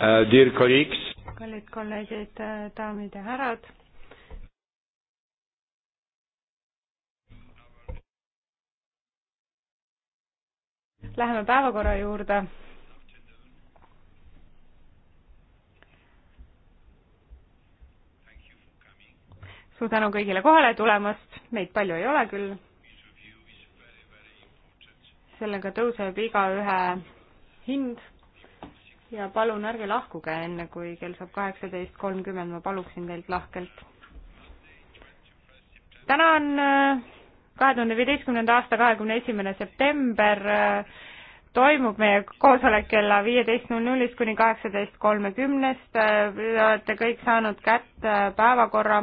Uh, dear colleagues. kallid kolleegid, uh, daamid ja härrad. Läheme päevakorra juurde. suur tänu kõigile kohale tulemast, meid palju ei ole küll. sellega tõuseb igaühe hind ja palun ärge lahkuge enne, kui kell saab kaheksateist kolmkümmend, ma paluksin teilt lahkelt. täna on äh, kahe tuhande viieteistkümnenda aasta kahekümne esimene september, äh, toimub meie koosolek kella viieteist null nullist kuni kaheksateist kolmekümnest, te äh, olete kõik saanud kätte päevakorra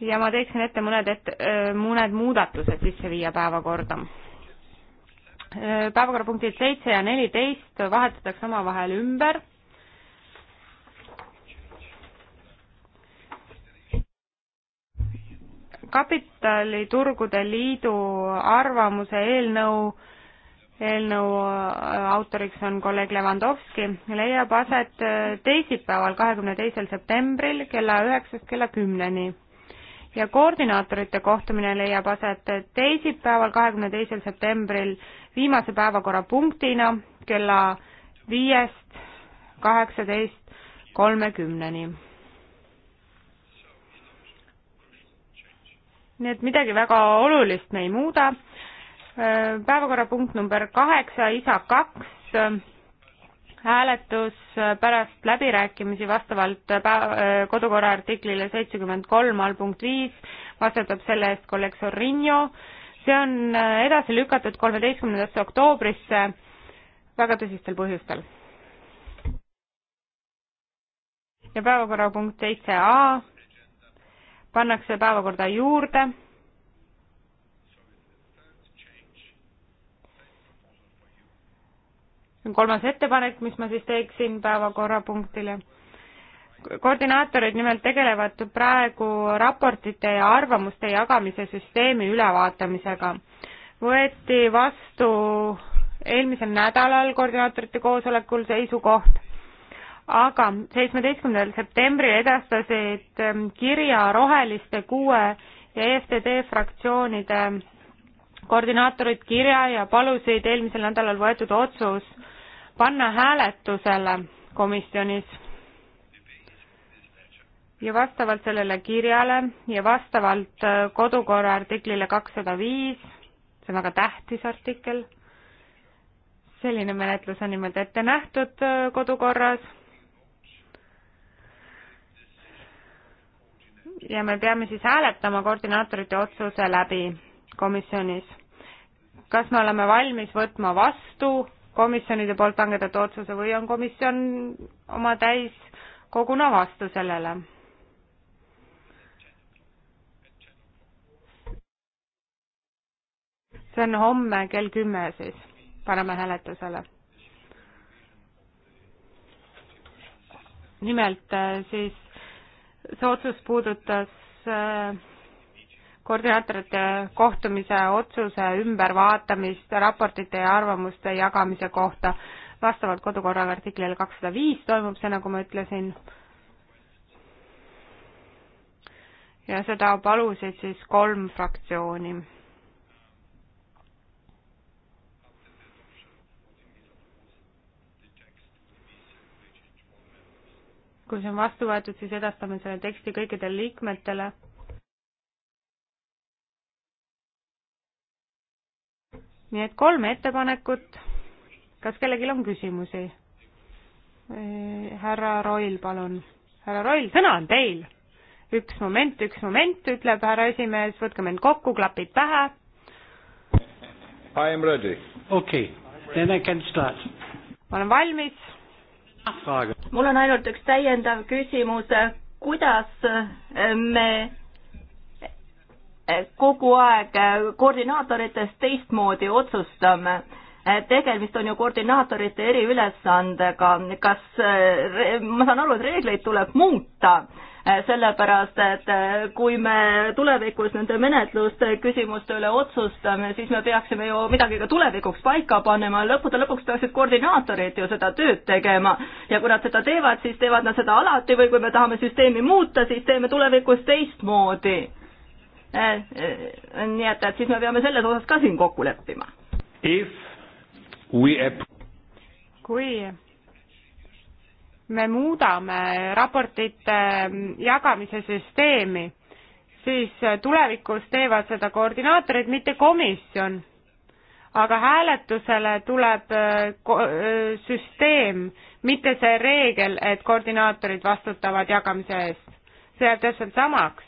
ja ma teeksin ette mõned, et mõned muudatused sisse viia päevakorda päevakorrapunktid seitse ja neliteist vahetatakse omavahel ümber. kapitaliturgude liidu arvamuse eelnõu, eelnõu äh, autoriks on kolleeg Levandovski, leiab aset äh, teisipäeval, kahekümne teisel septembril kella üheksast kella kümneni ja koordinaatorite kohtumine leiab aset teisipäeval, kahekümne teisel septembril viimase päevakorrapunktina kella viiest kaheksateist kolmekümneni. nii et midagi väga olulist me ei muuda. päevakorrapunkt number kaheksa, isa kaks, hääletus pärast läbirääkimisi vastavalt päev-, kodukorra artiklile seitsekümmend kolm all punkt viis, vastutab selle eest kolleeg Sorinio see on äh, edasi lükatud kolmeteistkümnendasse oktoobrisse väga tõsistel põhjustel. ja päevakorrapunkt seitse A pannakse päevakorda juurde. see on kolmas ettepanek, mis ma siis teeksin päevakorrapunktile koordinaatorid nimelt tegelevad praegu raportite ja arvamuste jagamise süsteemi ülevaatamisega. võeti vastu eelmisel nädalal koordinaatorite koosolekul seisukoht, aga seitsmeteistkümnendal septembril edastasid ehm, kirja Roheliste kuue ja EFTD fraktsioonide koordinaatorid kirja ja palusid eelmisel nädalal võetud otsus panna hääletusele komisjonis ja vastavalt sellele kirjale ja vastavalt äh, kodukorra artiklile kakssada viis, see on väga tähtis artikkel, selline menetlus on nimelt ette nähtud äh, kodukorras. ja me peame siis hääletama koordinaatorite otsuse läbi komisjonis. kas me oleme valmis võtma vastu komisjonide poolt langetatud otsuse või on komisjon oma täiskoguna vastu sellele? see on homme kell kümme siis, paneme hääletusele. nimelt äh, siis see otsus puudutas äh, koordinaatorite kohtumise otsuse ümbervaatamist raportite ja arvamuste jagamise kohta. vastavalt kodukorra artiklile kakssada viis toimub see, nagu ma ütlesin ja seda palusid siis kolm fraktsiooni. kui see on vastu võetud, siis edastame selle teksti kõikidele liikmetele. nii et kolm ettepanekut. kas kellelgi on küsimusi? härra Roil, palun. härra Roil, sõna on teil. üks moment, üks moment, ütleb härra esimees, võtkem end kokku, klapid pähe. I am ready. okei okay., then I can start. ma olen valmis mul on ainult üks täiendav küsimus, kuidas me kogu aeg koordinaatoritest teistmoodi otsustame? tegemist on ju koordinaatorite eriülesandega, kas, ma saan aru, et reegleid tuleb muuta Eh, sellepärast et eh, kui me tulevikus nende menetluste küsimuste üle otsustame, siis me peaksime ju midagi ka tulevikuks paika panema, lõppude lõpuks peaksid koordinaatorid ju seda tööd tegema ja kui nad seda teevad, siis teevad nad seda alati või kui me tahame süsteemi muuta, siis teeme tulevikus teistmoodi. Eh, nii et, et siis me peame selles osas ka siin kokku leppima. kui me muudame raportite jagamise süsteemi, siis tulevikus teevad seda koordinaatorid, mitte komisjon. aga hääletusele tuleb äh, äh, süsteem, mitte see reegel, et koordinaatorid vastutavad jagamise eest. see jääb täpselt samaks.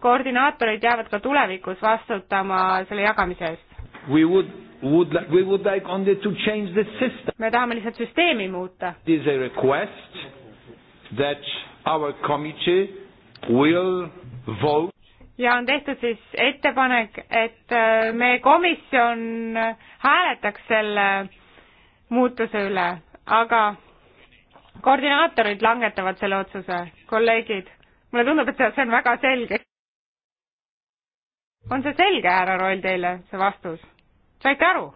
koordinaatorid jäävad ka tulevikus vastutama selle jagamise eest. We would would like, we would like only to change the system. me tahame lihtsalt süsteemi muuta. This is a request that our committee will vote. ja on tehtud siis ettepanek, et äh, meie komisjon hääletaks selle muutuse üle, aga koordinaatorid langetavad selle otsuse, kolleegid. mulle tundub, et see on väga selge. on see selge, härra Roll, teile, see vastus? saite aru?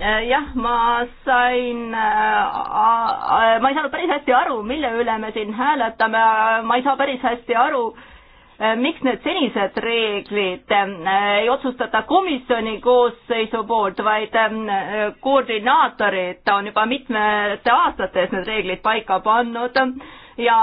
Äh, jah, ma sain äh,, ma ei saanud päris hästi aru, mille üle me siin hääletame, ma ei saa päris hästi aru äh, miks need senised reeglid äh, ei otsustata komisjoni koosseisu poolt, vaid koordinaatorid on juba mitmete aastate eest need reeglid paika pannud ja,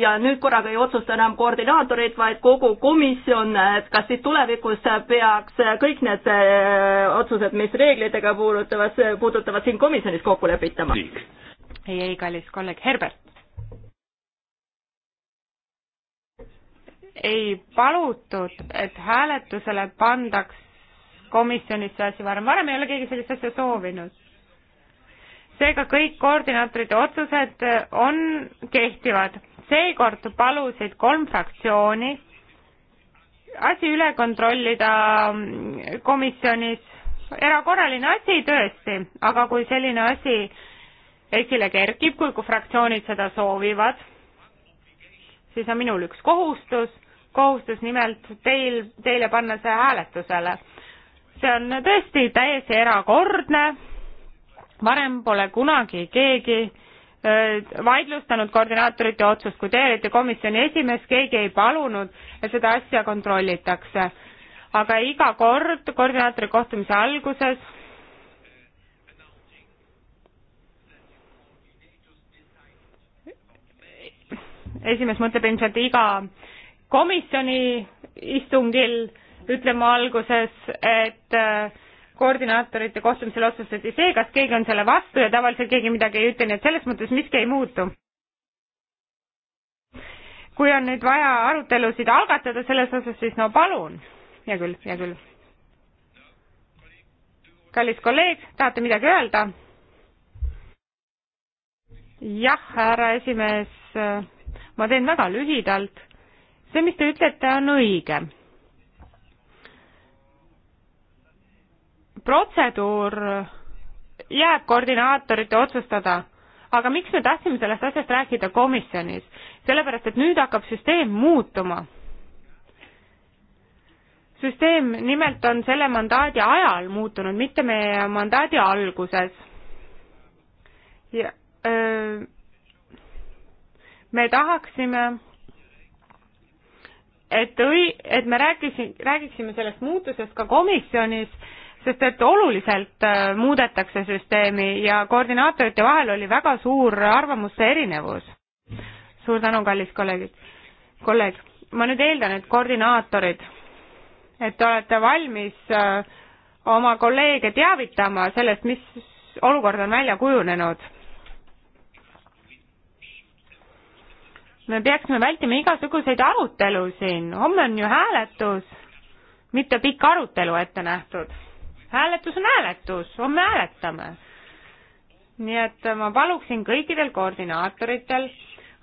ja nüüd korraga ei otsusta enam koordinaatorid, vaid kogu komisjon, et kas siis tulevikus peaks kõik need eh, otsused, mis reeglitega puudutavad, puudutavad siin komisjonis kokku lepitama? ei, ei, kallis kolleeg Herbert. ei palutud, et hääletusele pandaks komisjonis see asi varem, varem ei ole keegi sellist asja soovinud seega kõik koordinaatorite otsused äh, on kehtivad. seekord palusid kolm fraktsiooni asi üle kontrollida mm, komisjonis, erakorraline asi tõesti, aga kui selline asi esile kerkib, kui, kui fraktsioonid seda soovivad, siis on minul üks kohustus, kohustus nimelt teil, teile panna see hääletusele. see on tõesti täiesti erakordne varem pole kunagi keegi äh, vaidlustanud koordinaatorite otsust, kui teie olite komisjoni esimees, keegi ei palunud, et seda asja kontrollitakse. aga iga kord koordinaatori kohtumise alguses esimees mõtleb ilmselt iga komisjoni istungil, ütleme alguses, et äh, koordinaatorite kohtumisel otsustati see, kas keegi on selle vastu ja tavaliselt keegi midagi ei ütle, nii et selles mõttes miski ei muutu. kui on nüüd vaja arutelusid algatada selles osas, siis no palun. hea küll, hea küll. kallis kolleeg, tahate midagi öelda? jah, härra esimees, ma teen väga lühidalt. see, mis te ütlete, on õige protseduur jääb koordinaatorite otsustada, aga miks me tahtsime sellest asjast rääkida komisjonis? sellepärast, et nüüd hakkab süsteem muutuma. süsteem nimelt on selle mandaadi ajal muutunud, mitte meie mandaadi alguses. ja öö, me tahaksime et õi-, et me rääkisi-, räägiksime sellest muutusest ka komisjonis sest et oluliselt äh, muudetakse süsteemi ja koordinaatorite vahel oli väga suur arvamuste erinevus. suur tänu, kallis kolleegid, kolleeg. ma nüüd eeldan, et koordinaatorid, et te olete valmis äh, oma kolleege teavitama sellest, mis olukord on välja kujunenud. me peaksime vältima igasuguseid arutelu siin, homme on ju hääletus, mitte pikk arutelu ette nähtud hääletus on hääletus, homme hääletame. nii et ma paluksin kõikidel koordinaatoritel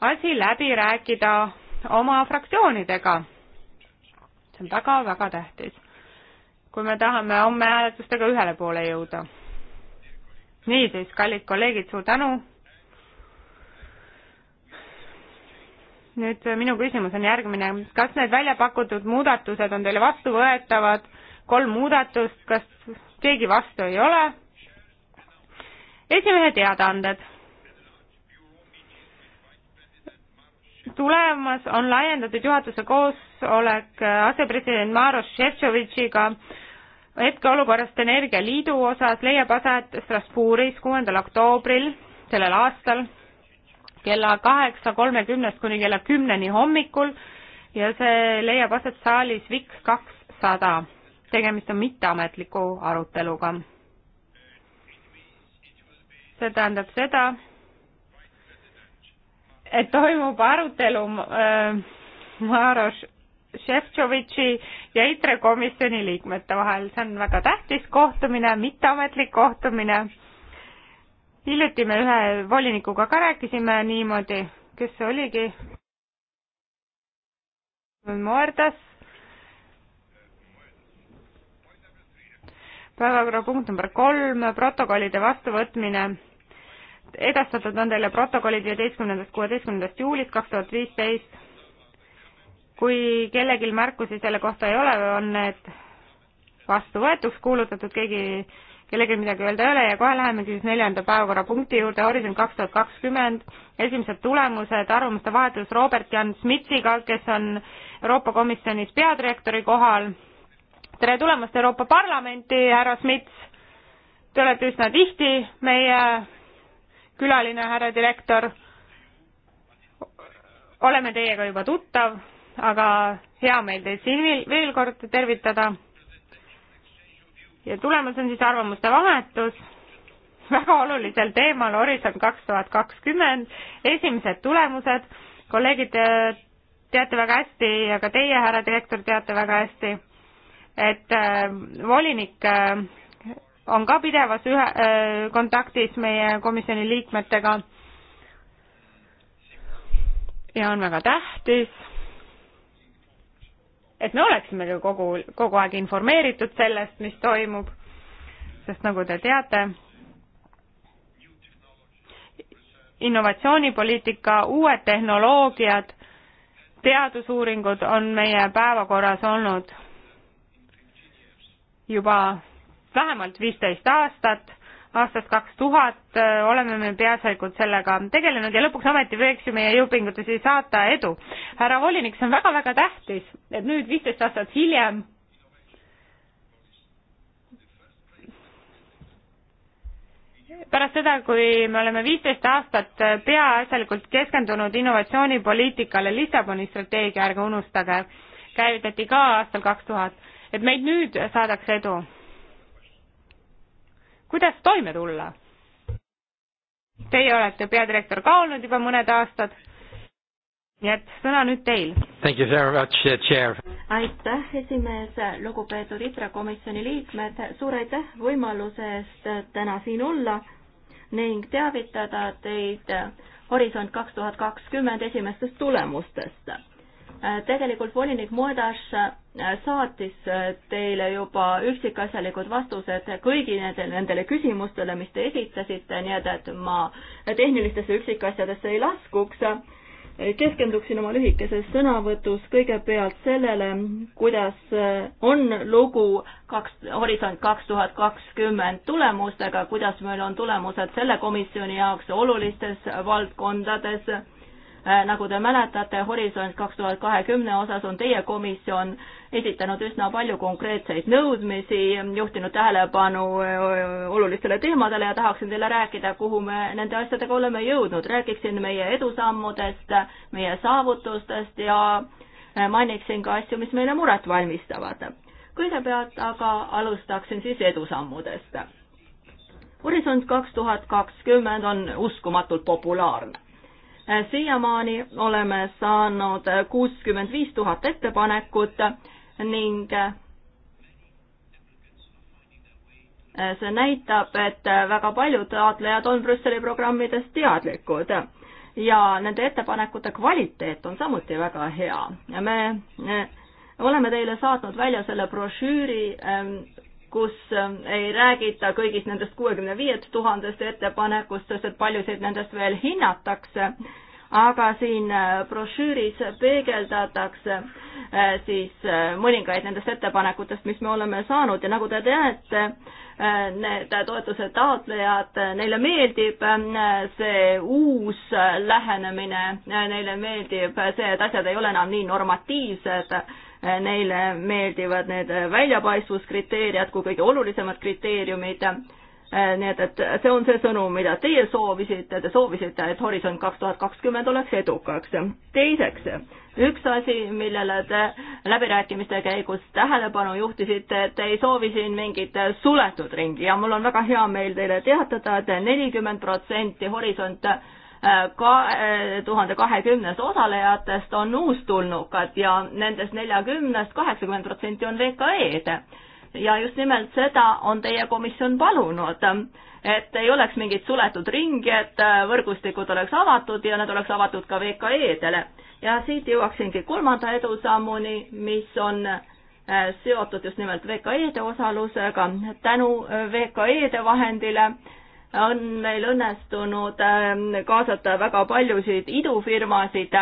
asi läbi rääkida oma fraktsioonidega. see on väga-väga tähtis, kui me tahame homme hääletustega ühele poole jõuda. niisiis, kallid kolleegid, suur tänu. nüüd minu küsimus on järgmine, kas need välja pakutud muudatused on teile vastuvõetavad? kolm muudatust, kas keegi vastu ei ole? esimehe teadaanded. tulemas on laiendatud juhatuse koosolek asepresident Maros Šefčovitšiga hetkeolukorrast Energialiidu osas leiab aset Strasbourgis kuuendal oktoobril sellel aastal kella kaheksa kolmekümnest kuni kella kümneni hommikul ja see leiab aset saalis VIX kakssada tegemist on mitteametliku aruteluga. see tähendab seda, et toimub arutelu äh, Maros Šefčovitši ja ITRE komisjoni liikmete vahel. see on väga tähtis kohtumine, mitteametlik kohtumine. hiljuti me ühe volinikuga ka rääkisime niimoodi, kes see oligi? Muertas päevakorrapunkt number kolm, protokollide vastuvõtmine. edastatud on teile protokollid viieteistkümnendast, kuueteistkümnendast juulist kaks tuhat viisteist. kui kellelgi märkusi selle kohta ei ole, on need vastuvõetuks kuulutatud, keegi, kellelgi midagi öelda ei ole ja kohe lähemegi siis neljanda päevakorrapunkti juurde, Horisont kaks tuhat kakskümmend, esimesed tulemused, arvamuste vahetus Robert Jan Smitsiga, kes on Euroopa Komisjonis peadirektori kohal tere tulemast Euroopa Parlamenti, härra Smits. Te olete üsna tihti meie külaline, härra direktor. oleme teiega juba tuttav, aga hea meel teid siin veel kord tervitada. ja tulemas on siis arvamuste vahetus väga olulisel teemal Horisont kaks tuhat kakskümmend, esimesed tulemused. kolleegid teate väga hästi ja ka teie, härra direktor, teate väga hästi et äh, volinik äh, on ka pidevas ühe, äh, kontaktis meie komisjoni liikmetega ja on väga tähtis, et me oleksime ju kogu, kogu aeg informeeritud sellest, mis toimub, sest nagu te teate, innovatsioonipoliitika, uued tehnoloogiad, teadusuuringud on meie päevakorras olnud juba vähemalt viisteist aastat, aastast kaks tuhat äh, oleme me peaasjalikult sellega tegelenud ja lõpuks ometi võiks ju meie jõupingutusi saata edu. härra volinik, see on väga-väga tähtis, et nüüd viisteist aastat hiljem pärast seda, kui me oleme viisteist aastat peaasjalikult keskendunud innovatsioonipoliitikale Lissaboni strateegia, ärge unustage, käivitati ka aastal kaks tuhat et meid nüüd saadakse edu. kuidas toime tulla? Teie olete peadirektor ka olnud juba mõned aastad. nii et sõna nüüd teil. Uh, aitäh, esimees, lugupeetud ITRA komisjoni liikmed, suur aitäh võimaluse eest täna siin olla ning teavitada teid Horisont kaks tuhat kakskümmend esimestest tulemustest Äh, tegelikult volinik Moedas äh, saatis äh, teile juba üksikasjalikud vastused kõigi nende, nendele küsimustele, mis te esitasite, nii et, et ma tehnilistesse üksikasjadesse ei laskuks. keskenduksin oma lühikeses sõnavõtus kõigepealt sellele, kuidas on lugu kaks, Horisont kaks tuhat kakskümmend tulemustega, kuidas meil on tulemused selle komisjoni jaoks olulistes valdkondades Äh, nagu te mäletate, Horisont kaks tuhat kahekümne osas on teie komisjon esitanud üsna palju konkreetseid nõudmisi, juhtinud tähelepanu äh, olulistele teemadele ja tahaksin teile rääkida, kuhu me nende asjadega oleme jõudnud. räägiksin meie edusammudest, meie saavutustest ja äh, mainiksin ka asju, mis meile muret valmistavad. kõigepealt aga alustaksin siis edusammudest. Horisont kaks tuhat kakskümmend on uskumatult populaarne Äh, siiamaani oleme saanud äh, kuuskümmend viis tuhat ettepanekut ning äh, see näitab, et väga paljud taotlejad on Brüsseli programmidest teadlikud ja nende ettepanekute kvaliteet on samuti väga hea. me oleme teile saatnud välja selle brošüüri ähm, kus ähm, ei räägita kõigist nendest kuuekümne viiest tuhandest ettepanekust, sest et paljusid nendest veel hinnatakse, aga siin äh, brošüüris peegeldatakse äh, siis äh, mõningaid nendest ettepanekutest, mis me oleme saanud ja nagu te teate, need toetuse taotlejad, neile meeldib see uus lähenemine, neile meeldib see, et asjad ei ole enam nii normatiivsed neile meeldivad need väljapaistvuskriteeriad kui kõige olulisemad kriteeriumid. nii et, et see on see sõnum, mida teie soovisite, te soovisite, et Horisont kaks tuhat kakskümmend oleks edukaks. teiseks, üks asi, millele te läbirääkimiste käigus tähelepanu juhtisite, et ei soovi siin mingit suletud ringi ja mul on väga hea meel teile teatada et, et nelikümmend protsenti Horisont kaks tuhat kahe eh, tuhande kahekümnest osalejatest on uustulnukad ja nendest neljakümnest kaheksakümmend protsenti on VKE-d. ja just nimelt seda on teie komisjon palunud, et ei oleks mingit suletud ringi, et eh, võrgustikud oleks avatud ja need oleks avatud ka VKE-dele. ja siit jõuaksingi kolmanda edusammuni, mis on eh, seotud just nimelt VKE-de osalusega. tänu VKE-de vahendile on meil õnnestunud ähm, kaasata väga paljusid idufirmasid.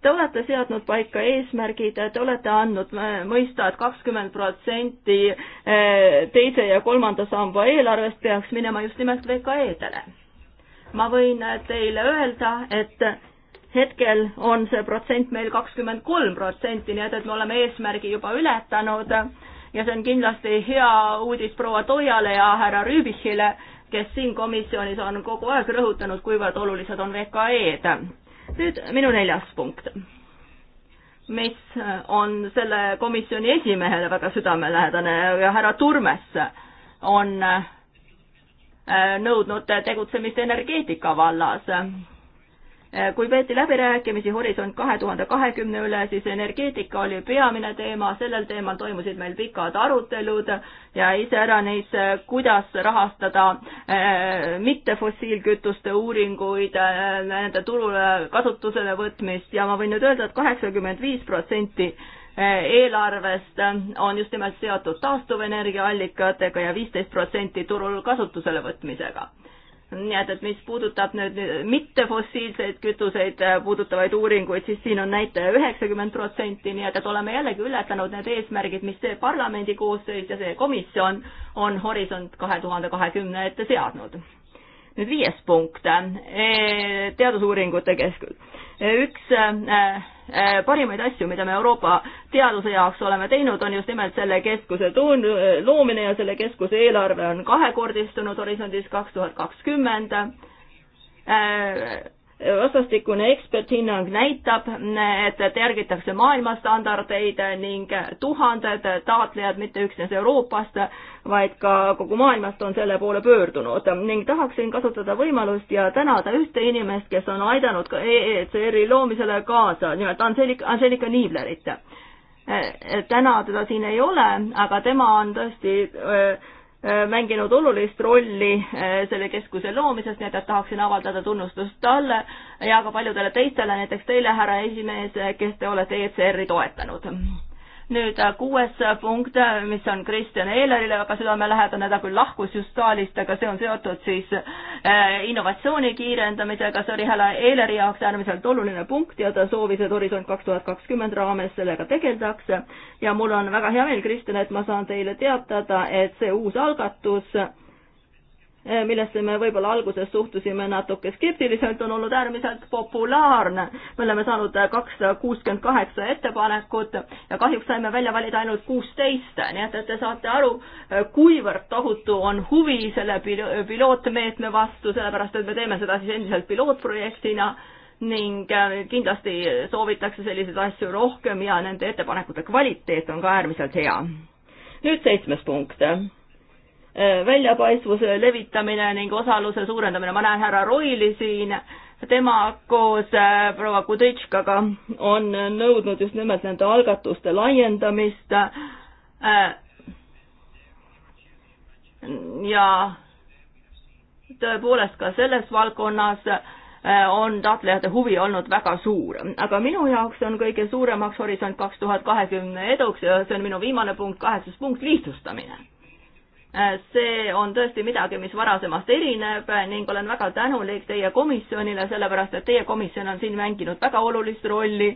Te olete seadnud paika eesmärgid, te olete andnud äh, mõista et, et kakskümmend protsenti äh, teise ja kolmanda samba eelarvest peaks minema just nimelt VKE-dele. ma võin äh, teile öelda, et hetkel on see protsent meil kakskümmend kolm protsenti, nii et, et me oleme eesmärgi juba ületanud ja see on kindlasti hea uudis proua Toiale ja härra Rüübichile, kes siin komisjonis on kogu aeg rõhutanud, kuivõrd olulised on VKE-d. nüüd minu neljas punkt, mis on selle komisjoni esimehele väga südamelähedane ja härra Turmes on äh, nõudnud tegutsemist energeetika vallas kui peeti läbirääkimisi Horisont kahe tuhande kahekümne üle, siis energeetika oli peamine teema, sellel teemal toimusid meil pikad arutelud ja iseäranis, kuidas rahastada eh, mittefossiilkütuste uuringuid, eh, nende turule kasutusele võtmist ja ma võin nüüd öelda et, et kaheksakümmend viis protsenti eh, eelarvest on just nimelt seotud taastuvenergia allikatega ja viisteist protsenti turul kasutusele võtmisega nii et, et mis puudutab nüüd mittefossiilseid kütuseid äh, puudutavaid uuringuid, siis siin on näitaja üheksakümmend protsenti, nii et, et oleme jällegi ületanud need eesmärgid, mis see parlamendi koosseis ja see komisjon on Horisont kahe tuhande kahekümne ette seadnud. nüüd viies punkt, äh, teadusuuringute keskus. Äh, üks äh, Äh, parimaid asju, mida me Euroopa teaduse jaoks oleme teinud, on just nimelt selle keskuse tuun-, loomine ja selle keskuse eelarve on kahekordistunud horisondis kaks tuhat kakskümmend äh, vastastikune eksperthinnang näitab, et järgitakse maailmastandardeid ning tuhanded taotlejad mitte üksnes Euroopast, vaid ka kogu maailmast on selle poole pöördunud ning tahaksin kasutada võimalust ja tänada ühte inimest, kes on aidanud ka EECR-i loomisele kaasa, nimelt Angelika, Angelika Niiblerit. täna teda siin ei ole, aga tema on tõesti öö, Äh, mänginud olulist rolli äh, selle keskuse loomises, nii et, et tahaksin avaldada tunnustust talle ja ka paljudele teistele, näiteks teile, härra esimees, kes te olete ECR-i toetanud nüüd äh, kuues äh, punkt, äh, mis on Kristjan Eelerile väga südamelähedane, ta küll lahkus just saalist, aga see on seotud siis innovatsiooni kiirendamisega, see oli Hela Eeleri jaoks äärmiselt oluline punkt ja ta soovis, et Horisont kaks tuhat kakskümmend raames sellega tegeldakse. ja mul on väga hea meel, Kristjan, et ma saan teile teatada, et see uus algatus Eh, millesse me võib-olla alguses suhtusime natuke skeptiliselt, on olnud äärmiselt populaarne. me oleme saanud kakssada kuuskümmend kaheksa ettepanekut ja kahjuks saime välja valida ainult kuusteist, nii et, et te saate aru, eh, kuivõrd tohutu on huvi selle pil-, pilootmeetme vastu, sellepärast et me teeme seda siis endiselt pilootprojektina ning eh, kindlasti soovitakse selliseid asju rohkem ja nende ettepanekute kvaliteet on ka äärmiselt hea. nüüd seitsmes punkt Äh, väljapaistvuse levitamine ning osaluse suurendamine, ma näen härra Roili siin, tema koos äh, proua Kudritškaga on nõudnud just nimelt nende algatuste laiendamist äh, ja tõepoolest ka selles valdkonnas on taotlejate huvi olnud väga suur, aga minu jaoks on kõige suuremaks horisont kaks tuhat kahekümne eduks ja see on minu viimane punkt, kaheksas punkt, lihtsustamine Äh, see on tõesti midagi, mis varasemast erineb ning olen väga tänulik teie komisjonile, sellepärast et teie komisjon on siin mänginud väga olulist rolli.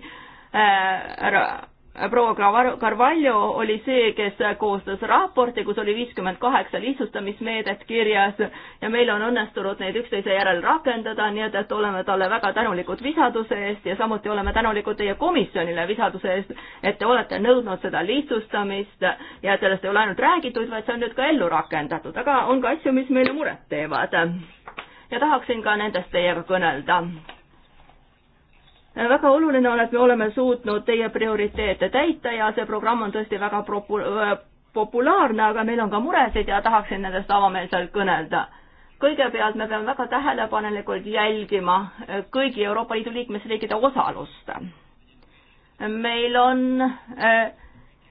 härra äh, Äh, proua Carvalho oli see, kes koostas raporti, kus oli viiskümmend kaheksa lihtsustamismeedet kirjas ja meil on õnnestunud neid üksteise järel rakendada, nii et, et oleme talle väga tänulikud visaduse eest ja samuti oleme tänulikud teie komisjonile visaduse eest, et te olete nõudnud seda lihtsustamist ja et sellest ei ole ainult räägitud, vaid see on nüüd ka ellu rakendatud, aga on ka asju, mis meile muret teevad. ja tahaksin ka nendest teiega kõnelda väga oluline on, et me oleme suutnud teie prioriteete täita ja see programm on tõesti väga propu-, äh, populaarne, aga meil on ka muresid ja tahaksin nendest avameelselt kõnelda. kõigepealt me peame väga tähelepanelikult jälgima äh, kõigi Euroopa Liidu liikmesriikide osalust. meil on äh,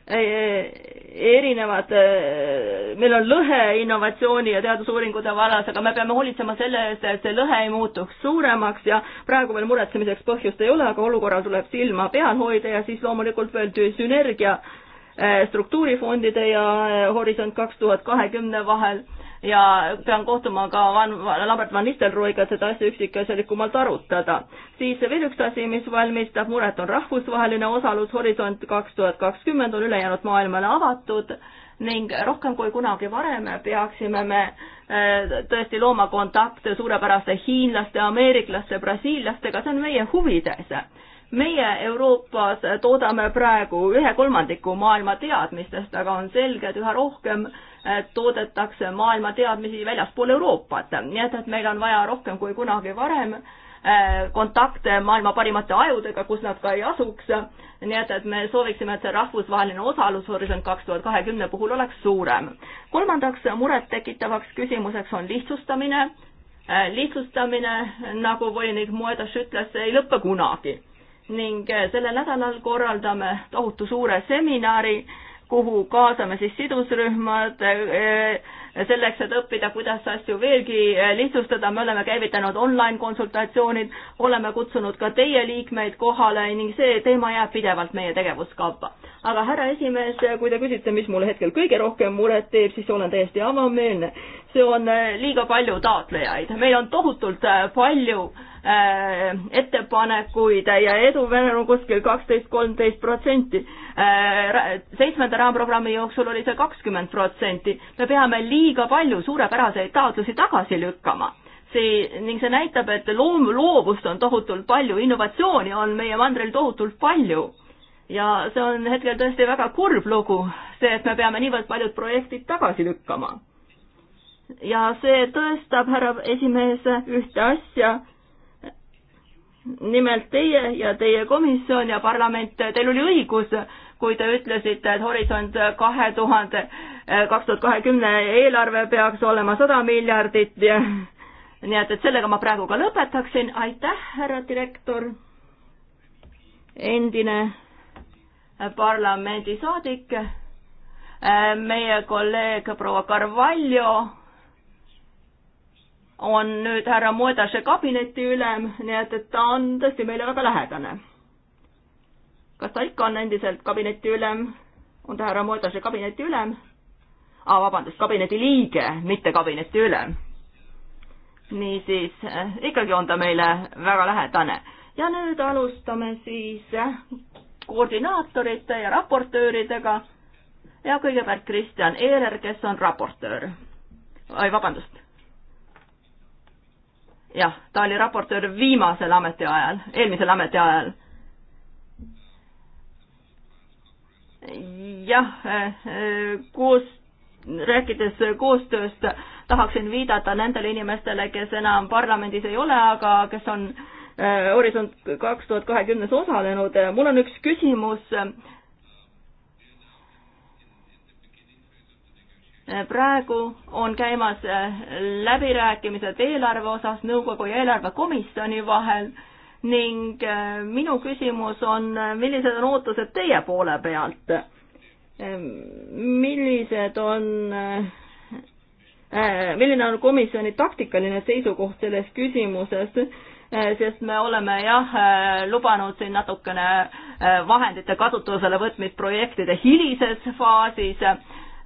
äh erinevad, eh, meil on lõhe innovatsiooni ja teadusuuringute vallas, aga me peame hoolitsema selle eest, et see lõhe ei muutuks suuremaks ja praegu veel muretsemiseks põhjust ei ole, aga olukorral tuleb silma peal hoida ja siis loomulikult veel sünergia eh, struktuurifondide ja eh, Horisont kaks tuhat kahekümne vahel ja pean kohtuma ka Van, Lambert Van Nistelrooiga, et seda asja üksikasjalikumalt arutada. siis veel üks asi, mis valmistab muret, on rahvusvaheline osalus, Horisont kaks tuhat kakskümmend on ülejäänud maailmale avatud ning rohkem kui kunagi varem peaksime me eh, tõesti looma kontakte suurepäraste hiinlaste, ameeriklaste, brasiillastega, see on meie huvides meie Euroopas toodame praegu ühe kolmandiku maailma teadmistest, aga on selge, et üha rohkem Äh, toodetakse maailmateadmisi väljaspool Euroopat, nii et, et meil on vaja rohkem kui kunagi varem äh, kontakte maailma parimate ajudega, kus nad ka ei asuks. nii et, et me sooviksime, et see rahvusvaheline osalus Horisont kaks tuhat kahekümne puhul oleks suurem. kolmandaks murettekitavaks küsimuseks on lihtsustamine. Äh, lihtsustamine, nagu volinik Moedas ütles, ei lõpe kunagi ning sellel nädalal korraldame tohutu suure seminari kuhu kaasame siis sidusrühmad eh, eh, selleks, et õppida, kuidas asju veelgi eh, lihtsustada, me oleme käivitanud online konsultatsioonid, oleme kutsunud ka teie liikmeid kohale ning see teema jääb pidevalt meie tegevuskavva. aga härra esimees, kui te küsite, mis mulle hetkel kõige rohkem muret teeb, siis olen täiesti avameelne see on äh, liiga palju taotlejaid, meil on tohutult äh, palju äh, ettepanekuid ja edu on kuskil kaksteist, kolmteist protsenti. Seitsmenda raamprogrammi jooksul oli see kakskümmend protsenti. me peame liiga palju suurepäraseid taotlusi tagasi lükkama see ning see näitab, et loom-, loovust on tohutult palju, innovatsiooni on meie mandril tohutult palju. ja see on hetkel tõesti väga kurb lugu, see, et me peame niivõrd paljud projektid tagasi lükkama ja see tõestab, härra esimees, ühte asja. nimelt teie ja teie komisjon ja parlament, teil oli õigus, kui te ütlesite, et Horisont kahe tuhande, eh, kaks tuhat kahekümne eelarve peaks olema sada miljardit ja nii et, et sellega ma praegu ka lõpetaksin, aitäh, härra direktor, endine parlamendisaadik eh, meie kolleeg proua Carvalho on nüüd härra Moedase kabineti ülem, nii et, et ta on tõesti meile väga lähedane. kas ta ikka on endiselt kabineti ülem? on ta härra Moedase kabineti ülem? aa, vabandust, kabineti liige, mitte kabineti ülem. niisiis, eh, ikkagi on ta meile väga lähedane. ja nüüd alustame siis eh, koordinaatorite ja raportööridega ja kõigepealt Kristjan Eeler, kes on raportöör. oi, vabandust jah, ta oli raportöör viimasel ametiajal, eelmisel ametiajal. jah, koos, rääkides koostööst, tahaksin viidata nendele inimestele, kes enam parlamendis ei ole, aga kes on eh, Horisont kaks tuhat kahekümnes osalenud. mul on üks küsimus praegu on käimas äh, läbirääkimised eelarve osas nõukogu ja eelarvekomisjoni vahel ning äh, minu küsimus on, millised on ootused teie poole pealt? Ehm, millised on, äh, milline on komisjoni taktikaline seisukoht selles küsimuses, sest me oleme jah, lubanud siin natukene vahendite kasutusele võtmist projektide hilises faasis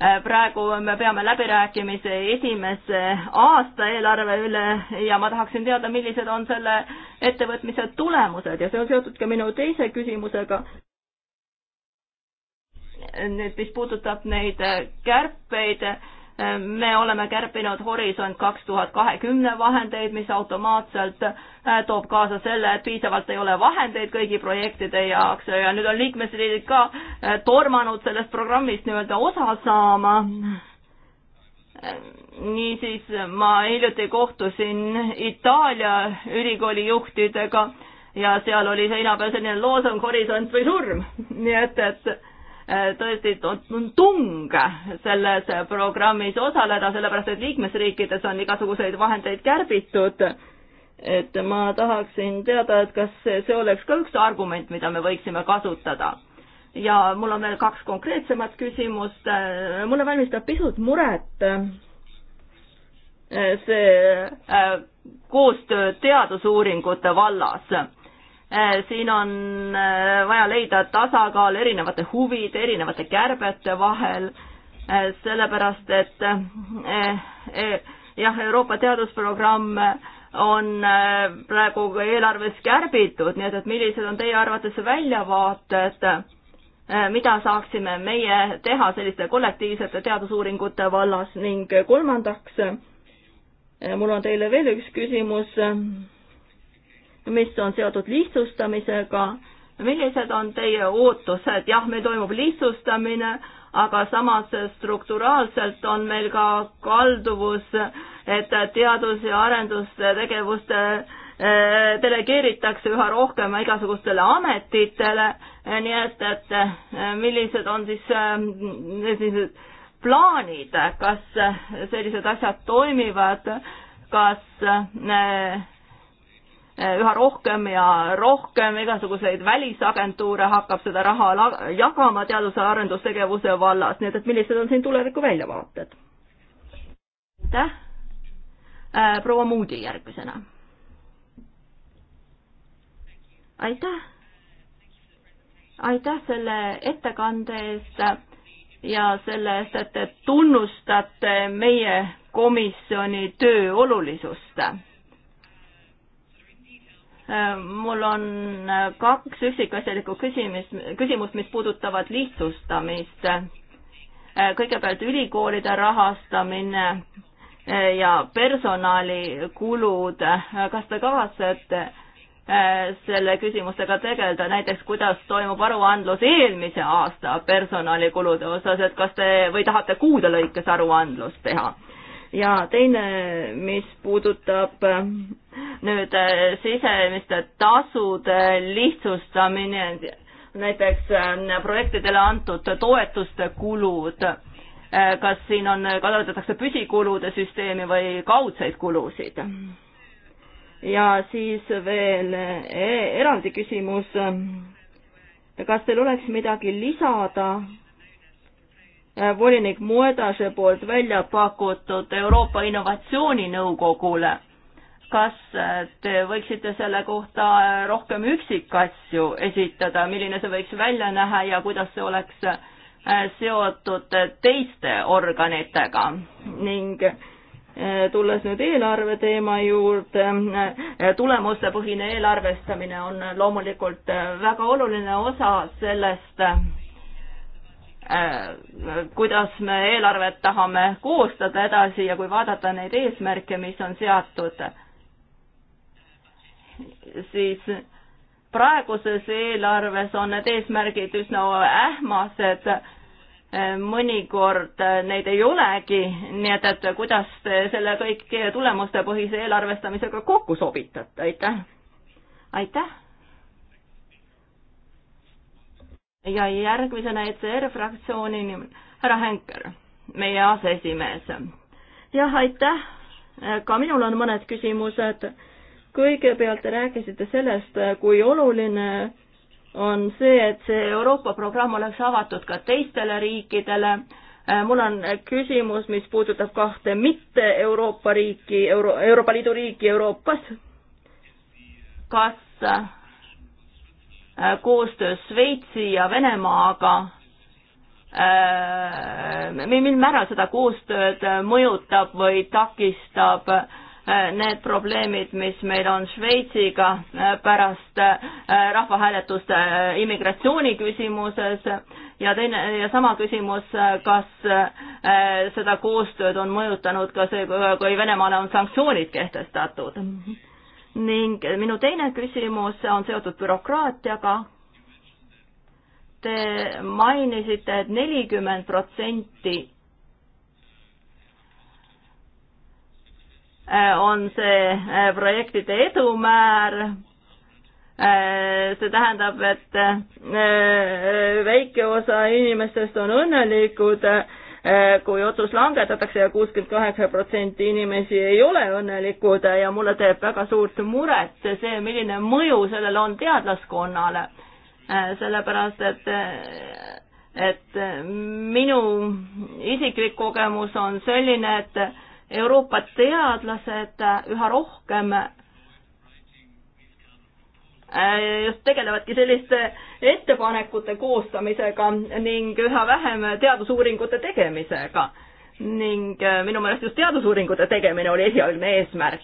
Äh, praegu me peame läbirääkimisi esimese aasta eelarve üle ja ma tahaksin teada, millised on selle ettevõtmise tulemused ja see on seotud ka minu teise küsimusega. nüüd, mis puudutab neid kärpeid me oleme kärpinud Horisont kaks tuhat kahekümne vahendeid, mis automaatselt äh, toob kaasa selle, et piisavalt ei ole vahendeid kõigi projektide jaoks ja nüüd on liikmesriigid ka äh, tormanud sellest programmist nii-öelda osa saama. Äh, niisiis ma hiljuti kohtusin Itaalia ülikooli juhtidega ja seal oli seina peal selline loosung Horisont või surm, nii et, et Äh, tõesti tung selles programmis osaleda, sellepärast et liikmesriikides on igasuguseid vahendeid kärbitud. et ma tahaksin teada, et kas see oleks ka üks argument, mida me võiksime kasutada. ja mul on veel kaks konkreetsemat küsimust. Äh, mulle valmistab pisut muret äh, see koostöö teadusuuringute vallas Äh, siin on äh, vaja leida tasakaal erinevate huvide, erinevate kärbete vahel, äh, sellepärast et jah, Euroopa teadusprogramm on praegu eelarves kärbitud, nii et, et millised on teie arvates väljavaated, mida saaksime meie teha selliste kollektiivsete teadusuuringute vallas ning kolmandaks, mul on teile veel üks küsimus mis on seotud lihtsustamisega. millised on teie ootused, jah, meil toimub lihtsustamine, aga samas strukturaalselt on meil ka kalduvus, et teadus- ja arendustegevuste eh, delegeeritakse üha rohkem igasugustele ametitele, nii et, et eh, millised on siis eh, sellised plaanid, kas sellised asjad toimivad, kas Äh, üha rohkem ja rohkem igasuguseid välisagentuure hakkab seda raha jagama teadus- ja arendustegevuse vallas, nii et, et millised on siin tuleviku väljavaated? aitäh, äh, proua Moody järgmisena. aitäh, aitäh selle ettekande eest ja selle eest, et te tunnustate meie komisjoni töö olulisust Äh, mul on äh, kaks üksikasjalikku küsimust, küsimust, mis puudutavad lihtsustamist. Äh, kõigepealt ülikoolide rahastamine ja personalikulud, kas te kavatsete selle küsimustega tegeleda, näiteks kuidas toimub aruandlus eelmise aasta personalikulude osas, et kas te või tahate kuude lõikes aruandlust teha? ja teine, mis puudutab äh, nüüd äh, sisemiste tasude lihtsustamine, näiteks äh, projektidele antud toetuste kulud, kas siin on, kasutatakse püsikulude süsteemi või kaudseid kulusid? ja siis veel eraldi küsimus, kas teil oleks midagi lisada Äh, volinik Muedase poolt välja pakutud Euroopa Innovatsiooninõukogule. kas äh, te võiksite selle kohta äh, rohkem üksikasju esitada, milline see võiks välja näha ja kuidas see oleks seotud teiste organitega ning tulles nüüd eelarve teema juurde, tulemustepõhine eelarvestamine on loomulikult väga oluline osa sellest Äh, kuidas me eelarvet tahame koostada edasi ja kui vaadata neid eesmärke, mis on seatud, siis praeguses eelarves on need eesmärgid üsna ähmased, mõnikord neid ei olegi, nii et, et kuidas te selle kõik tulemustepõhise eelarvestamisega kokku sobitate, aitäh! aitäh! ja järgmisena ECR fraktsiooni nimel härra Henker, meie aseesimees. jah, aitäh. ka minul on mõned küsimused. kõigepealt te rääkisite sellest, kui oluline on see, et see Euroopa programm oleks avatud ka teistele riikidele. mul on küsimus, mis puudutab kahte mitte Euroopa riiki, Euro-, Euroopa Liidu riiki Euroopas. kas Äh, koostöös Šveitsi ja Venemaaga äh, mil määral seda koostööd mõjutab või takistab äh, need probleemid, mis meil on Šveitsiga pärast rahvahääletust immigratsiooni küsimuses ja teine ja sama küsimus, kas seda koostööd on mõjutanud ka see, kui Venemaale on sanktsioonid kehtestatud mhm ning minu teine küsimus on seotud bürokraatiaga. Te mainisite et, et nelikümmend protsenti äh, on see äh, projektide edumäär äh, see tähendab, et väike osa inimestest on õnnelikud Äh, kui otsus langetatakse ja kuuskümmend kaheksa protsenti inimesi ei ole õnnelikud äh, ja mulle teeb väga suurt muret see, milline mõju sellel on teadlaskonnale. Äh, sellepärast, et et minu isiklik kogemus on selline, et Euroopa teadlased üha rohkem just tegelevadki selliste ettepanekute koostamisega ning üha vähem teadusuuringute tegemisega. ning äh, minu meelest just teadusuuringute tegemine oli esialgne eesmärk.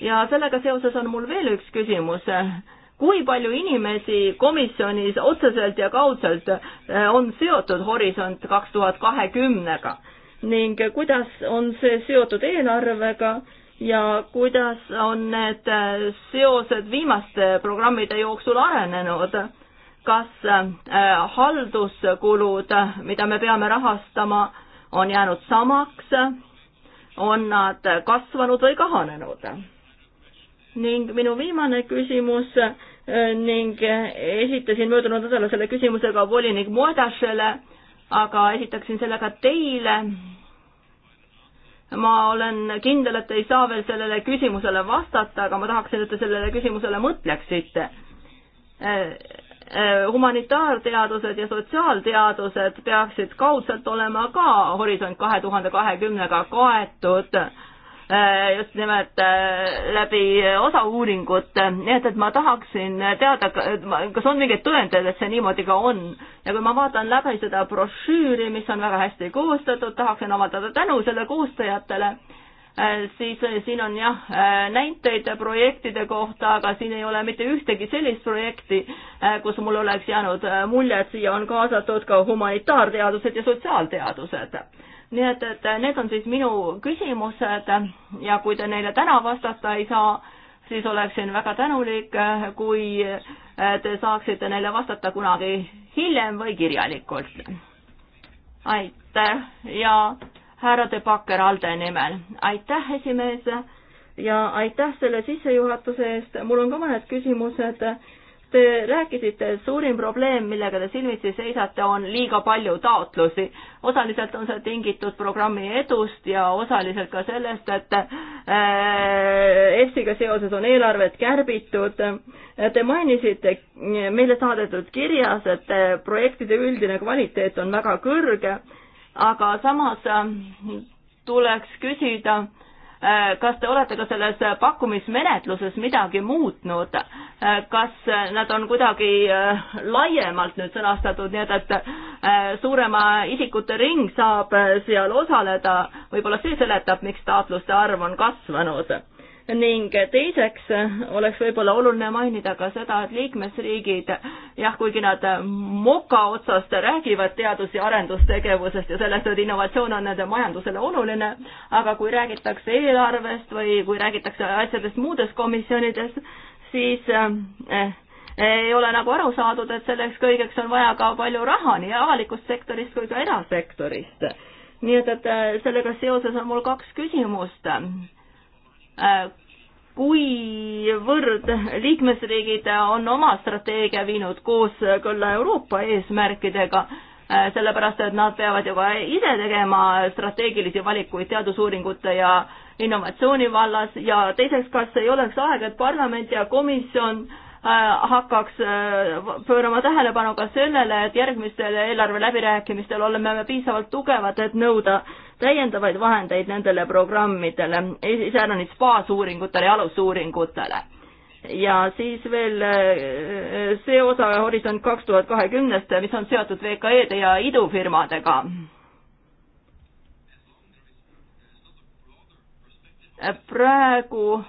ja sellega seoses on mul veel üks küsimus kui palju inimesi komisjonis otseselt ja kaudselt äh, on seotud Horisont kaks tuhat kahekümnega ning kuidas on see seotud eelarvega ja kuidas on need äh, seosed viimaste programmide jooksul arenenud? kas äh, halduskulud, mida me peame rahastama, on jäänud samaks, on nad kasvanud või kahanenud? ning minu viimane küsimus äh, ning esitasin möödunud nädalal selle küsimuse ka volinik Moedašele, aga esitaksin selle ka teile. ma olen kindel, et ei saa veel sellele küsimusele vastata, aga ma tahaksin, et te sellele küsimusele mõtleksite äh, Äh, humanitaarteadused ja sotsiaalteadused peaksid kaudselt olema ka Horisont kahe tuhande kahekümnega kaetud äh, just nimelt äh, läbi osauuringute, nii et, et ma tahaksin teada, kas on mingeid tõendeid, et see niimoodi ka on. ja kui ma vaatan läbi seda brošüüri, mis on väga hästi koostatud, tahaksin avaldada tänu selle koostajatele Äh, siis äh, siin on jah äh, näiteid projektide kohta, aga siin ei ole mitte ühtegi sellist projekti, kus mul oleks jäänud mulje, et siia on kaasatud ka humanitaarteadused ja sotsiaalteadused. nii et, et need on siis minu küsimused ja kui te neile täna vastata ei saa, siis oleksin väga tänulik, kui te saaksite neile vastata kunagi hiljem või kirjalikult. aitäh ja härra De Backer Alde nimel. aitäh, esimees, ja aitäh selle sissejuhatuse eest. mul on ka mõned küsimused. Te rääkisite, et suurim probleem, millega te silmitsi seisate, on liiga palju taotlusi. osaliselt on see tingitud programmi edust ja osaliselt ka sellest, et EFSiga äh, seoses on eelarvet kärbitud. Te mainisite meile saadetud kirjas, et projektide üldine kvaliteet on väga kõrge aga samas ähm, tuleks küsida, äh, kas te olete ka selles pakkumismenetluses midagi muutnud, äh, kas nad on kuidagi äh, laiemalt nüüd sõnastatud, nii et, et suurema isikute ring saab seal osaleda, võib-olla see seletab, miks taotluste arv on kasvanud ning teiseks oleks võib-olla oluline mainida ka seda, et liikmesriigid jah, kuigi nad moka otsast räägivad teadus- ja arendustegevusest ja sellest, et innovatsioon on nende majandusele oluline, aga kui räägitakse eelarvest või kui räägitakse asjadest muudes komisjonides, siis eh, ei ole nagu aru saadud, et selleks kõigeks on vaja ka palju raha nii avalikust sektorist kui ka erasektorist. nii et, et sellega seoses on mul kaks küsimust Äh, kuivõrd liikmesriigid on oma strateegia viinud kooskõlla Euroopa eesmärkidega, äh, sellepärast et nad peavad ju ka ise tegema strateegilisi valikuid teadusuuringute ja innovatsiooni vallas ja teiseks, kas ei oleks aeg, et parlament ja komisjon äh, hakkaks pöörama tähelepanu ka sellele, et järgmistel eelarve läbirääkimistel oleme me piisavalt tugevad, et nõuda täiendavaid vahendeid nendele programmidele, iseäranis baasuuringutele ja alusuuringutele. ja siis veel eh, see osa Horisont kaks tuhat kahekümnest, mis on seotud VKE-de ja idufirmadega. praegu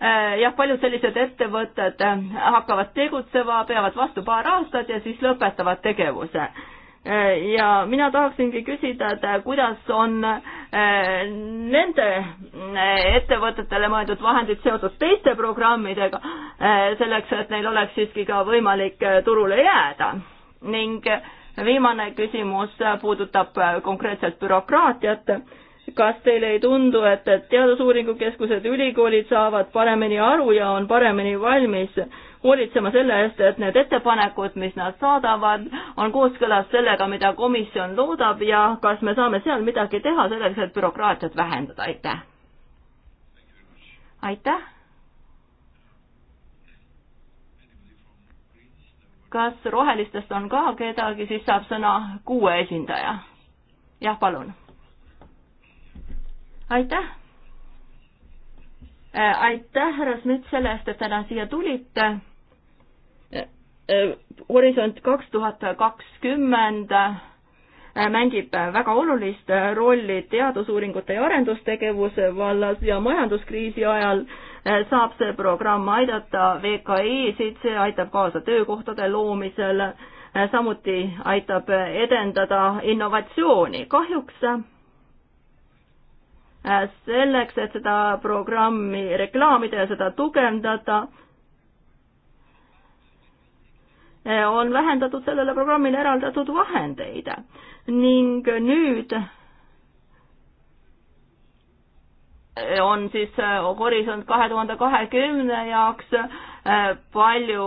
eh, jah, paljud sellised ettevõtted hakkavad tegutsema, peavad vastu paar aastat ja siis lõpetavad tegevuse Äh, ja mina tahaksingi küsida, et äh, kuidas on äh, nende ettevõtetele mõeldud vahendid seotud teiste programmidega, selleks et neil oleks siiski ka võimalik turule jääda ning viimane küsimus puudutab konkreetselt bürokraatiat. kas teile ei tundu, et, et teadusuuringu keskused, ülikoolid saavad paremini aru ja on paremini valmis äh, hoolitsema selle eest, et need ettepanekud, mis nad saadavad, on kooskõlas sellega, mida komisjon loodab ja kas me saame seal midagi teha selleks, et bürokraatiat vähendada, aitäh. aitäh. kas rohelistest on ka kedagi, siis saab sõna kuue esindaja. jah, palun. aitäh äh, aitäh, härra Smith, selle eest, et täna siia tulite. Horisont kaks tuhat kakskümmend äh, mängib väga olulist rolli teadusuuringute ja arendustegevuse vallas ja majanduskriisi ajal äh, saab see programm aidata VKI-sid, see aitab kaasa töökohtade loomisel, äh, samuti aitab edendada innovatsiooni. kahjuks selleks, et seda programmi reklaamida ja seda tugevdada, Eh, on vähendatud sellele programmile eraldatud vahendeid ning nüüd eh, on siis eh, horisont kahe tuhande kahekümne jaoks palju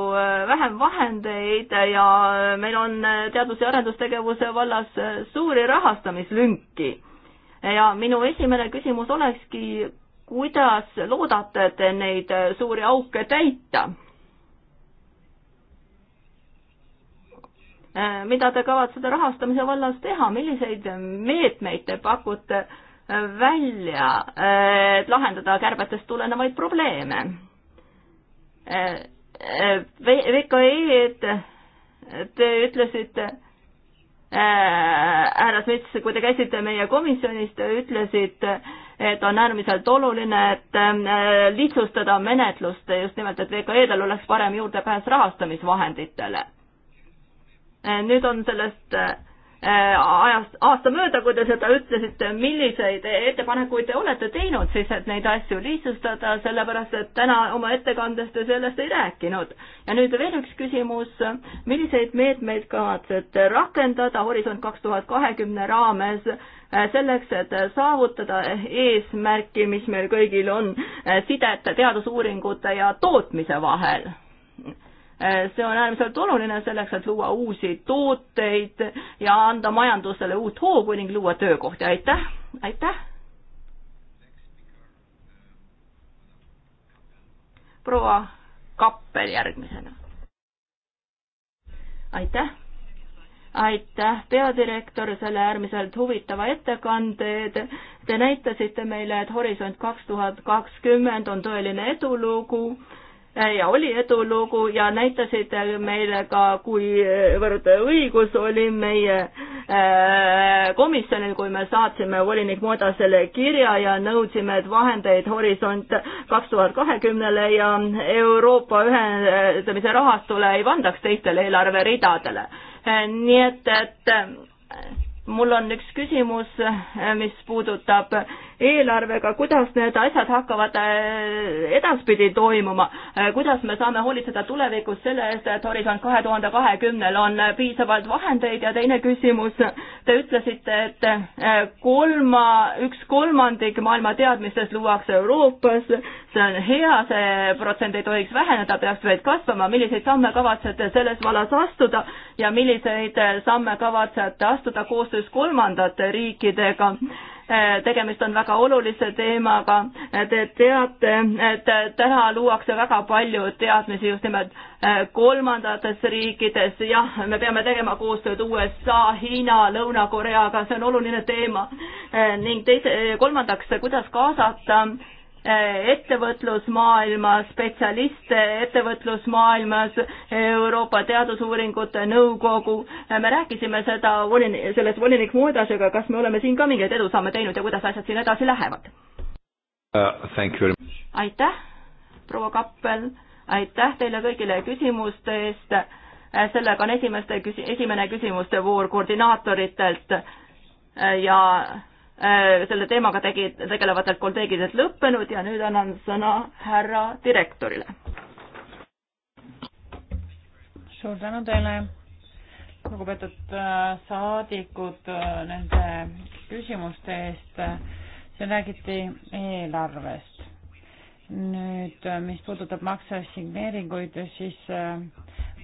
vähem vahendeid ja meil on teadus- ja arendustegevuse vallas suuri rahastamislünki. ja minu esimene küsimus olekski, kuidas loodate te neid suuri auke täita? Äh, mida te kavatsete rahastamise vallas teha, milliseid meetmeid te pakute äh, välja, äh, et lahendada kärbetest tulenevaid probleeme? VKE-d te ütlesite, härra Smits, kui te käisite meie komisjonis, te ütlesite, et on äärmiselt oluline, et lihtsustada menetlust just nimelt, et VKE-del oleks parem juurdepääs rahastamisvahenditele Eh, nüüd on sellest eh, ajast, aasta mööda, kui te seda ütlesite, milliseid ettepanekuid te olete teinud siis, et neid asju lihtsustada, sellepärast et täna oma ettekandes te sellest ei rääkinud. ja nüüd veel üks küsimus, milliseid meetmeid kavatsete rakendada Horisont kaks tuhat kahekümne raames eh, selleks, et saavutada eesmärki, mis meil kõigil on, sidet teadusuuringute ja tootmise vahel? Eh, see on äärmiselt oluline selleks, et luua uusi tooteid ja anda majandusele uut hoogu ning luua töökohti, aitäh, aitäh. proua Kappel järgmisena. aitäh, aitäh, peadirektor, selle äärmiselt huvitava ettekande eest. Te näitasite meile, et Horisont kaks tuhat kakskümmend on tõeline edulugu Äh, ja oli edulugu ja näitasid äh, meile ka, kuivõrd õigus oli meie äh, komisjonil, kui me saatsime volinik Modasele kirja ja nõudsime, et vahendeid Horisont kaks tuhat kahekümnele ja Euroopa ühendamise rahastule ei pandaks teistele eelarveridadele. nii et, et mul on üks küsimus, mis puudutab eelarvega, kuidas need asjad hakkavad äh, edaspidi toimuma, äh, kuidas me saame hoolitseda tulevikus selle eest, et Horisont kahe tuhande kahekümnel on piisavalt vahendeid ja teine küsimus, te ütlesite, et äh, kolma, üks kolmandik maailma teadmistest luuakse Euroopas, see on hea, see protsent ei tohiks väheneda, peaks vaid kasvama, milliseid samme kavatsete selles vallas astuda ja milliseid samme kavatsete astuda koostöös kolmandate riikidega? Äh, tegemist on väga olulise teemaga. Äh, te teate, et täna luuakse väga palju teadmisi just nimelt äh, kolmandates riikides, jah, me peame tegema koostööd USA, Hiina, Lõuna-Koreaga, see on oluline teema. ning teise, kolmandaks, kuidas kaasata Äh, ettevõtlusmaailma spetsialiste ettevõtlusmaailmas, Euroopa Teadusuuringute Nõukogu. Äh, me rääkisime seda volin-, sellest volinik Moodasega, kas me oleme siin ka mingeid edusamme teinud ja kuidas asjad siin edasi lähevad uh,? aitäh, proua Kappel, aitäh teile kõigile küsimuste eest. Äh, sellega on esimeste, esimene küsimuste voor koordinaatoritelt ja Äh, selle teemaga tegi, tegelevatelt kolleegidelt lõppenud ja nüüd annan sõna härra direktorile. suur tänu teile, lugupeetud äh, saadikud, äh, nende küsimuste eest. siin räägiti eelarvest. nüüd, mis puudutab makseassigneeringuid, siis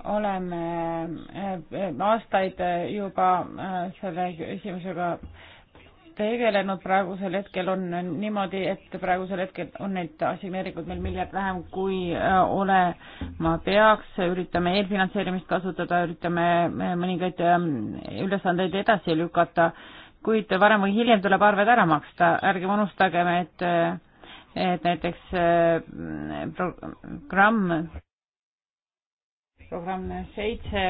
oleme aastaid juba selle küsimusega tegelenud praegusel hetkel on niimoodi, et praegusel hetkel on neid assigneeringuid meil miljard vähem, kui äh, olema peaks, üritame eelfinantseerimist kasutada, üritame äh, mõningaid ähm, ülesandeid edasi lükata, kuid varem või hiljem tuleb arved ära maksta, ärgem unustagem, et äh, et näiteks programm, programm seitse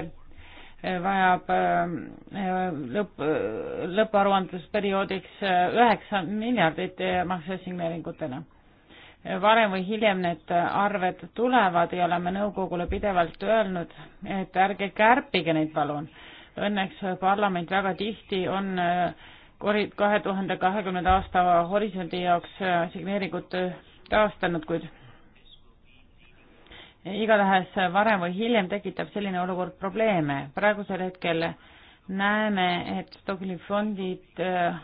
vajab äh, äh, lõpp, äh, lõpparuandlusperioodiks üheksa miljardit maksesigneeringutena. varem või hiljem need arved tulevad ja oleme nõukogule pidevalt öelnud, et ärge kärpige neid palun. Õnneks parlament väga tihti on kahe tuhande kahekümnenda aasta horisondi jaoks signeeringut taastanud, kuid igatahes varem või hiljem tekitab selline olukord probleeme. praegusel hetkel näeme, et Stockholmi fondid äh,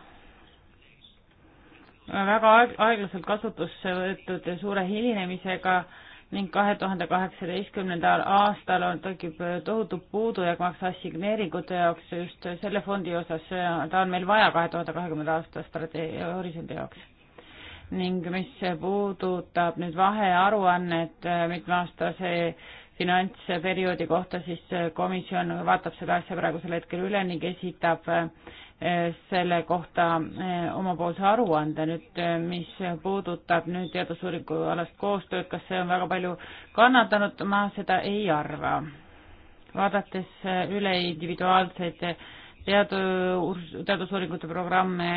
väga aeglaselt kasutusse võetud suure hilinemisega ning kahe tuhande kaheksateistkümnendal aastal on, tekib äh, tohutu puudujääk maksa assigneeringute jaoks just selle fondi osas, äh, ta on meil vaja kahe tuhande kahekümnenda aasta strateegia horisondi jaoks ning mis puudutab nüüd vahearuannet äh, mitmeaastase finantsperioodi kohta, siis äh, komisjon vaatab seda asja praegusel hetkel üle ning esitab äh, selle kohta omapoolse aruande nüüd, mis puudutab nüüd teadusuuringu alast koostööd, kas see on väga palju kannatanud, ma seda ei arva. vaadates üle individuaalseid teadu-, teadusuuringute programme,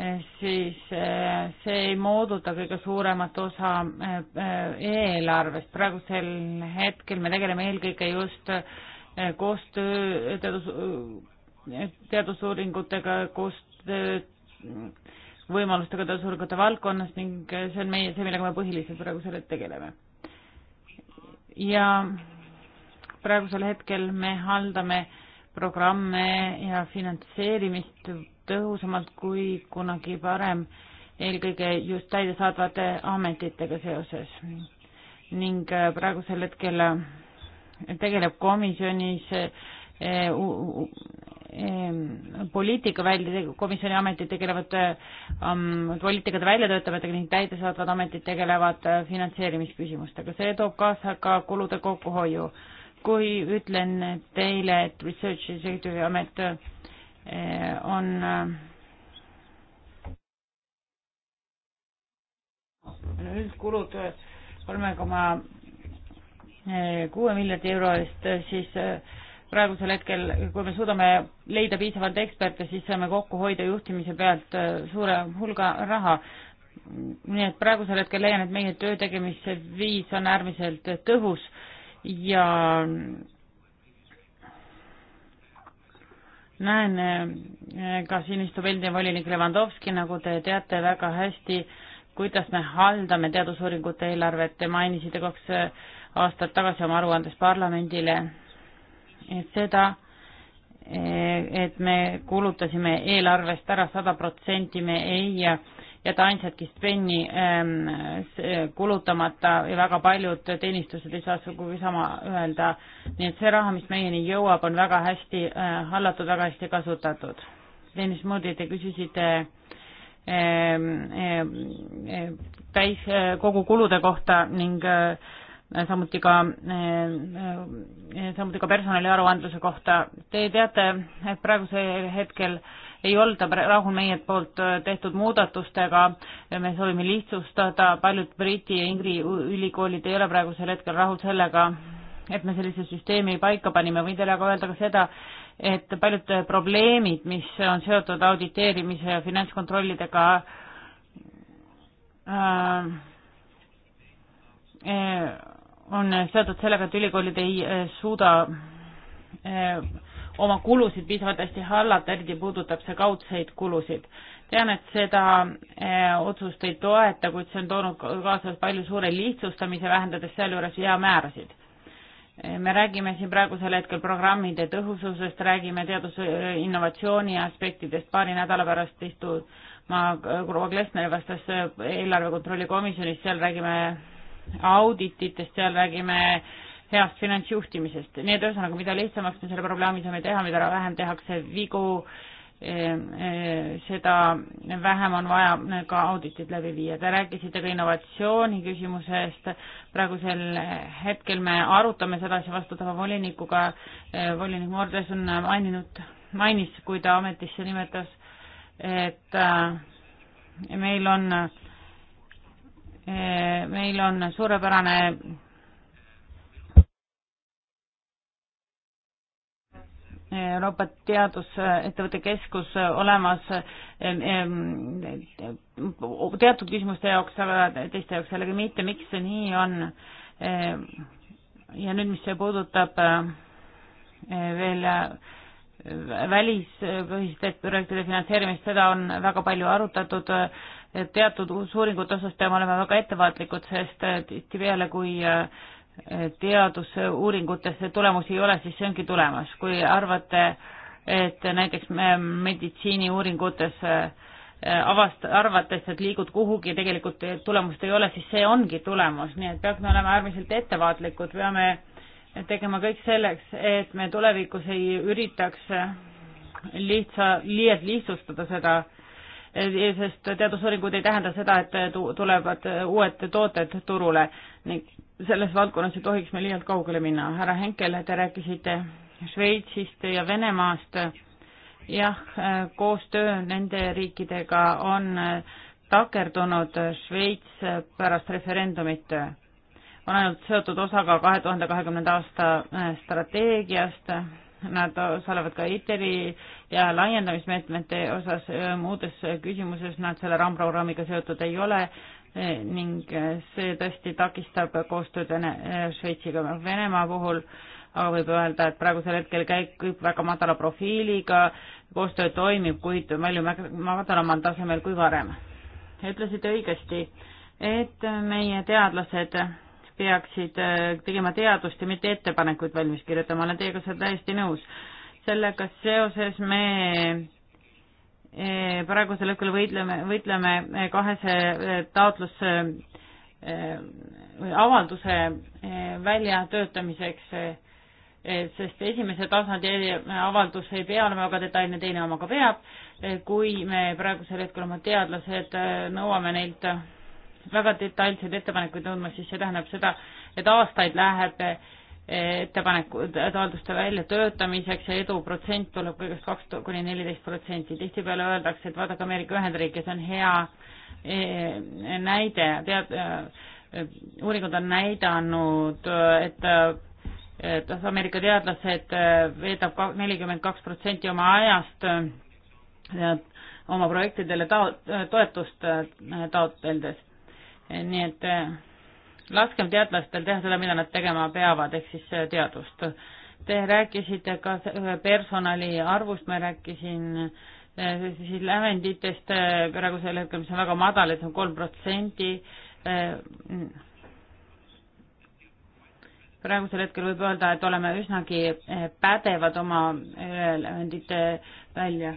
Eh, siis eh, see ei mooduta kõige suuremat osa eh, eelarvest. praegusel hetkel me tegeleme eelkõige just koostöö teadus, teadusuuringutega, koostöö võimalustega teadusuuringute valdkonnas ning see on meie, see, millega me põhiliselt praegusel hetkel tegeleme. ja praegusel hetkel me haldame programme ja finantseerimist tõhusamalt kui kunagi varem, eelkõige just täidesaatvate ametitega seoses. ning äh, praegusel hetkel äh, tegeleb komisjonis äh, poliitika välja, komisjoni ähm, ametid tegelevad um, poliitikate väljatöötavatega ning täidesaatvad ametid tegelevad finantseerimisküsimustega. see toob kaasa ka kulude kokkuhoiu. kui ütlen teile, et Research Executive amet Eh, eh, on üldkulud kolme koma kuue miljardi euro eest, siis eh, praegusel hetkel, kui me suudame leida piisavalt eksperte, siis saame kokku hoida juhtimise pealt suure hulga raha. nii et praegusel hetkel leian, et meie töö tegemise viis on äärmiselt tõhus ja näen eh, ka siin istub endine volinik Levandovski, nagu te teate väga hästi, kuidas me haldame teadusuuringute eelarvet, te mainisite kaks eh, aastat tagasi oma aruandes parlamendile, et seda, eh, et me kulutasime eelarvest ära sada protsenti, me ei jäta ainsatki spenni ähm, äh, kulutamata ja väga paljud teenistused ei saa sugugi sama öelda. nii et see raha, mis meieni jõuab, on väga hästi äh, hallatud, väga hästi kasutatud. teismoodi te küsisite ähm, ähm, äh, täis kogukulude kohta ning samuti ka, samuti ka personali aruandluse kohta. Te teate, et praegusel hetkel äh, ei olda rahul meie poolt äh, tehtud muudatustega, me soovime lihtsustada, paljud Briti ja Ingri ülikoolid ei ole praegusel hetkel rahul sellega, et me sellise süsteemi paika panime, võin teile aga öelda ka seda, et paljud äh, probleemid, mis on seotud auditeerimise ja finantskontrollidega äh,, äh on seotud sellega, et ülikoolid ei suuda äh, oma kulusid piisavalt hästi hallata, eriti puudutab see kaudseid kulusid. tean, et seda eh, otsust ei toeta, kuid see on toonud kaasa palju suure lihtsustamise, vähendades sealjuures veamäärasid. Eh, me räägime siin praegusel hetkel programmide tõhususest, räägime teadusinnovatsiooni eh, aspektidest, paari nädala pärast istun ma proua Klesner vastas eelarve kontrolli komisjonis, seal räägime audititest, seal räägime äh, heast finantsjuhtimisest. nii et ühesõnaga, mida lihtsamaks me selle probleemi saame teha, mida vähem tehakse vigu, eh, eh, seda vähem on vaja ka auditid läbi viia. Te rääkisite ka innovatsiooni küsimusest. praegusel hetkel me arutame seda asja vastutava volinikuga. Eh, volinik Mordes on maininud, mainis, kui ta ametisse nimetas, et meil on, meil on suurepärane Euroopa Teadusettevõtte Keskus olemas teatud küsimuste jaoks, aga teiste jaoks jällegi mitte, miks see nii on. ja nüüd, mis puudutab eh, veel eh, välispõhiste projektide finantseerimist, seda on väga palju arutatud, teatud uusuuringute osas peame olema väga ettevaatlikud, sest eh, tihtipeale, kui äh, teadusuuringutesse tulemusi ei ole, siis see ongi tulemas. kui arvate, et näiteks meditsiiniuuringutes äh, avast-, arvates, et liigud kuhugi, tegelikult tulemust ei ole, siis see ongi tulemus, nii et peame olema äärmiselt ettevaatlikud, peame tegema kõik selleks, et me tulevikus ei üritaks lihtsa, liialt lihtsustada seda, sest teadusuuringud ei tähenda seda, et tu-, tulevad uued tooted turule ning selles valdkonnas ei tohiks me liialt kaugele minna. härra Henkel, te rääkisite Šveitsist ja Venemaast. jah, koostöö nende riikidega on takerdunud Šveits pärast referendumit on ainult seotud osaga kahe tuhande kahekümnenda aasta strateegiast. Nad osalevad ka ITER-i ja laiendamismeetmete osas, muudes küsimuses nad selle RAM-programmiga seotud ei ole. Eh, ning eh, see tõesti takistab koostööd Vene, eh, Šveitsiga. Venemaa puhul aga võib öelda, et praegusel hetkel käib väga madala profiiliga, koostöö toimib, kuid palju madalamal tasemel kui varem. ütlesite õigesti, et meie teadlased peaksid tegema teadust ja mitte ettepanekuid valmis kirjutama, olen teiega seal täiesti nõus. sellega seoses me Eh, praegusel hetkel võitleme, võitleme eh, kahese eh, taotluse või avalduse väljatöötamiseks, sest esimese tasandi avaldus ei pea olema väga detailne, teine oma ka peab. kui me praegusel hetkel oma teadlased nõuame neilt väga detailseid ettepanekuid tundma, siis see tähendab seda, et aastaid läheb ettepanekud taotluste väljatöötamiseks ja eduprotsent tuleb kõigest kaks kuni neliteist protsenti. tihtipeale öeldakse, et vaadake Ameerika Ühendriikides on hea eh, näide, tead, eh, uuringud on näidanud, et et Ameerika teadlased eh, veedab nelikümmend kaks protsenti oma ajast oma projektidele taot-, toetust taotledes. nii et laskem teadlastel teha seda, mida nad tegema peavad, ehk siis äh, teadust. Te rääkisite ka personali arvust, ma rääkisin äh, siis lävenditest äh, praegusel hetkel, mis on väga madal, et see on kolm protsenti. Mm. praegusel hetkel võib öelda, et oleme üsnagi pädevad oma lävendite välja,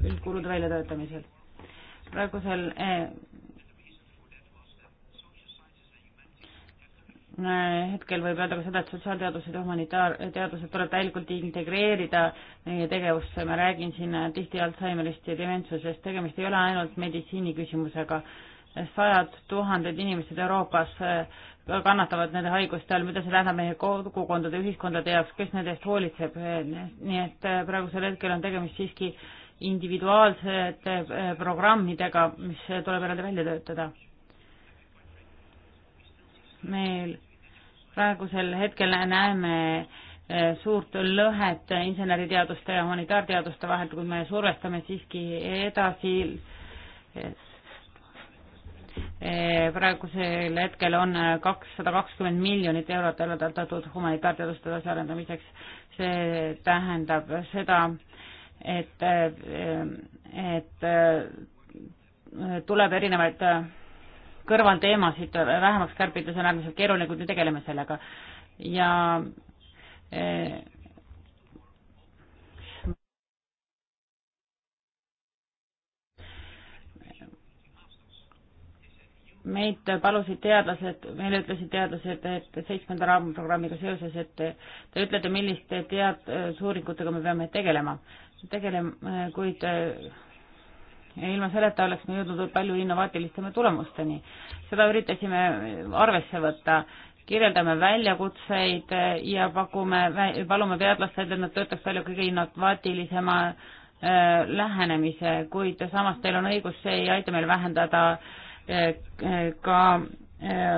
üldkulude väljatöötamisel. praegusel hetkel võib öelda ka seda, et sotsiaalteadused ja humanitaarteadused tuleb täielikult integreerida meie tegevusse, ma räägin siin tihti Alžeimerist ja dementsusest, tegemist ei ole ainult meditsiiniküsimusega. sajad tuhanded inimesed Euroopas äh, kannatavad nende haiguste all, mida see tähendab meie kogukondade, ühiskondade jaoks, kes nende eest hoolitseb, nii et äh, praegusel hetkel on tegemist siiski individuaalsete äh, programmidega, mis tuleb eraldi välja töötada meil praegusel hetkel näeme eh, suurt lõhet inseneriteaduste ja humanitaarteaduste vahel, kui me survestame siiski edasi. Eh, praegusel hetkel on kakssada kakskümmend miljonit eurot eraldatud humanitaarteaduste tasaarendamiseks. see tähendab seda, et, eh, et tuleb erinevaid kõrvalteemasid vähemaks kärpides on äärmiselt keeruline, kuid me tegeleme sellega. ja eh, meid palusid teadlased, meile ütlesid teadlased, et seitsmenda raamprogrammiga seoses, et te ütlete, milliste teadusuuringutega me peame tegelema, tegelema, kuid ja ilma selleta oleks me jõudnud palju innovaatilistema tulemusteni. seda üritasime arvesse võtta, kirjeldame väljakutseid ja pakume, palume teadlastel, et nad töötaks välja kõige innovaatilisema äh, lähenemise, kuid samas teil on õigus, see ei aita meil vähendada äh, ka äh,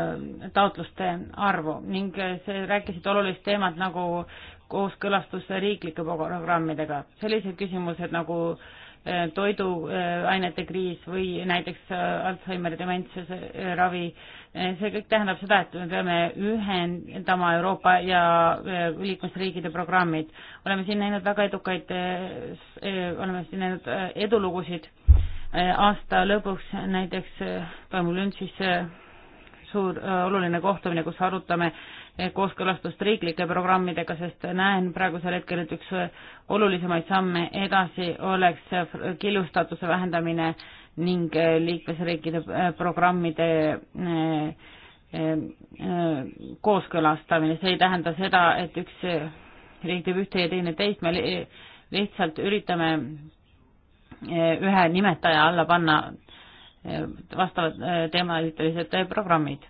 taotluste arvu ning see, rääkisid olulist teemat nagu kooskõlastus riiklike programmidega. sellised küsimused nagu äh, Äh, toiduainete kriis või näiteks äh, Alžeimeri dementsuse äh, ravi. see kõik tähendab seda, et me peame ühendama Euroopa ja liikmesriigide programmid. oleme siin näinud väga edukaid, oleme siin näinud edulugusid. aasta lõpuks näiteks toimub Lünsis suur oluline kohtumine, kus arutame kooskõlastust riiklike programmidega, sest näen praegusel hetkel, et üks olulisemaid samme edasi oleks killustatuse vähendamine ning liikmesriikide äh, programmide äh, äh, kooskõlastamine, see ei tähenda seda, et üks riik teeb ühte ja teine teist, me lihtsalt üritame ühe nimetaja alla panna vastavad teemalised programmid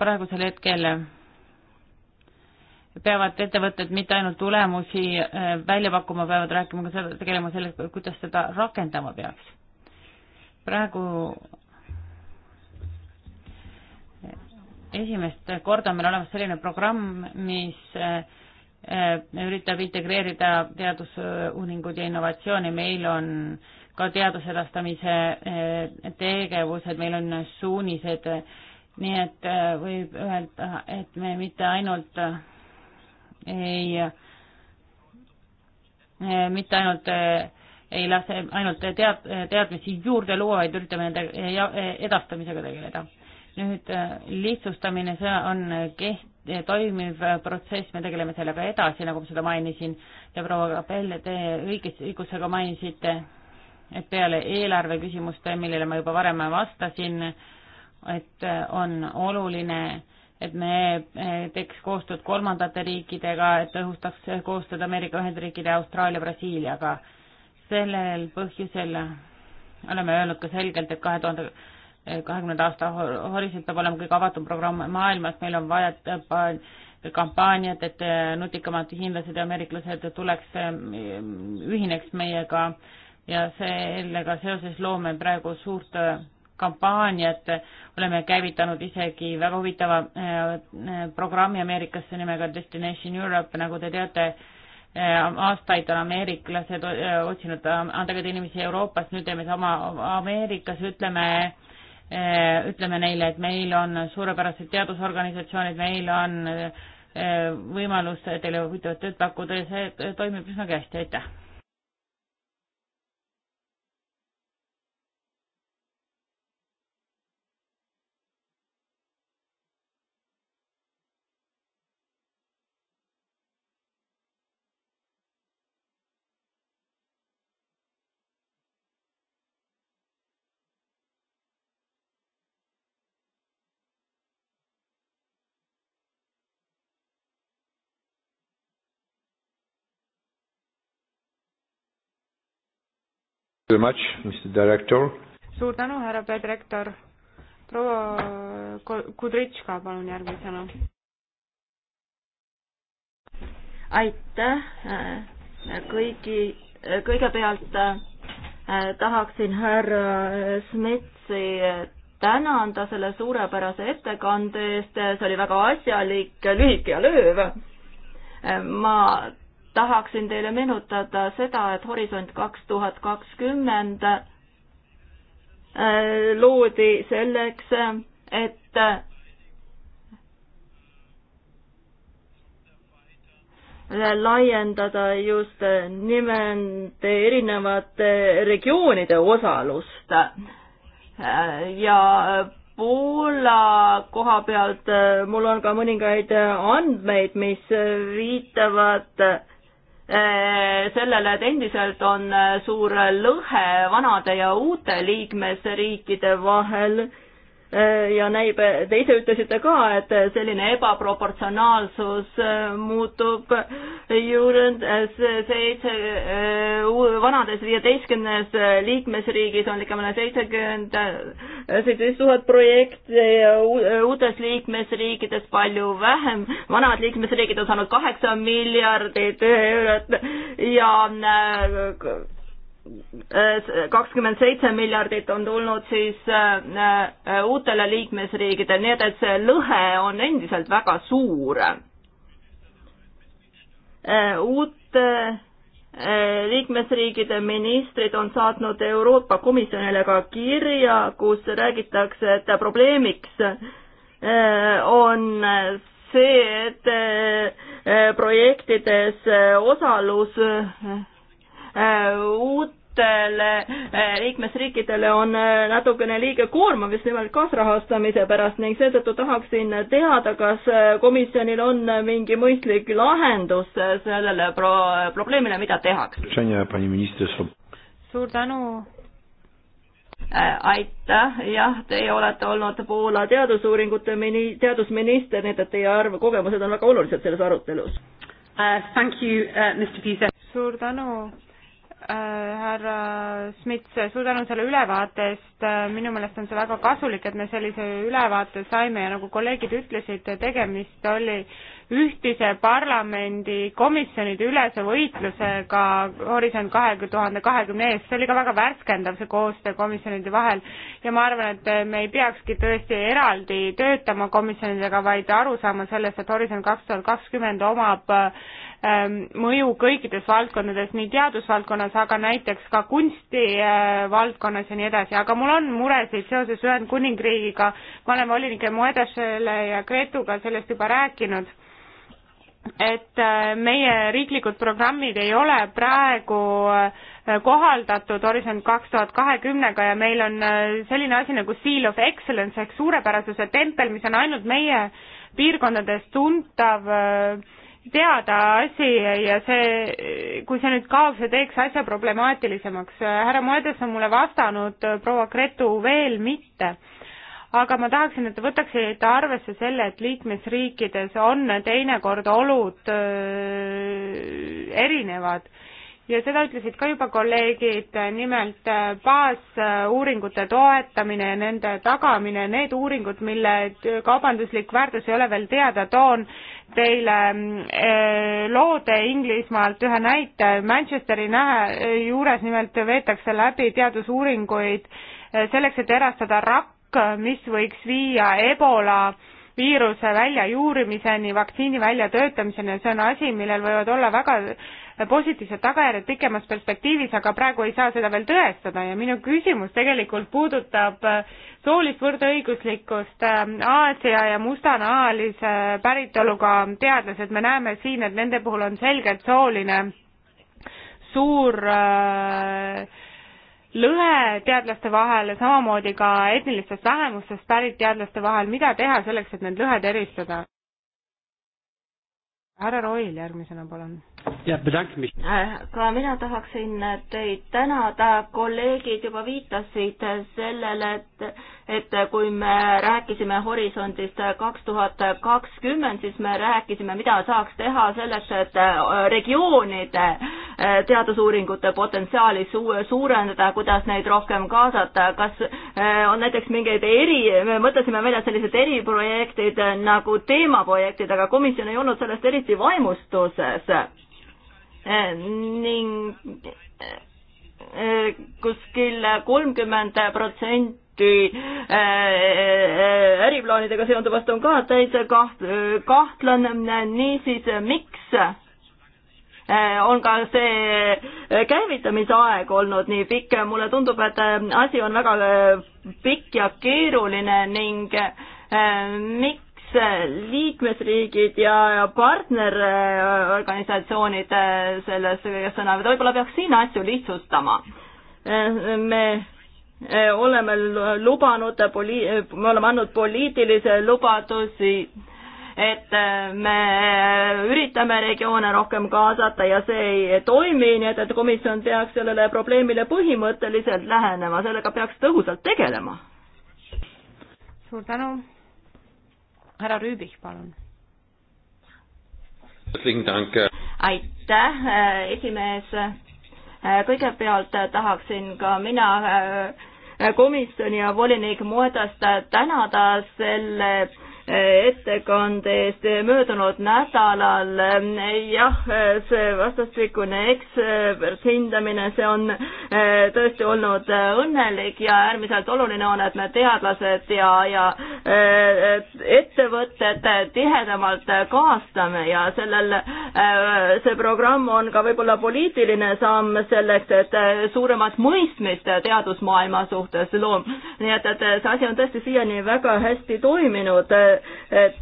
praegusel hetkel peavad ettevõtted mitte ainult tulemusi äh, välja pakkuma, peavad rääkima ka seda, tegelema sellega, kuidas seda rakendama peaks. praegu esimest korda meil olemas selline programm, mis äh, üritab integreerida teadusuuringud ja innovatsiooni, meil on ka teaduse edastamise äh, tegevused, meil on suunised äh, nii et äh, võib öelda, et me mitte ainult äh, ei, äh, mitte ainult ei lase ainult tead-, teadmisi juurde luua, vaid üritame nende edastamisega tegeleda. nüüd lihtsustamine, see on keht-, toimiv protsess, me tegeleme sellega edasi, nagu ma seda mainisin, ja proua Kapell, te õiges, õigusega mainisite, et peale eelarve küsimuste, millele ma juba varem vastasin, et äh, on oluline, et me äh, teeks koostööd kolmandate riikidega, et õhustaks äh, koostööd Ameerika Ühendriikide, Austraalia, Brasiiliaga. sellel põhjusel oleme öelnud ka selgelt, et kahe tuhande kahekümnenda aasta horisont peab olema kõige avatum programm maailmas, meil on vaja kampaaniat, et nutikamad hiinlased ja ameeriklased tuleks, ühineks meiega ja sellega seoses loome praegu suurt kampaaniat, oleme käivitanud isegi väga huvitava äh, äh, programmi Ameerikasse nimega Destination Europe, nagu te teate, äh, aastaid on ameeriklased otsinud andekaid inimesi Euroopas, nüüd teeme sama Ameerikas, ütleme, ütleme neile, et meil on suurepärased teadusorganisatsioonid, meil on võimalus teile huvitavat tööd pakkuda ja see toimib üsnagi hästi, aitäh! suur tänu, härra peadirektor. proua Kudritška, palun järgmisena. aitäh äh, kõigi, äh, kõigepealt äh, tahaksin härra Smetsi tänada selle suurepärase ettekande eest, see oli väga asjalik, lühike ja lööv. ma tahaksin teile meenutada seda, et Horisont kaks tuhat kakskümmend äh, loodi selleks, et äh, laiendada just nimelt erinevate regioonide osalust äh, ja Poola koha pealt mul on ka mõningaid andmeid, mis viitavad Eh, sellele, et endiselt on eh, suur lõhe vanade ja uute liikmesriikide vahel Äh, ja näib, te ise ütlesite ka, et selline ebaproportsionaalsus äh, muutub juurend äh, seitse, vanades viieteistkümnes liikmesriigis on ligemale seitsekümmend, seitseteist tuhat projekti ja uutes liikmesriikides palju vähem, vanemad liikmesriigid on saanud kaheksa miljardit eurot ja Äh, kakskümmend seitse miljardit on tulnud siis äh, äh, uutele liikmesriigidele, nii et, et see lõhe on endiselt väga suur. uute liikmesriigide ministrid on saatnud Euroopa Komisjonile ka kirja, kus räägitakse, et probleemiks on see, et projektides osalus Äh, uutele äh, liikmesriikidele on äh, natukene liiga koormav just nimelt kaasrahastamise pärast ning seetõttu tahaksin teada, kas komisjonil on mingi mõistlik lahendus sellele pro-, probleemile, mida tehakse. suur tänu aitäh, jah, teie olete olnud Poola teadusuuringute mini-, teadusminister, nii et teie arv, kogemused on väga olulised selles arutelus uh,. Thank you uh,, Mr Füüse. suur tänu, Äh, härra Smits, suur tänu selle ülevaate eest, äh, minu meelest on see väga kasulik, et me sellise ülevaate saime ja nagu kolleegid ütlesid, tegemist oli ühtise parlamendi komisjonide ülese võitlusega Horisont kahe tuhande kahekümne eest, see oli ka väga värskendav, see koostöö komisjonide vahel ja ma arvan, et me ei peakski tõesti eraldi töötama komisjonidega, vaid aru saama sellest, et Horisont kaks tuhat kakskümmend omab ähm, mõju kõikides valdkondades, nii teadusvaldkonnas, aga näiteks ka kunstivaldkonnas äh, ja nii edasi, aga mul on muresid seoses Ühendkuningriigiga, ma olen volinike Moedasele ja Gretuga sellest juba rääkinud et äh, meie riiklikud programmid ei ole praegu äh, kohaldatud Horisont kaks tuhat kahekümnega ja meil on äh, selline asi nagu seal of excellence ehk suurepärasuse tempel, mis on ainult meie piirkondades tuntav teada asi ja see, kui see nüüd kaob, see teeks asja problemaatilisemaks. härra Moedes on mulle vastanud, proua Gretu veel mitte aga ma tahaksin, et te võtaksite arvesse selle, et liikmesriikides on teinekord olud erinevad ja seda ütlesid ka juba kolleegid, nimelt äh, baasuuringute toetamine ja nende tagamine, need uuringud, mille äh, kaubanduslik väärtus ei ole veel teada, toon teile äh, loode Inglismaalt ühe näite, Manchesteri nähe juures nimelt veetakse läbi teadusuuringuid selleks, et erastada rapp šokk, mis võiks viia Ebola viiruse väljajuurimiseni, vaktsiini väljatöötamiseni ja see on asi, millel võivad olla väga positiivsed tagajärjed pikemas perspektiivis, aga praegu ei saa seda veel tõestada ja minu küsimus tegelikult puudutab äh, soolist võrdõiguslikkust äh, Aasia ja mustanahalise päritoluga teadlased, me näeme siin, et nende puhul on selgelt sooline suur äh, lõhe teadlaste vahel ja samamoodi ka etnilistest vähemustest pärit teadlaste vahel, mida teha selleks, et need lõhed eristada? härra Roil järgmisena, palun Äh, ka mina tahaksin teid tänada, kolleegid juba viitasid sellele, et, et kui me rääkisime Horisondist kaks tuhat kakskümmend, siis me rääkisime, mida saaks teha selleks, et äh, regioonide äh, teadusuuringute potentsiaali suurendada, kuidas neid rohkem kaasata, kas on näiteks mingeid eri, me mõtlesime välja sellised eriprojektid nagu teemaprojektid, aga komisjon ei olnud sellest eriti vaimustuses ning eh, kuskil kolmkümmend protsenti eh, äriplaanidega seonduvast on ka täitsa kaht-, kahtlane, niisiis miks eh, on ka see käivitamisaeg olnud nii pikk, mulle tundub, et asi on väga pikk ja keeruline ning miks liikmesriigid ja partnerorganisatsioonid äh, selles kõiges sõna, võib-olla peaks siin asju lihtsustama. Äh, me äh, oleme lubanud poli-, me oleme andnud poliitilisi lubadusi, et me üritame regioone rohkem kaasata ja see ei toimi, nii et, et komisjon peaks sellele probleemile põhimõtteliselt lähenema, sellega peaks tõhusalt tegelema. suur tänu härra Rüübih, palun. Äh. aitäh, äh, esimees. Äh, kõigepealt tahaksin ka mina komisjoni ja volinik Moedast tänada selle ettekande eest möödunud nädalal. jah, see vastastikune ekspert hindamine, see on eh, tõesti olnud õnnelik ja äärmiselt oluline on, et me teadlased ja, ja eh, ettevõtted tihedamalt kaastame ja sellel, eh, see programm on ka võib-olla poliitiline samm selleks, et suuremat mõistmist teadusmaailma suhtes loom-. nii et, et see asi on tõesti siiani väga hästi toiminud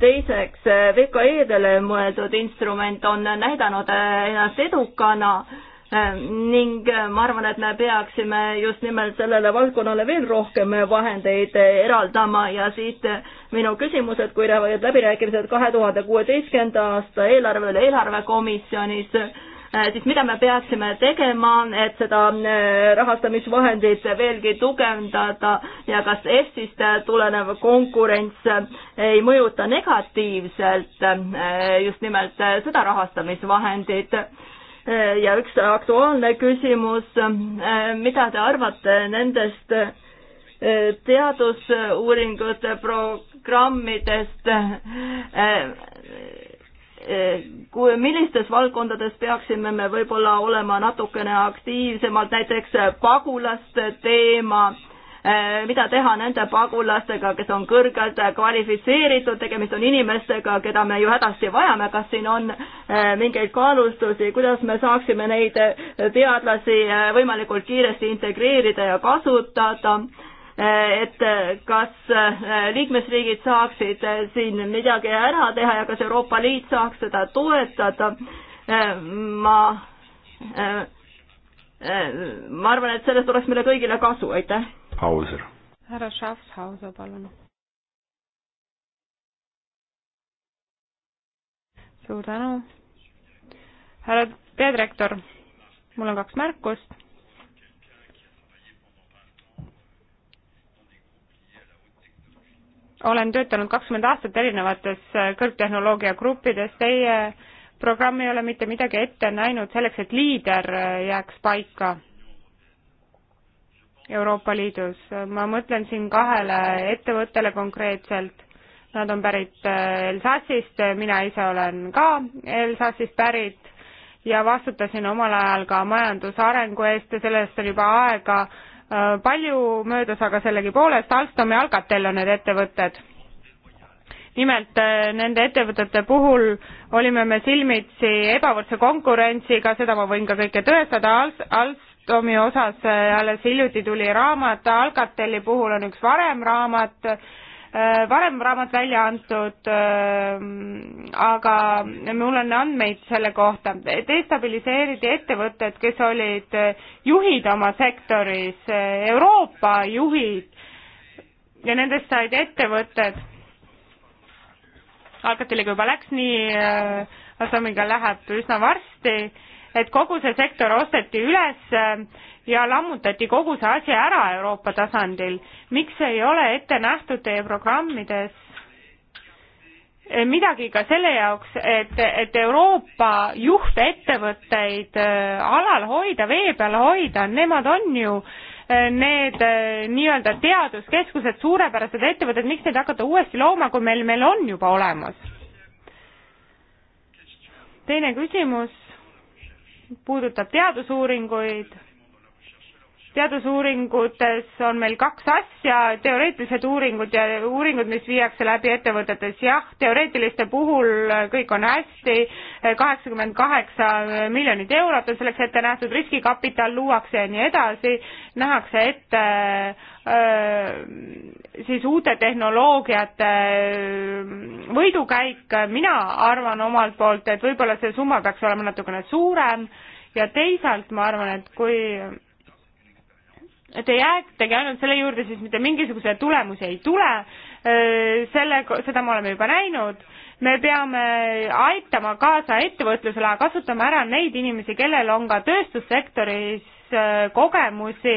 teiseks, VKE-dele mõeldud instrument on näidanud ennast edukana ehm, ning ma arvan, et me peaksime just nimelt sellele valdkonnale veel rohkem vahendeid eraldama ja siis minu küsimus, et kui läbirääkimised kahe tuhande kuueteistkümnenda aasta eelarve üle eelarvekomisjonis, Äh, siis mida me peaksime tegema, et seda äh, rahastamisvahendit veelgi tugevdada ja kas Eestist tulenev konkurents ei mõjuta negatiivselt äh, just nimelt seda rahastamisvahendit? ja üks aktuaalne küsimus, mida te arvate nendest teadusuuringute programmidest, kui, millistes valdkondades peaksime me võib-olla olema natukene aktiivsemalt, näiteks pagulaste teema, eh, mida teha nende pagulastega, kes on kõrgelt kvalifitseeritud, tegemist on inimestega, keda me ju hädasti vajame, kas siin on eh, mingeid kaalustusi, kuidas me saaksime neid eh, teadlasi võimalikult kiiresti integreerida ja kasutada et kas äh, liikmesriigid saaksid äh, siin midagi ära teha ja kas Euroopa Liit saaks seda toetada. Äh, ma, ma arvan, et sellest oleks meile kõigile kasu, aitäh. Hauser. härra Schaffhauser, palun. suur tänu. härra peadirektor, mul on kaks märkust olen töötanud kakskümmend aastat erinevates äh, kõrgtehnoloogia gruppides, teie programm ei ole mitte midagi ette näinud selleks, et liider äh, jääks paika Euroopa Liidus. ma mõtlen siin kahele ettevõttele konkreetselt, nad on pärit äh, Elsassist, mina ise olen ka Elsassist pärit ja vastutasin omal ajal ka majandusarengu eest ja sellest on juba aega Äh, palju möödas, aga sellegipoolest Alstom ja Alcatel on need ettevõtted. nimelt äh, nende ettevõtete puhul olime me silmitsi ebavõrdse konkurentsiga, seda ma võin ka kõike tõestada, Als-, Alstomi osas äh, alles hiljuti tuli raamat, Alcateli puhul on üks varem raamat, Äh, varem raamat välja antud, äh, aga mul on andmeid selle kohta. destabiliseeriti ettevõtted, kes olid äh, juhid oma sektoris, Euroopa juhid ja nendest said ettevõtted. Alcateliga juba läks nii, Asamiga läheb üsna varsti, et kogu see sektor osteti üles ja lammutati kogu see asi ära Euroopa tasandil. miks ei ole ette nähtud teie programmides midagi ka selle jaoks, et, et Euroopa juhtettevõtteid äh, alal hoida, vee peal hoida, nemad on ju äh, need äh, nii-öelda teaduskeskused, suurepärased ettevõtted, miks neid hakata uuesti looma, kui meil, meil on juba olemas? teine küsimus puudutab teadusuuringuid teadusuuringutes on meil kaks asja, teoreetilised uuringud ja uuringud, mis viiakse läbi ettevõtetes, jah, teoreetiliste puhul kõik on hästi, kaheksakümmend kaheksa miljonit eurot on selleks ette nähtud, riskikapital luuakse ja nii edasi, nähakse ette siis uute tehnoloogiate võidukäik, mina arvan omalt poolt, et võib-olla see summa peaks olema natukene suurem ja teisalt ma arvan, et kui te jäätegi ainult selle juurde, siis mitte mingisuguse tulemusi ei tule, selle, seda me oleme juba näinud, me peame aitama kaasa ettevõtlusele, kasutama ära neid inimesi, kellel on ka tööstussektoris kogemusi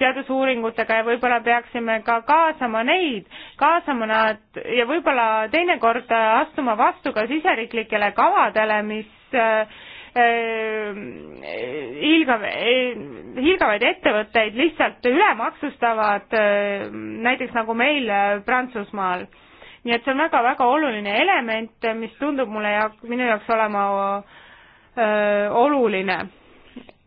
teadusuuringutega ja võib-olla peaksime ka kaasama neid, kaasama nad ja võib-olla teinekord astuma vastu ka siseriiklikele kavadele, mis äh, hiilgav, ehm, eh, hiilgavaid ettevõtteid lihtsalt üle maksustavad, ehm, näiteks nagu meil eh, Prantsusmaal. nii et see on väga-väga oluline element, mis tundub mulle ja minu jaoks olema öö, eh, oluline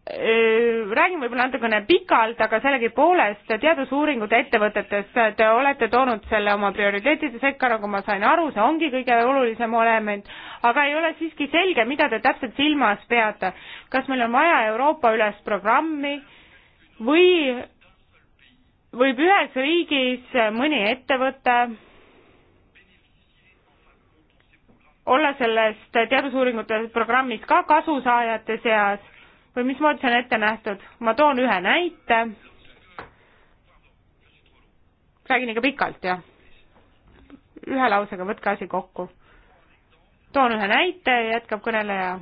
Äh, räägin võib-olla natukene pikalt, aga sellegipoolest teadusuuringud ettevõtetes, te olete toonud selle oma prioriteetide sekka, nagu ma sain aru, see ongi kõige olulisem element, aga ei ole siiski selge, mida te täpselt silmas peate. kas meil on vaja Euroopa üles programmi või võib ühes riigis mõni ettevõte olla sellest teadusuuringute programmist ka kasusaajate seas või mismoodi see on ette nähtud? ma toon ühe näite. räägin ikka pikalt, jah? ühe lausega, võtke asi kokku. toon ühe näite, jätkab kõneleja.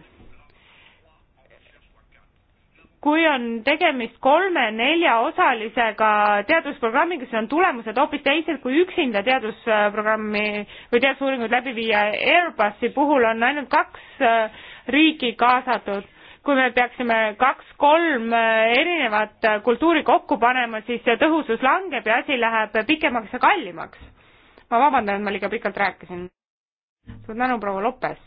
kui on tegemist kolme-neljaosalisega teadusprogrammiga, siis on tulemused hoopis teised kui üksinda teadusprogrammi või teadusuuringuid läbi viia. Airbusi puhul on ainult kaks äh, riiki kaasatud kui me peaksime kaks-kolm äh, erinevat äh, kultuuri kokku panema, siis see äh, tõhusus langeb ja asi läheb pikemaks ja kallimaks. ma vabandan, et ma liiga pikalt rääkisin. suur tänu, proua Lopes.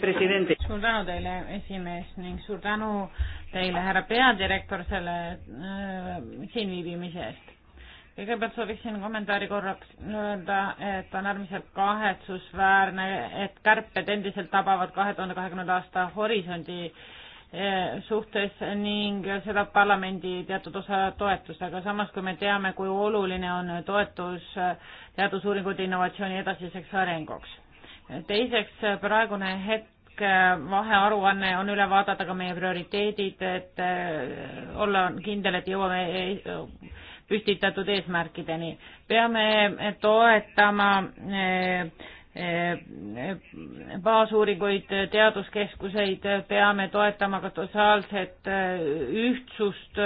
suur tänu teile, esimees ning suur tänu teile, härra peadirektor, selle äh, siinviibimise eest kõigepealt sooviksin kommentaari korraks öelda, et on äärmiselt kahetsusväärne, et kärped endiselt tabavad kahe tuhande kahekümnenda aasta horisondi eh, suhtes ning seda parlamendi teatud osa toetusega. samas, kui me teame, kui oluline on toetus eh, teadusuuringute innovatsiooni edasiseks arenguks. teiseks, praegune hetk eh, vahearuanne on üle vaadata ka meie prioriteedid, et olla kindel, et jõuame püstitatud eesmärkideni. peame toetama eh, eh, baasuuringuid, teaduskeskuseid, peame toetama ka sotsiaalset eh, ühtsust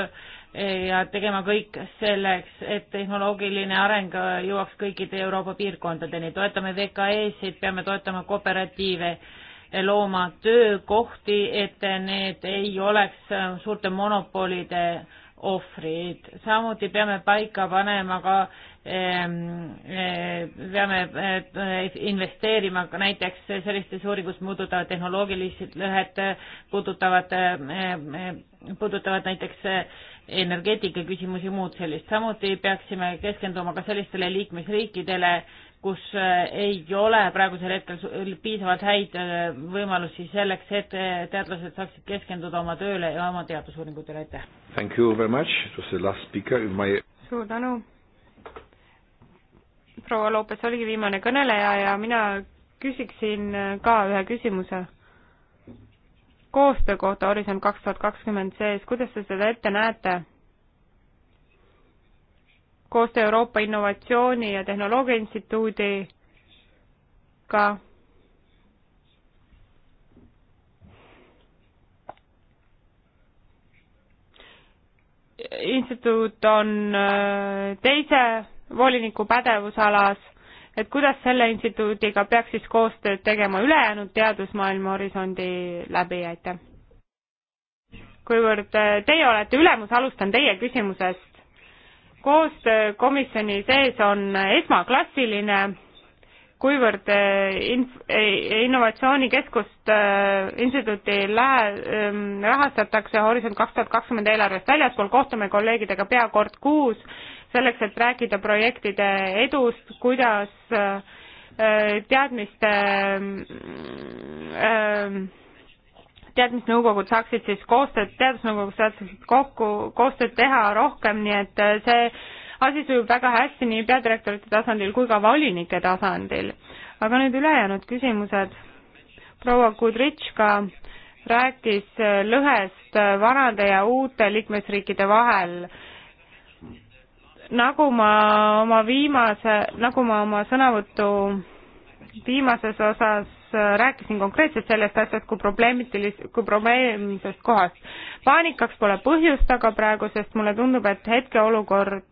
ja tegema kõik selleks, et tehnoloogiline areng jõuaks kõikide Euroopa piirkondadeni. toetame VKE-sid, peame toetama kooperatiive looma töökohti, et need ei oleks suurte monopolide ohvrid, samuti peame paika panema ka ehm, eh, peame eh, investeerima ka näiteks sellistes uuringus puudutavad tehnoloogilised lõhed, puudutavad, eh, puudutavad näiteks energeetika küsimusi, muud sellist. samuti peaksime keskenduma ka sellistele liikmesriikidele, kus äh, ei ole praegusel hetkel äh, piisavalt häid äh, võimalusi selleks, et teadlased saaksid keskenduda oma tööle ja oma teadusuuringutele, aitäh! My... suur tänu! proua Loopes oligi viimane kõneleja ja mina küsiksin ka ühe küsimuse koostöö kohta Horisont kaks tuhat kakskümmend sees, kuidas te seda ette näete? koostöö Euroopa Innovatsiooni ja Tehnoloogia Instituudiga. instituut on äh, teise voliniku pädevusalas, et kuidas selle instituudiga peaks siis koostööd tegema ülejäänud teadusmaailma horisondi läbi, aitäh! kuivõrd äh, teie olete ülemus, alustan teie küsimusest koostöö komisjoni sees on esmaklassiline, kuivõrd eh, inf-, eh, innovatsioonikeskust äh, instituuti lähe- ähm,, rahastatakse Horisont kaks tuhat kakskümmend eelarvest väljaspool, kohtume kolleegidega pea kord kuus, selleks, et rääkida projektide edust, kuidas äh, teadmiste äh, teadmisnõukogud saaksid siis koostööd, teadusnõukogud saaksid kokku, koostööd teha rohkem, nii et äh, see asi sujub väga hästi nii peadirektorite tasandil kui ka volinike tasandil. aga nüüd ülejäänud küsimused. proua Kudritška rääkis äh, lõhest äh, vanade ja uute liikmesriikide vahel. nagu ma oma viimase, nagu ma oma sõnavõtu viimases osas rääkisin konkreetselt sellest asjast kui probleemitilis-, kui probleemsest kohast. paanikaks pole põhjust aga praegu, sest mulle tundub, et hetkeolukord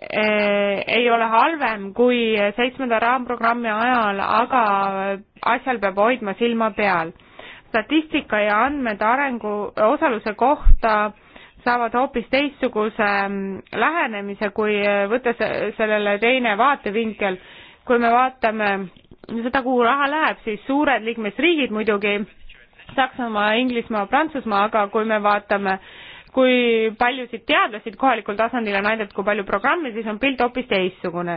e, ei ole halvem kui seitsmenda raamprogrammi ajal, aga asjal peab hoidma silma peal. statistika ja andmed arengu, osaluse kohta saavad hoopis teistsuguse mm, lähenemise, kui võtta sellele teine vaatevinkel. kui me vaatame seda, kuhu raha läheb, siis suured liikmesriigid muidugi, Saksamaa, Inglismaa, Prantsusmaa, aga kui me vaatame, kui paljusid teadlasi kohalikul tasandil on aidatud, kui palju programme, siis on pilt hoopis teistsugune.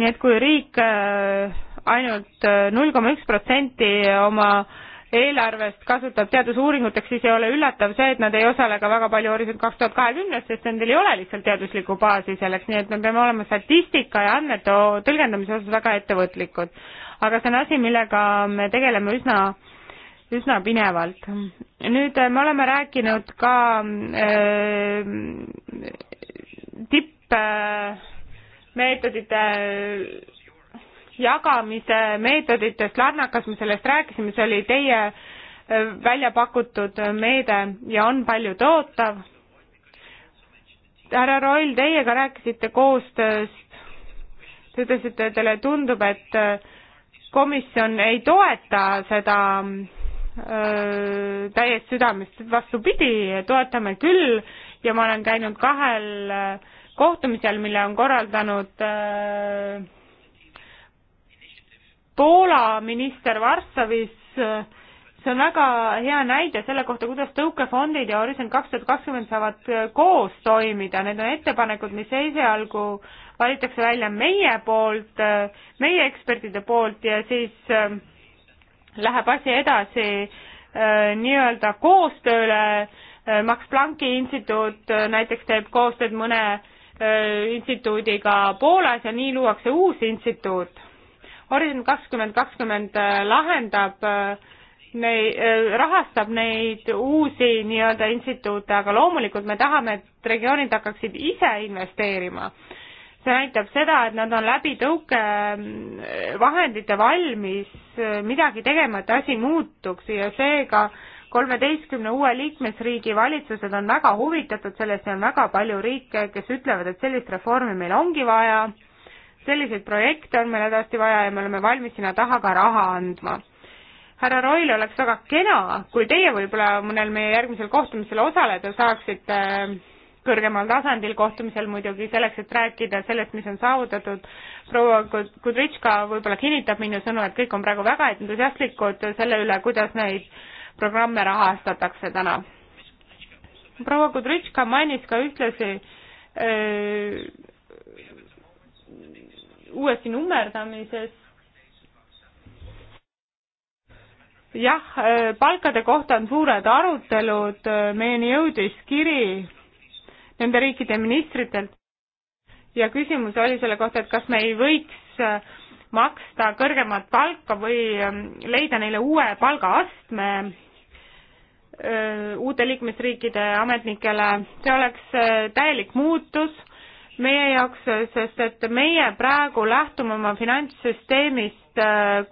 nii et kui riik äh, ainult äh, null koma üks protsenti oma eelarvest kasutab teadusuuringuteks, siis ei ole üllatav see, et nad ei osale ka väga palju Horisont kaks tuhat kahekümnes, sest nendel ei ole lihtsalt teaduslikku baasi selleks, nii et me peame olema statistika ja andmete tõlgendamise osas väga ettevõtlikud aga see on asi, millega me tegeleme üsna üsna pinevalt. nüüd äh, me oleme rääkinud ka äh, tippmeetodite jagamise meetoditest Larnakas me sellest rääkisime, see oli teie äh, välja pakutud meede ja on paljutootav. härra Roll, teiega rääkisite koostööst, te ütlesite, et teile tundub, et äh, komisjon ei toeta seda öö, täiest südamest, vastupidi, toetame küll ja ma olen käinud kahel kohtumisel, mille on korraldanud öö, Poola minister Varssavis, see on väga hea näide selle kohta, kuidas tõukefondid ja Horisont kaks tuhat kakskümmend saavad koos toimida, need on ettepanekud, mis esialgu valitakse välja meie poolt, meie ekspertide poolt ja siis ähm, läheb asi edasi äh, nii-öelda koostööle. Äh, Max Plancki instituut äh, näiteks teeb koostööd mõne instituudiga Poolas ja nii luuakse uus instituut. Horisont kakskümmend kakskümmend lahendab Nei, rahastab neid uusi nii-öelda instituute, aga loomulikult me tahame, et regioonid hakkaksid ise investeerima see näitab seda, et nad on läbi tõukevahendite valmis midagi tegema, et asi muutuks ja seega kolmeteistkümne uue liikmesriigi valitsused on väga huvitatud sellest ja on väga palju riike, kes ütlevad, et sellist reformi meil ongi vaja, selliseid projekte on meil hädasti vaja ja me oleme valmis sinna taha ka raha andma. härra Roil oleks väga kena, kui teie võib-olla mõnel meie järgmisel kohtumisel osaleda saaksite äh, kõrgemal tasandil kohtumisel muidugi selleks, et rääkida sellest, mis on saavutatud. proua Kudritška võib-olla kinnitab minu sõnu, et kõik on praegu väga entusiastlikud selle üle, kuidas neid programme rahastatakse täna. proua Kudritška mainis ka ühtlasi öö, uuesti nummerdamises jah, palkade kohta on suured arutelud, meieni jõudis kiri nende riikide ministritelt. ja küsimus oli selle kohta, et kas me ei võiks äh, maksta kõrgemat palka või ähm, leida neile uue palgaastme äh, uute liikmesriikide ametnikele, see oleks äh, täielik muutus meie jaoks, sest et meie praegu lähtume oma finantssüsteemist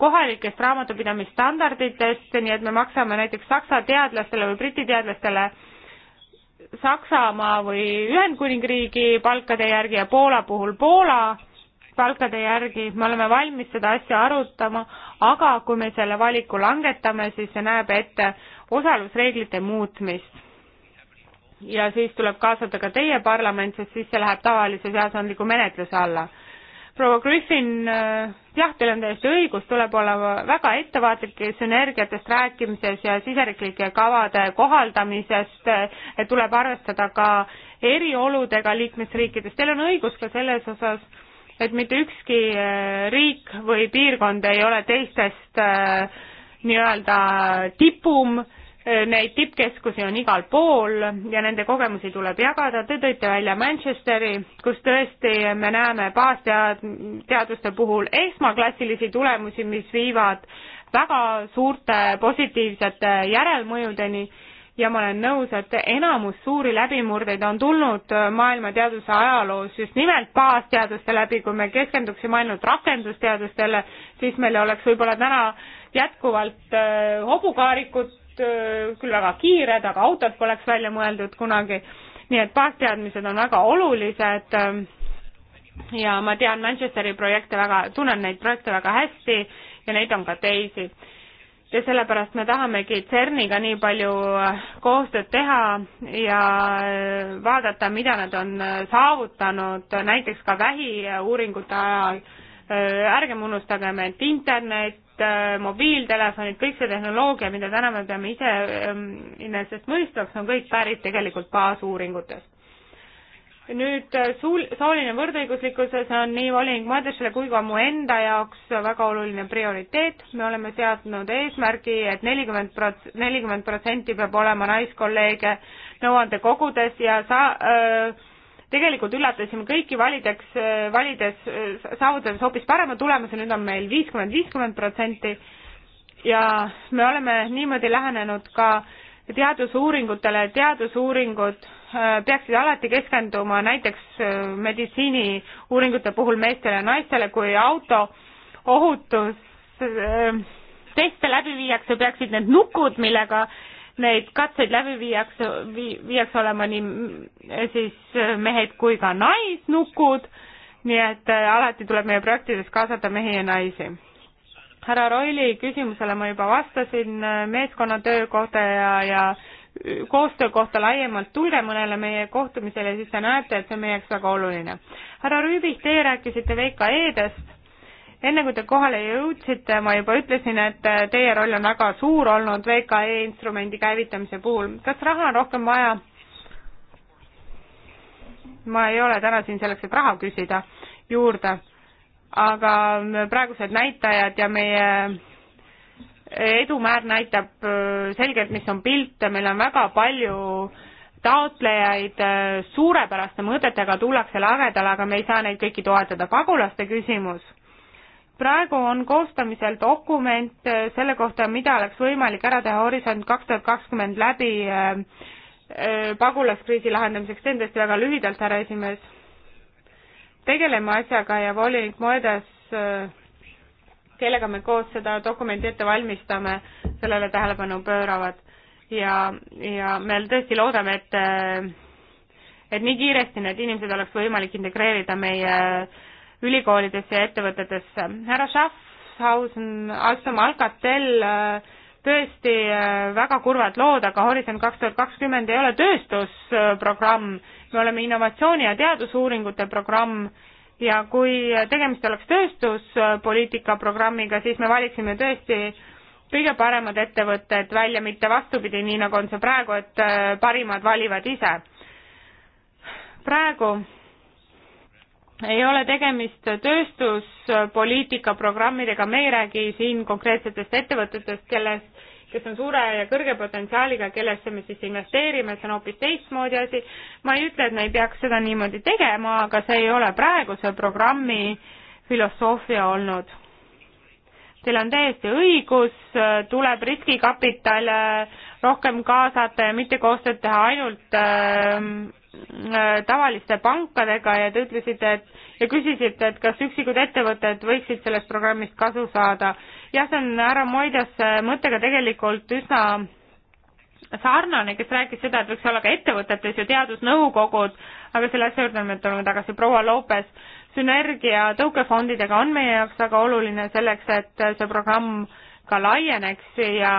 kohalikest raamatupidamisstandarditest, nii et me maksame näiteks Saksa teadlastele või Briti teadlastele Saksamaa või Ühendkuningriigi palkade järgi ja Poola puhul Poola palkade järgi, me oleme valmis seda asja arutama, aga kui me selle valiku langetame, siis see näeb ette osalusreeglite muutmist. ja siis tuleb kaasata ka teie parlament, sest siis see läheb tavalise seadusandliku menetluse alla proua Griffin, äh, jah, teil on täiesti õigus, tuleb olla väga ettevaatlik sünergiatest rääkimises ja siseriiklike kavade kohaldamisest, äh, tuleb arvestada ka erioludega liikmesriikides, teil on õigus ka selles osas, et mitte ükski äh, riik või piirkond ei ole teistest nii-öelda tipum Eh, neid tippkeskusi on igal pool ja nende kogemusi tuleb jagada. Te tõite välja Manchesteri, kus tõesti me näeme baasteaduste puhul esmaklassilisi tulemusi, mis viivad väga suurte positiivsete järelmõjudeni ja ma olen nõus, et enamus suuri läbimurdeid on tulnud maailma teaduse ajaloos just nimelt baasteaduste läbi, kui me keskenduksime ainult rakendusteadustele, siis meil oleks võib-olla täna jätkuvalt eh, hobukaarikud küll väga kiired, aga autod poleks välja mõeldud kunagi. nii et baasteadmised on väga olulised. ja ma tean Manchesteri projekte väga, tunnen neid projekte väga hästi ja neid on ka teisi. ja sellepärast me tahamegi CERN-iga nii palju koostööd teha ja vaadata, mida nad on saavutanud näiteks ka vähiuuringute ajal ärgem unustagem, et internet Äh, mobiiltelefonid, kõik see tehnoloogia, mida täna me peame ise enesest ähm, mõistvaks, on kõik pärit tegelikult baasuuringutest. nüüd äh, suul-, sooline võrdõiguslikkuses on nii volinik Madisele kui ka mu enda jaoks väga oluline prioriteet, me oleme seadnud eesmärgi et, et nelikümmend prots-, nelikümmend protsenti peab olema naiskolleege nõuandekogudes ja sa- öö, äh, tegelikult üllatasime kõiki valideks, eh, valides, eh, saavutades hoopis parema tulemuse, nüüd on meil viiskümmend, viiskümmend protsenti ja me oleme niimoodi lähenenud ka teadusuuringutele, teadusuuringud eh, peaksid alati keskenduma näiteks meditsiiniuuringute puhul meestele ja naistele, kui auto ohutus teste läbi viiakse, peaksid need nukud, millega neid katseid läbi viiakse, viiakse olema nii eh, siis eh, mehed kui ka naisnukud, nii et eh, alati tuleb meie projektides kaasata mehi ja naisi. härra Roili küsimusele ma juba vastasin meeskonnatöö kohta ja, ja koostöö kohta laiemalt, tulge mõnele meie kohtumisele, siis te näete, et see on meie jaoks väga oluline. härra Rüübik, teie rääkisite VKE-dest enne kui te kohale jõudsite, ma juba ütlesin, et äh, teie roll on väga suur olnud VKE instrumendi käivitamise puhul. kas raha on rohkem vaja? ma ei ole täna siin selleks, et raha küsida juurde, aga äh, praegused näitajad ja meie äh, edumäär näitab selgelt, mis on pilt, meil on väga palju taotlejaid suurepäraste mõtetega tullakse lagedale, aga me ei saa neid kõiki toetada. pagulaste küsimus praegu on koostamisel dokument äh, selle kohta, mida oleks võimalik ära teha Horisont kaks tuhat kakskümmend läbi äh, äh, pagulaskriisi lahendamiseks, teen tõesti väga lühidalt, härra esimees. tegeleme asjaga ja volinik Moedas, kellega me koos seda dokumenti ette valmistame, sellele tähelepanu pööravad ja, ja me tõesti loodame, et et nii kiiresti need inimesed oleks võimalik integreerida meie äh, ülikoolidesse ja ettevõtetesse. härra Schaffhausen, Alstom, Alcatel, äh, tõesti äh, väga kurvad lood, aga Horisont kaks tuhat kakskümmend ei ole tööstusprogramm, me oleme innovatsiooni ja teadusuuringute programm ja kui tegemist oleks tööstuspoliitika programmiga, siis me valiksime tõesti kõige paremad ettevõtted välja, mitte vastupidi, nii nagu on see praegu, et äh, parimad valivad ise. praegu ei ole tegemist tööstuspoliitika programmidega, me ei räägi siin konkreetsetest ettevõtetest, kelles, kes on suure ja kõrge potentsiaaliga, kellesse me siis investeerime, see on hoopis teistmoodi asi. ma ei ütle, et me ei peaks seda niimoodi tegema, aga see ei ole praeguse programmi filosoofia olnud. Teil on täiesti õigus, tuleb riskikapitale rohkem kaasata ja mitte koostööd teha ainult äh, Äh, tavaliste pankadega ja te ütlesite, et ja küsisite, et kas üksikud ettevõtted võiksid sellest programmist kasu saada. jah, see on härra Moidase äh, mõttega tegelikult üsna sarnane, kes rääkis seda, et võiks olla ka ettevõtetes ju teadusnõukogud, aga selle asja juurde me tuleme tagasi, proua Lopes, sünergia tõukefondidega on meie jaoks väga oluline selleks, et see programm äh, ka laieneks ja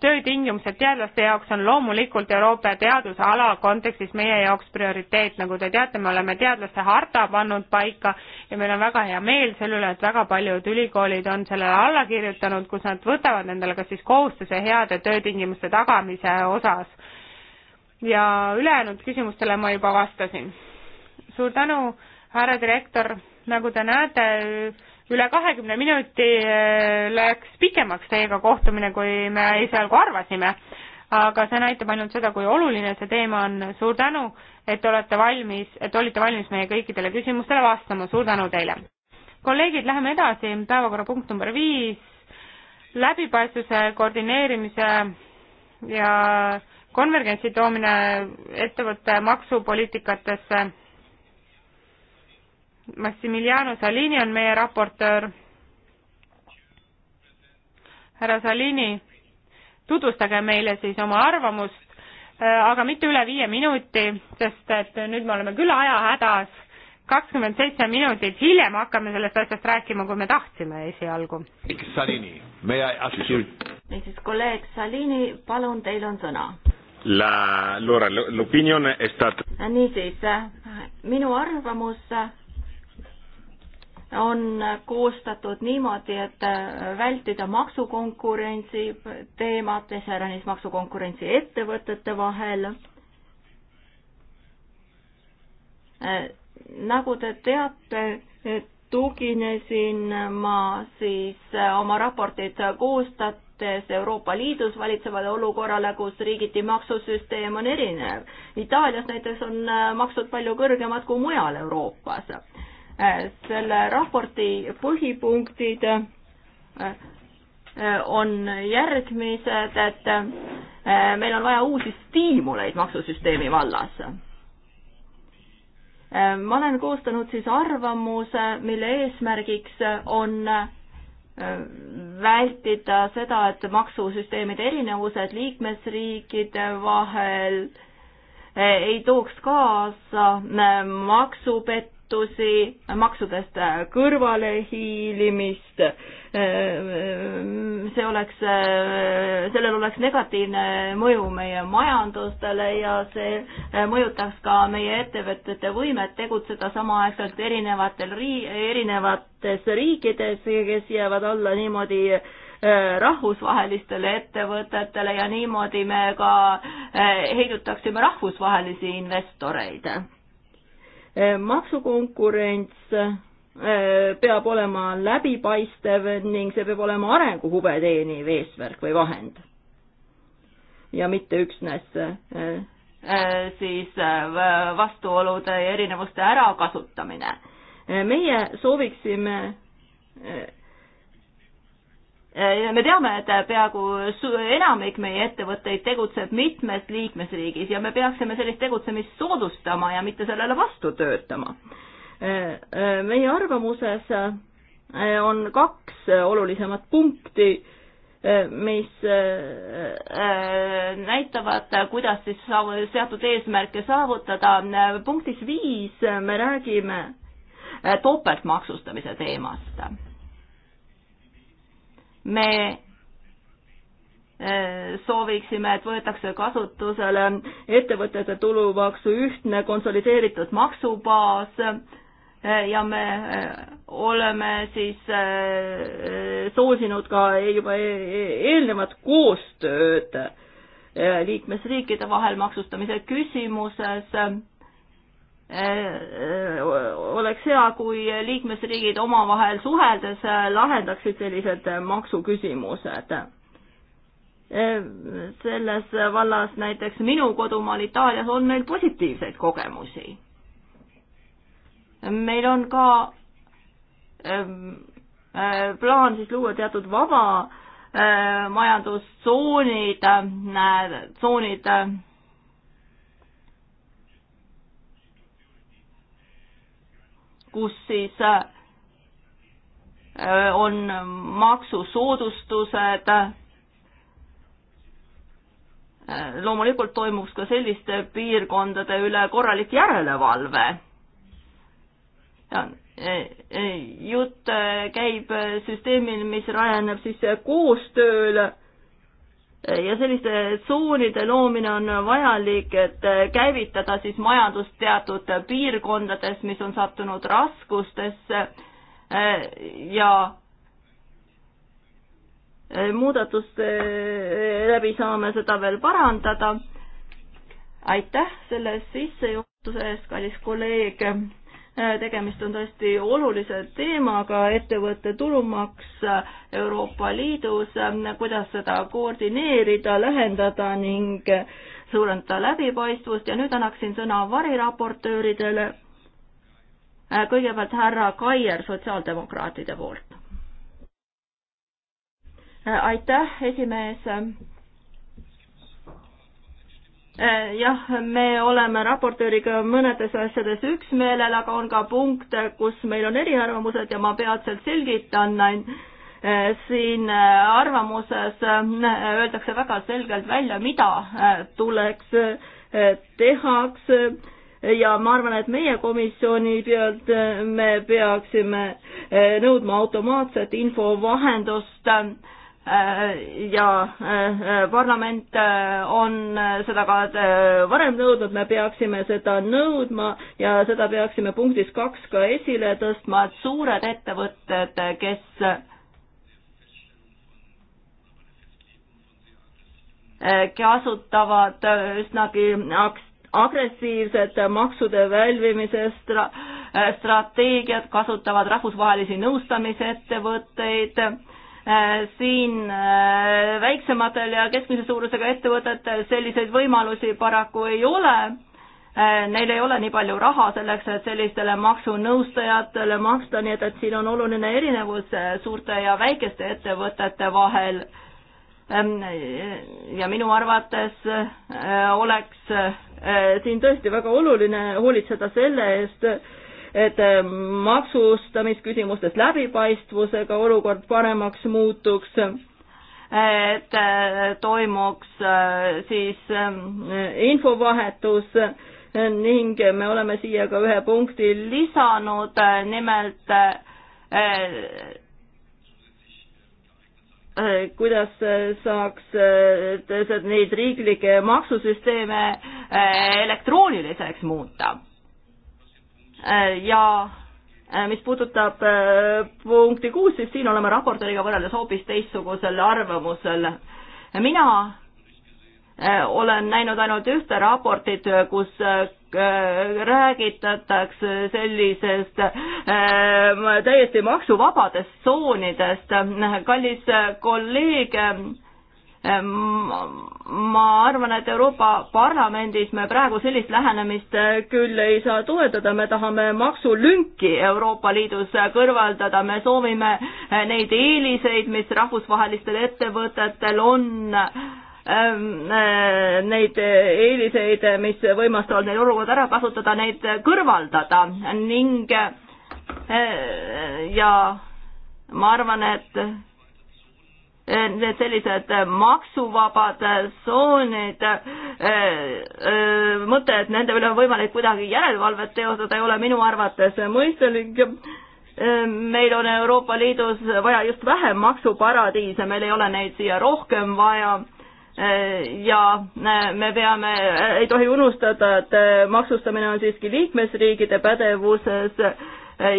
töötingimused teadlaste jaoks on loomulikult Euroopa teadusala kontekstis meie jaoks prioriteet, nagu te teate, me oleme teadlaste harta pannud paika ja meil on väga hea meel selle üle, et väga paljud ülikoolid on sellele alla kirjutanud, kus nad võtavad endale kas siis kohustuse heade töötingimuste tagamise osas. ja ülejäänud küsimustele ma juba vastasin. suur tänu, härra direktor, nagu te näete, üle kahekümne minuti eh, läks pikemaks teiega kohtumine, kui me esialgu arvasime. aga see näitab ainult seda, kui oluline see teema on. suur tänu, et olete valmis, et olite valmis meie kõikidele küsimustele vastama. suur tänu teile. kolleegid, läheme edasi. päevakorrapunkt number viis, läbipaistvuse koordineerimise ja konvergentsi toomine ettevõtte maksupoliitikatesse Massimiliano Salini on meie raportöör. härra Salini, tutvustage meile siis oma arvamust, äh, aga mitte üle viie minuti, sest et nüüd me oleme küll ajahädas. kakskümmend seitse minutit hiljem hakkame sellest asjast rääkima, kui me tahtsime esialgu. Salini, meie assistent. niisiis, kolleeg Salini, palun, teil on sõna. La, allora l'opinione è stata. niisiis, minu arvamus on koostatud niimoodi, et äh, vältida maksukonkurentsi teemat, iseäranis maksukonkurentsi ettevõtete vahel. Äh, nagu te teate, tuginesin ma siis äh, oma raportit koostates Euroopa Liidus valitsevale olukorrale, kus riigiti maksusüsteem on erinev. Itaalias näiteks on maksud palju kõrgemad kui mujal Euroopas Äh, selle raporti põhipunktid äh, on järgmised, et äh, meil on vaja uusi stiimuleid maksusüsteemi vallas. ma olen koostanud siis arvamuse, mille eesmärgiks on vältida seda, et maksusüsteemide erinevused liikmesriikide vahel ei tooks kaasa maksupettusi, kulutusi, maksudest äh, kõrvalehiilimist. Äh, see oleks, äh, sellel oleks negatiivne mõju meie majandustele ja see mõjutaks ka meie ettevõtete võimet tegutseda samaaegselt erinevatel rii-, erinevates riikides, kes jäävad alla niimoodi rahvusvahelistele ettevõtetele ja niimoodi me ka heidutaksime rahvusvahelisi investoreid Eh, maksukonkurents eh, peab olema läbipaistev ning see peab olema arengu huve teeniv eesmärk või vahend. ja mitte üksnes eh, siis vastuolude ja erinevuste ärakasutamine. meie sooviksime me teame, et peaaegu enamik meie ettevõtteid tegutseb mitmes liikmesriigis ja me peaksime sellist tegutsemist soodustama ja mitte sellele vastu töötama. Äh, äh, meie arvamuses äh, on kaks olulisemat punkti, mis näitavad, kuidas siis seatud eesmärke saavutada. punktis viis me räägime topeltmaksustamise teemast me äh, sooviksime, et võetakse kasutusele ettevõtete tulumaksu ühtne konsolideeritud maksubaas äh, ja me äh, oleme siis soosinud ka e-, juba e-, e-, eelnevat koostööd liikmesriikide vahel maksustamise küsimuses Äh, äh, oleks hea, kui liikmesriigid omavahel suheldes äh, lahendaksid sellised maksuküsimused. selles vallas näiteks minu kodumaal Itaalias on meil positiivseid kogemusi. meil on ka ähm, plaan siis luua teatud vaba majandustsoonid, tsoonid, tsoonid kus siis äh, on maksusoodustused. Äh, loomulikult toimuks ka selliste piirkondade üle korralik järelevalve. Äh, jutt käib süsteemil, mis rajaneb siis koostööl ja selliste tsoonide loomine on vajalik, et käivitada siis majandus teatud piirkondades, mis on sattunud raskustesse ja muudatuste läbi saame seda veel parandada. aitäh selle sissejuhatuse eest, kallis kolleeg Äh, tegemist on tõesti olulise teemaga, ettevõtte tulumaks äh, Euroopa Liidus, äh, kuidas seda koordineerida, lähendada ning suurendada läbipaistvust ja nüüd annaksin sõna variraportööridele. kõigepealt härra Kaier sotsiaaldemokraatide poolt. aitäh, esimees Äh, jah, me oleme raportööriga mõnedes asjades üksmeelel, aga on ka punkte, kus meil on eriarvamused ja ma peatselt selgitan. Äh, siin äh, arvamuses öeldakse väga selgelt välja, mida tuleks, tehakse ja ma arvan, et meie komisjoni pealt me peaksime nõudma automaatset infovahendust Äh, ja äh, parlament äh, on seda ka varem nõudnud, me peaksime seda nõudma ja seda peaksime punktis kaks ka esile tõstma, et suured ettevõtted, kes kasutavad üsnagi agressiivset maksude välvimise stra-, strateegiat, kasutavad rahvusvahelisi nõustamisettevõtteid Äh, siin äh, väiksematel ja keskmise suurusega ettevõtetel selliseid võimalusi paraku ei ole. Äh, neil ei ole nii palju raha selleks, et sellistele maksunõustajatele maksta, nii et, et siin on oluline erinevus suurte ja väikeste ettevõtete vahel. Ähm, ja minu arvates oleks siin tõesti väga oluline hoolitseda selle eest, et äh, maksustamisküsimustes läbipaistvusega olukord paremaks muutuks, et äh, toimuks äh, siis infovahetus ning me oleme siia ka ühe punkti lisanud, nimelt kuidas saaks neid riiklikke maksusüsteeme elektrooniliseks muuta Äh, ja äh, mis puudutab äh, punkti kuus, siis siin oleme raportööriga võrreldes hoopis teistsugusel arvamusel. mina olen näinud ainult ühte raportit, kus räägitatakse sellisest täiesti maksuvabadest tsoonidest. kallis kolleeg Ehm, ma arvan, et Euroopa Parlamendis me praegu sellist lähenemist eh, küll ei saa toetada, me tahame maksulünki Euroopa Liidus kõrvaldada, me soovime eh, neid eeliseid, mis rahvusvahelistel ettevõtetel on, ehm, eh, neid eeliseid, mis võimaldavad neil olukorda ära kasutada, neid kõrvaldada ning ja ma arvan, et need sellised maksuvabad tsoonid, eh, eh, mõte, et nende üle on võimalik kuidagi järelevalvet teostada, ei ole minu arvates mõistelik. Eh, meil on Euroopa Liidus vaja just vähem maksuparadiise, meil ei ole neid siia rohkem vaja ja me peame, ei tohi unustada, et maksustamine on siiski liikmesriigide pädevuses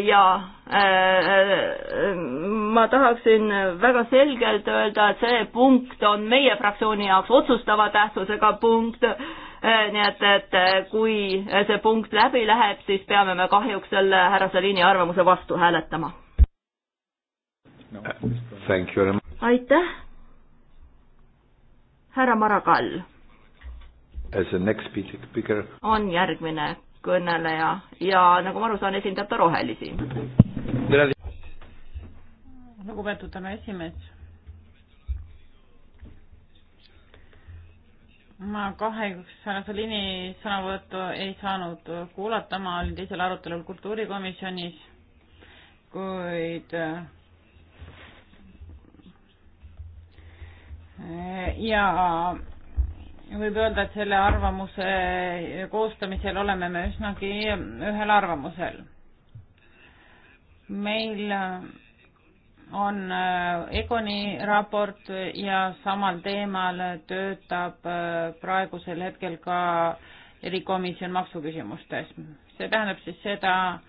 ja äh, ma tahaksin väga selgelt öelda, et see punkt on meie fraktsiooni jaoks otsustava tähtsusega punkt, äh, nii et, et äh, kui see punkt läbi läheb, siis peame me kahjuks selle härra Salini arvamuse vastu hääletama. aitäh. härra Marakall. on järgmine kõneleja ja nagu ma aru saan, esindab ta rohelisi. lugupeetud härra esimees. ma kahjuks härra Salini sõnavõttu ei saanud kuulata, ma olin teisel arutelul kultuurikomisjonis, kuid eh, ja võib öelda, et selle arvamuse koostamisel oleme me üsnagi ühel arvamusel. meil on äh, Egoni raport ja samal teemal töötab äh, praegusel hetkel ka erikomisjon maksuküsimustes. see tähendab siis seda,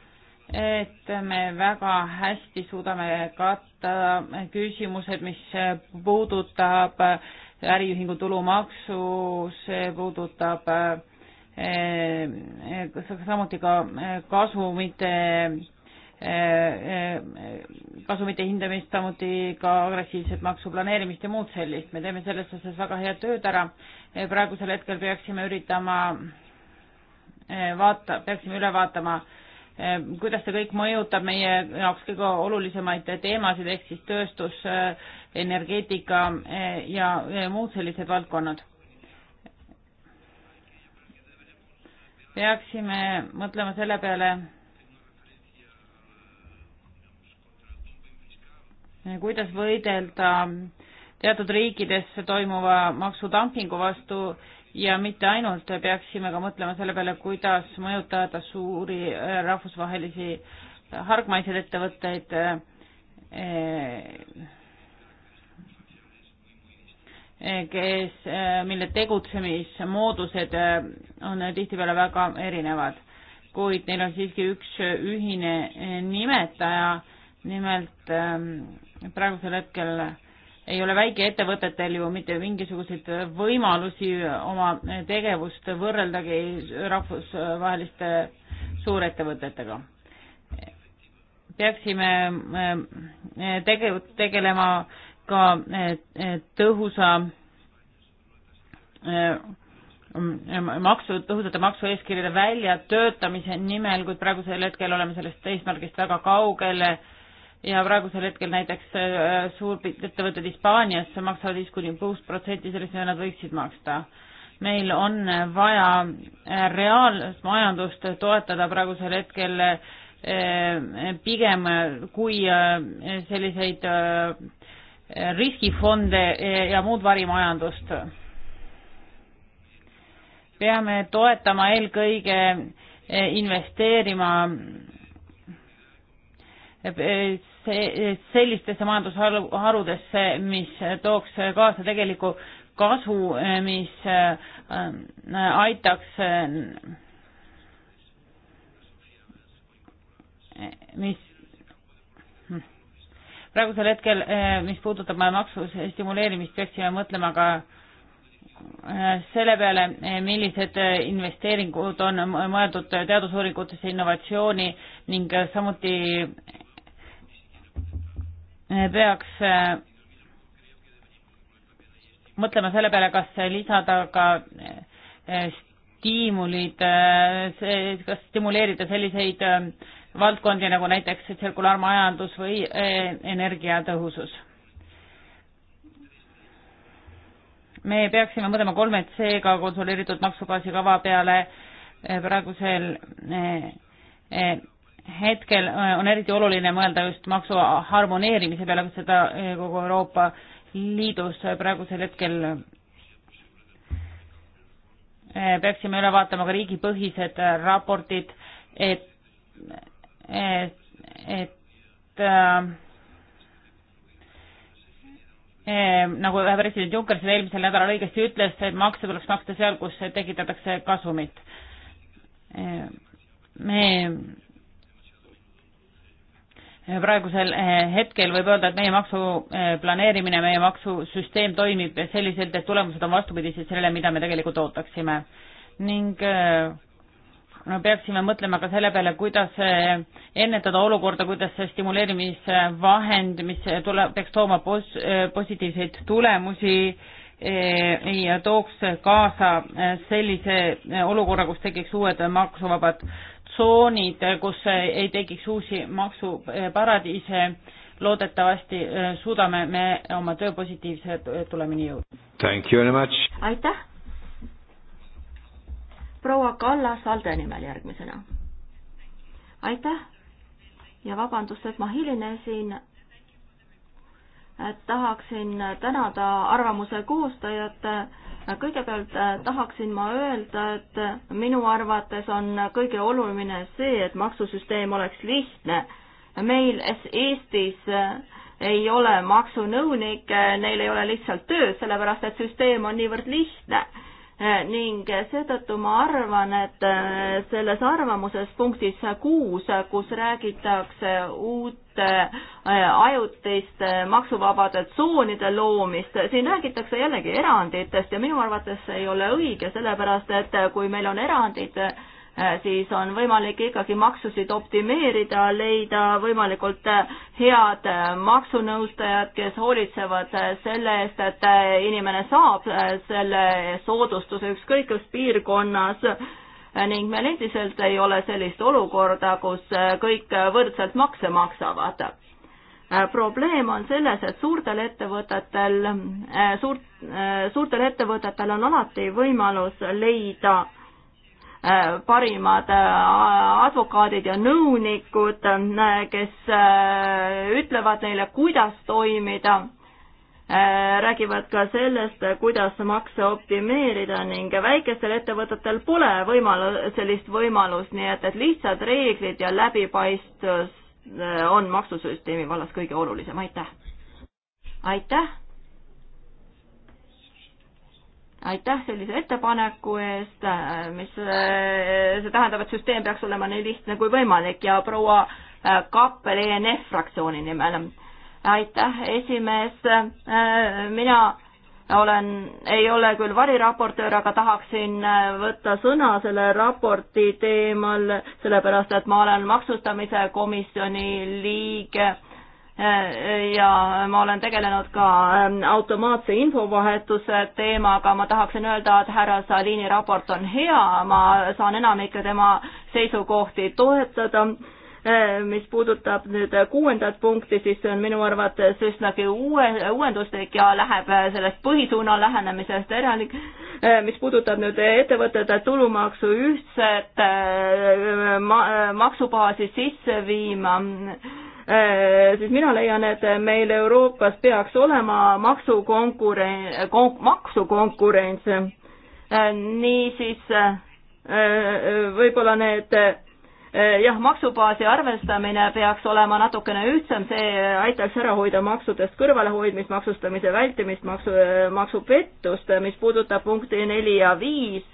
et me väga hästi suudame katta küsimused, mis puudutab äh, äriühingu tulumaksu, see puudutab eh, eh, samuti ka eh, kasumite, kasumite hindamist, samuti ka agressiivset maksuplaneerimist ja muud sellist. me teeme selles osas väga head tööd ära. praegusel hetkel peaksime üritama vaata, peaksime üle vaatama äh, Ehm, kuidas see kõik mõjutab meie jaoks kõige olulisemaid teemasid ehk siis tööstus, eh, energeetika eh, ja muud sellised valdkonnad. peaksime mõtlema selle peale, eh, kuidas võidelda teatud riikides toimuva maksudumpingu vastu ja mitte ainult, peaksime ka mõtlema selle peale, kuidas mõjutada suuri äh, rahvusvahelisi äh, hargmaiseid ettevõtteid äh, kes, mille tegutsemismoodused on tihtipeale väga erinevad, kuid neil on siiski üks ühine nimetaja, nimelt ähm, praegusel hetkel ei ole väikeettevõtetel ju mitte mingisuguseid võimalusi oma tegevust võrreldagi rahvusvaheliste suurettevõtetega. peaksime eh, tege-, tegelema ka eh, tõhusa eh, maksu, tõhusate maksueeskirjade väljatöötamise nimel, kuid praegusel hetkel oleme sellest eesmärgist väga kaugele ja praegusel hetkel näiteks äh, suurettevõtted Hispaanias maksavad viis kuni kuus protsenti sellest, mida nad võiksid maksta. meil on vaja äh, reaalmajandust toetada praegusel hetkel äh, pigem kui selliseid riskifonde ja muud varimajandust. peame toetama eelkõige investeerima sellistesse majandusharudesse, mis tooks kaasa tegeliku kasu, mis äh, aitaks, äh, mis hm. praegusel hetkel, äh, mis puudutab maksu stimuleerimist, peaksime mõtlema ka selle peale, millised investeeringud on mõeldud teadusuuringutesse, innovatsiooni ning samuti peaks äh, mõtlema selle peale, kas lisada ka äh, stiimulid, äh, kas stimuleerida selliseid valdkondi nagu näiteks tsirkulaarmajandus või energiatõhusus. me peaksime mõtlema kolme C-ga konsolideeritud maksubaasi kava peale praegusel hetkel äh, on eriti oluline mõelda just maksu harmoneerimise peale, seda äh, kogu Euroopa Liidus äh, praegusel hetkel peaksime üle vaatama ka riigipõhised raportid, et, et, et äh, nagu president Juncker seda eelmisel nädalal õigesti ütles, et makse tuleks maksta seal, kus tekitatakse kasumit. me praegusel eh, hetkel võib öelda, et meie maksuplaneerimine, eh, meie maksusüsteem toimib selliselt, et tulemused on vastupidised sellele, mida me tegelikult ootaksime. ning eh, no peaksime mõtlema ka selle peale, kuidas ennetada olukorda, kuidas see stimuleerimisvahend, mis tuleb, peaks tooma pos-, positiivseid tulemusi, ei tooks kaasa sellise olukorra, kus tekiks uued maksuvabad tsoonid, kus ei tekiks uusi maksuparadiise. loodetavasti äh, suudame me oma töö positiivse tulemini jõuda. aitäh! proua Kalla Salde nimel järgmisena. aitäh ja vabandust, et ma hilinesin. Äh, tahaksin tänada arvamuse koostajat kõigepealt äh, tahaksin ma öelda, et äh, minu arvates on äh, kõige oluline see, et maksusüsteem oleks lihtne. meil Eestis ei ole maksunõunikke, neil ei ole lihtsalt tööd, sellepärast et süsteem on niivõrd lihtne Äh, ning seetõttu ma arvan, et äh, selles arvamuses punktis kuus, kus räägitakse uute äh, ajutiste maksuvabade tsoonide loomist, siin räägitakse jällegi eranditest ja minu arvates see ei ole õige, sellepärast et kui meil on erandid, Äh, siis on võimalik ikkagi maksusid optimeerida, leida võimalikult äh, head äh, maksunõustajad, kes hoolitsevad selle eest, et inimene saab selle soodustuse ükskõik kus piirkonnas ning meil endiselt ei ole sellist olukorda, kus kõik võrdselt makse maksavad probleem on selles, et suurtel ettevõtetel, suurt, suurtel ettevõtetel on alati võimalus leida parimad äh, advokaadid ja nõunikud, äh, kes äh, ütlevad neile, kuidas toimida, räägivad ka sellest, kuidas makse optimeerida ning väikestel ettevõtetel pole võimalu-, sellist võimalust, nii et, et lihtsad reeglid ja läbipaistvus on maksusüsteemi vallas kõige olulisem, aitäh! aitäh! aitäh sellise ettepaneku eest, mis, see tähendab, et süsteem peaks olema nii lihtne kui võimalik ja proua äh, Kappel ENF fraktsiooni nimel. aitäh, esimees, äh, mina olen, ei ole küll variraportöör, aga tahaksin äh, võtta sõna selle raporti teemal, sellepärast et ma olen maksustamise komisjoni liige Äh, ja ma olen tegelenud ka ähm, automaatse infovahetuse teemaga, ma tahaksin öelda, et härra Salini raport on hea, ma saan enamikke tema seisukohti toetada. Äh, mis puudutab nüüd kuuendat punkti, siis see on minu arvates üsnagi uue, uuenduslik ja läheb äh, sellest põhisuuna lähenemisest eraldi. mis puudutab nüüd ettevõtete tulumaksu ühtset ma, maksubaasi sisse viima Äh, siis mina leian, et meil Euroopas peaks olema maksukonkurents konk,, äh, maksukonkurents. niisiis äh, võib-olla need Eh, jah, maksubaasi arvestamine peaks olema natukene ühtsem, see aitaks ära hoida maksudest kõrvalehoidmist, maksustamise vältimist, maksu, eh, maksupettust, eh, mis puudutab punkti neli ja viis,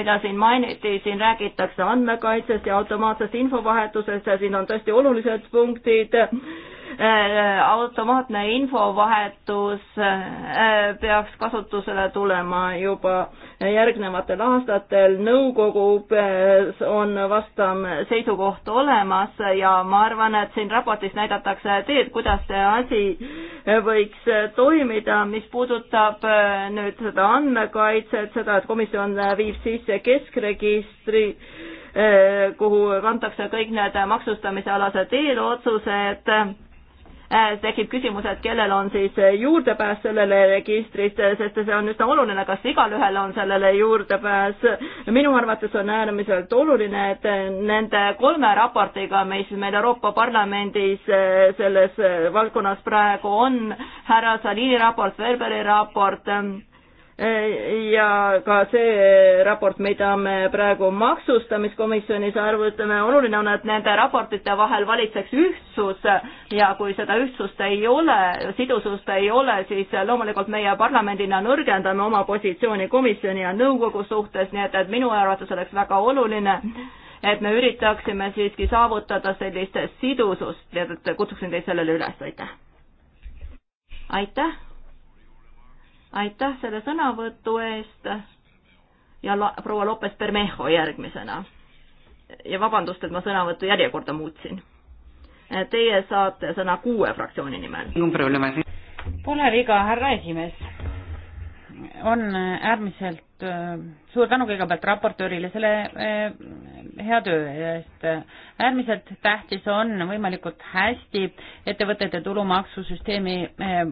mida siin mainiti, siin räägitakse andmekaitsest ja automaatsest infovahetusest ja siin on tõesti olulised punktid Äh, automaatne infovahetus äh, peaks kasutusele tulema juba järgnevatel aastatel. nõukogu äh, on vastav seisukoht olemas ja ma arvan, et siin raportis näidatakse teed, kuidas see asi võiks toimida, mis puudutab nüüd seda andmekaitset, seda, et komisjon viib sisse keskregistri kuhu kantakse kõik need maksustamisealased eelotsused Äh, tekib küsimus, et kellel on siis äh, juurdepääs sellele registrist, äh, sest see on üsna oluline, kas igalühel on sellele juurdepääs. minu arvates on äärmiselt oluline, et nende kolme raportiga, mis meil Euroopa Parlamendis selles valdkonnas praegu on, härra Salini raport, Verberi raport, ähm, ja ka see raport, mida me praegu maksustamiskomisjonis arvutame, oluline on, et nende raportite vahel valitseks ühtsus ja kui seda ühtsust ei ole, sidusust ei ole, siis loomulikult meie parlamendina nõrgendame oma positsiooni komisjoni ja nõukogu suhtes, nii et, et minu arvates oleks väga oluline, et me üritaksime siiski saavutada sellist sidusust, nii et kutsuksin teid sellele üles, aitäh! aitäh! aitäh selle sõnavõtu eest ja la, proua Lopes Bermejo järgmisena. ja vabandust, et ma sõnavõtu järjekorda muutsin. Teie saate sõna kuue fraktsiooni nimel. Pole viga, härra esimees. on äärmiselt äh, suur tänu kõigepealt raportöörile selle äh, hea töö eest. äärmiselt tähtis on võimalikult hästi ettevõtete tulumaksusüsteemi äh,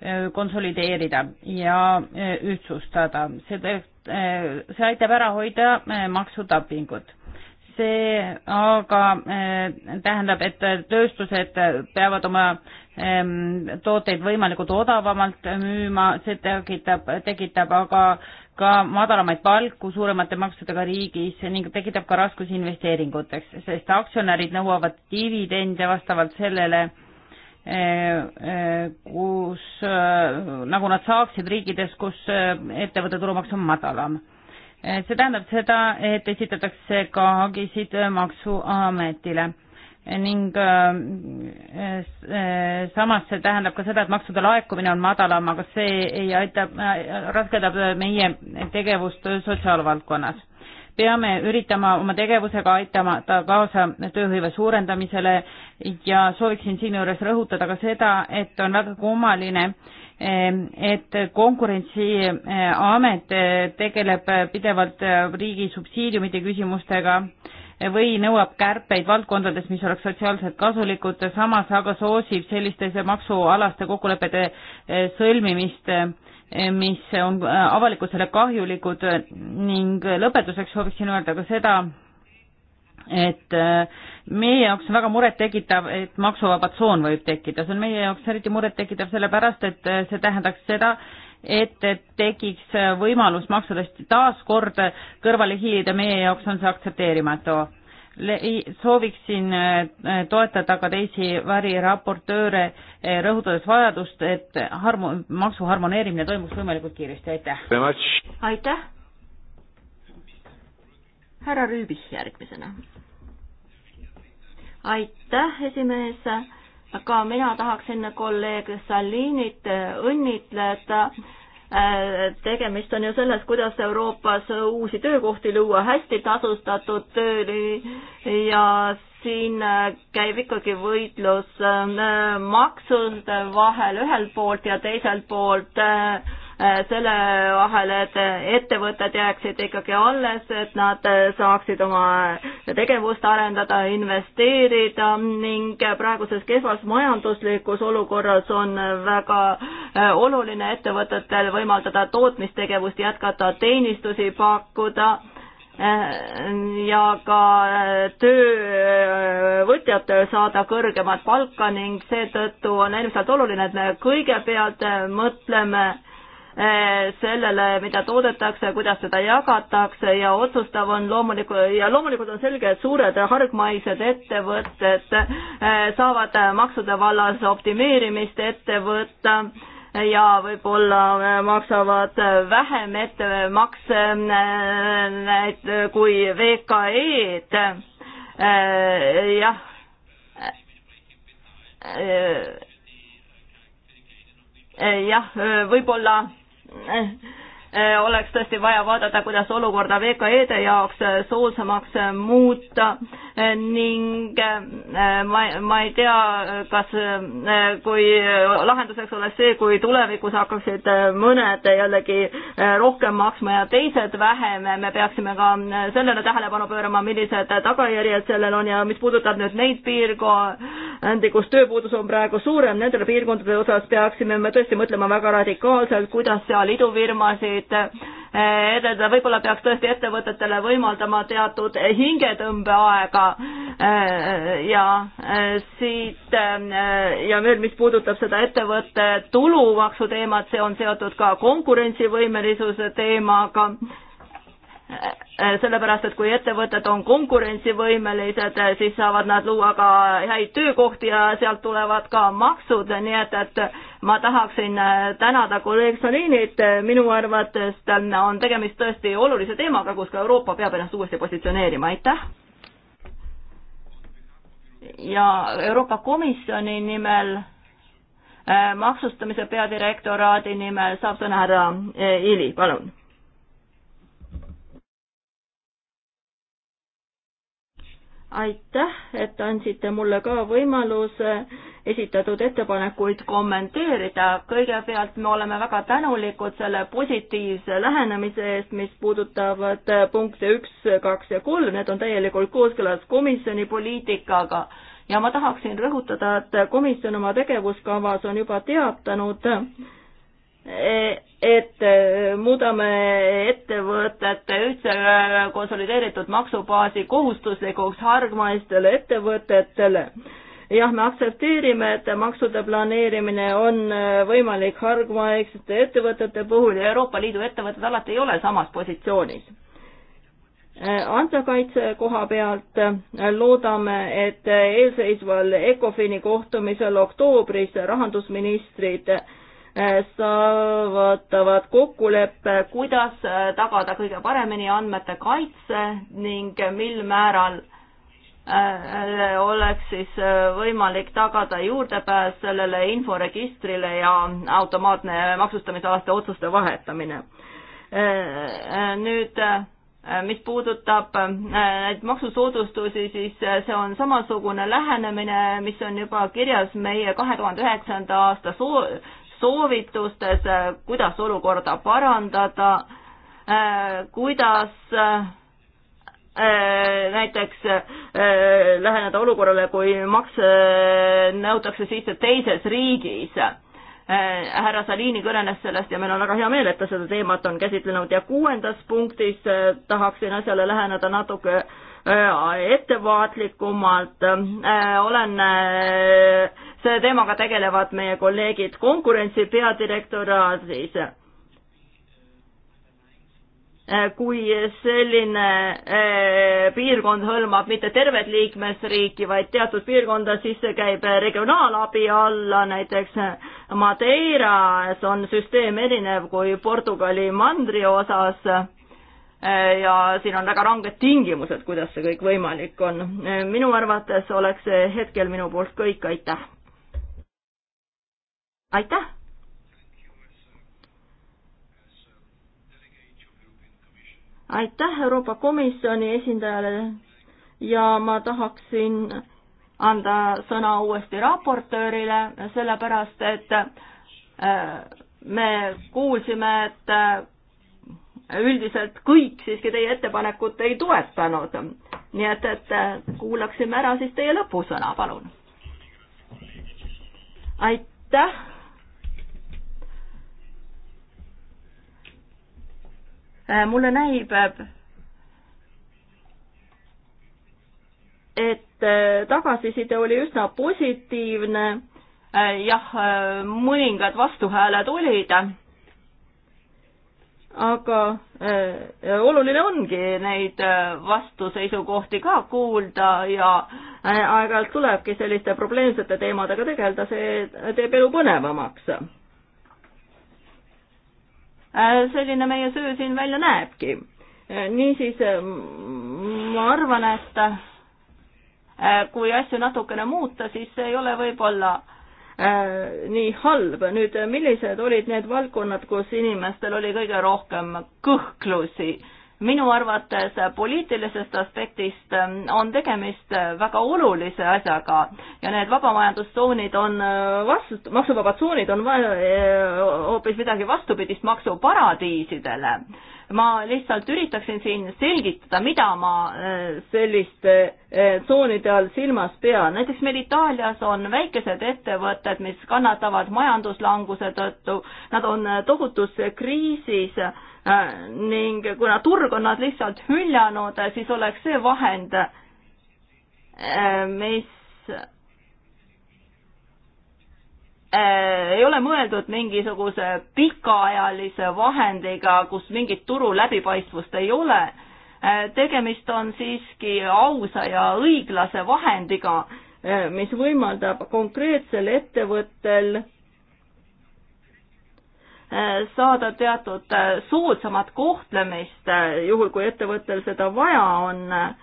Äh, konsolideerida ja äh, ühtsustada. seda, äh, see aitab ära hoida maksutapingut. see aga tähendab, et tööstused peavad oma ähm, tooteid võimalikult odavamalt müüma, see tekitab, tekitab aga ka madalamaid palku suuremate maksudega riigis ning tekitab ka raskusi investeeringuteks, sest aktsionärid nõuavad dividende vastavalt sellele, kus, nagu nad saaksid riikides, kus ettevõtte tulumaks on madalam. see tähendab seda, et esitatakse ka hagisid Maksuametile ning äh, samas see tähendab ka seda, et maksude laekumine on madalam, aga see ei aita, äh, raskendab meie tegevust sotsiaalvaldkonnas peame üritama oma tegevusega aitama ta kaasa tööhõive suurendamisele ja sooviksin siinjuures rõhutada ka seda, et on väga kummaline, et Konkurentsiamet tegeleb pidevalt riigi subsiidiumide küsimustega või nõuab kärpeid valdkondades, mis oleks sotsiaalselt kasulikud, samas aga soosib selliste maksualaste kokkulepete sõlmimist mis on äh, avalikkusele kahjulikud äh, ning lõpetuseks sooviksin öelda ka seda, et äh, meie jaoks on väga murettekitav, et maksuvaba tsoon võib tekkida, see on meie jaoks eriti murettekitav sellepärast, et see tähendaks seda, et tekiks võimalus maksudest taas kord kõrvale hiilida, meie jaoks on see aktsepteerimatu sooviksin äh, äh, toetada ka teisi variraportööre, äh, rõhutades vajadust, et harmo-, maksu harmoneerimine toimuks võimalikult kiiresti, aitäh! aitäh! härra Rüübis järgmisena. aitäh, esimees, aga mina tahaksin kolleeg Salinit õnnitleda Äh, tegemist on ju selles, kuidas Euroopas uusi töökohti luua, hästi tasustatud tööli ja siin äh, käib ikkagi võitlus äh, maksude vahel ühelt poolt ja teiselt poolt äh, Äh, selle vahel, et ettevõtted jääksid ikkagi alles, et nad äh, saaksid oma tegevust arendada, investeerida ning praeguses kehvas majanduslikus olukorras on väga äh, oluline ettevõtetel võimaldada tootmistegevust jätkata, teenistusi pakkuda ja ka töövõtjatel saada kõrgemat palka ning seetõttu on äärmiselt oluline, et me kõigepealt mõtleme Eh, sellele, mida toodetakse, kuidas seda jagatakse ja otsustav on loomulikult ja loomulikult on selge, et suured hargmaised ettevõtted eh, saavad maksude vallas optimeerimist ette võtta ja võib-olla eh, maksavad vähem ettemakse kui VKE-d. jah jah, võib-olla Äh, äh, oleks tõesti vaja vaadata, kuidas olukorda VKE-de jaoks äh, soodsamaks muuta ning äh, ma, ma ei tea, kas, äh, kui lahenduseks oleks see, kui tulevikus hakkaksid äh, mõned jällegi rohkem maksma ja teised vähem, me peaksime ka sellele tähelepanu pöörama, millised tagajärjed sellel on ja mis puudutab nüüd neid piirkondi, kus tööpuudus on praegu suurem, nendele piirkondade osas peaksime me tõesti mõtlema väga radikaalselt, kuidas seal idufirmasid edendada, võib-olla peaks tõesti ettevõtetele võimaldama teatud hingetõmbeaega äh, ja äh, siit äh, ja veel, mis puudutab seda ettevõtte tulumaksu teemat, see on seotud ka konkurentsivõimelisuse teemaga Äh, sellepärast, et kui ettevõtted on konkurentsivõimelised, äh, siis saavad nad luua ka häid töökohti ja sealt tulevad ka maksud, nii et, et ma tahaksin äh, tänada kolleeg Solinit, minu arvates on tegemist tõesti olulise teemaga, kus ka Euroopa peab ennast uuesti positsioneerima, aitäh! ja Euroopa Komisjoni nimel maksustamise peadirektoraadi nimel saab sõna härra Ili, palun aitäh, et andsite mulle ka võimaluse esitatud ettepanekuid kommenteerida. kõigepealt me oleme väga tänulikud selle positiivse lähenemise eest, mis puudutavad punkte üks, kaks ja kolm, need on täielikult kooskõlas komisjoni poliitikaga. ja ma tahaksin rõhutada, et komisjon oma tegevuskavas on juba teatanud, et muudame konsolideeritud maksubaasi kohustuslikuks hargmaistele ettevõtetele. jah, me aktsepteerime, et maksude planeerimine on äh, võimalik hargmaiste ettevõtete puhul ja Euroopa Liidu ettevõtted alati ei ole samas positsioonis äh, andmekaitse koha pealt äh, loodame, et eelseisval ECOFIN-i kohtumisel oktoobris rahandusministrid saavutavad kokkuleppe, kuidas äh, tagada kõige paremini andmete kaitse ning mil määral äh, oleks siis äh, võimalik tagada juurdepääs sellele inforegistrile ja automaatne maksustamisalaste otsuste vahetamine. nüüd, mis puudutab neid maksusoodustusi, siis see on samasugune lähenemine, mis on juba kirjas meie kahe tuhande üheksanda aasta soo-, soovitustes, äh, kuidas olukorda parandada, äh, kuidas äh, näiteks läheneda olukorrale, kui makse nõutakse sisse teises riigis. härra Salini kõneles sellest ja meil on väga hea meel, et ta seda teemat on käsitlenud ja kuuendas punktis tahaksin asjale läheneda natuke ettevaatlikumalt. olen selle teemaga tegelevad meie kolleegid konkurentsi peadirektoraadis kui selline eh, piirkond hõlmab mitte tervet liikmesriiki, vaid teatud piirkonda, siis see käib regionaalabi alla, näiteks Madeiras on süsteem erinev kui Portugali mandri osas eh, ja siin on väga ranged tingimused, kuidas see kõik võimalik on. Eh, minu arvates oleks see hetkel minu poolt kõik, aitäh! aitäh! aitäh Euroopa Komisjoni esindajale ja ma tahaksin anda sõna uuesti raportöörile, sellepärast et äh, me kuulsime, et äh, üldiselt kõik siiski teie ettepanekut ei toetanud. nii et, et äh, kuulaksime ära siis teie lõpusõna, palun. aitäh Äh, mulle näib, et äh, tagasiside oli üsna positiivne, äh, jah, mõningad vastuhääled olid, aga oluline ongi neid vastuseisukohti ka kuulda ja aeg-ajalt tulebki selliste probleemsete teemadega tegeleda, see teeb elu põnevamaks Äh, selline meie töö siin välja näebki. Äh, niisiis äh, ma arvan, et kui asju natukene muuta, siis see ei ole võib-olla nii halb. nüüd, millised olid need valdkonnad, kus inimestel oli kõige rohkem kõhklusi? minu arvates poliitilisest aspektist ähm, on tegemist äh, väga olulise asjaga ja need vabamajandustsoonid on äh, vastu, maksuvabad tsoonid on äh, hoopis midagi vastupidist maksuparadiisidele. ma lihtsalt üritaksin siin selgitada, mida ma selliste tsoonide all silmas pean. näiteks meil Itaalias on väikesed ettevõtted, mis kannatavad majanduslanguse tõttu, nad on tohutus kriisis Äh, ning kuna turg on nad lihtsalt hüljanud, äh, siis oleks see vahend, äh, mis ei ole mõeldud mingisuguse pikaajalise vahendiga, kus mingit turu läbipaistvust ei ole. tegemist on siiski ausa ja õiglase vahendiga, mis võimaldab konkreetsel ettevõttel saada teatud äh, soodsamat kohtlemist, äh, juhul kui ettevõttel seda vaja on, äh,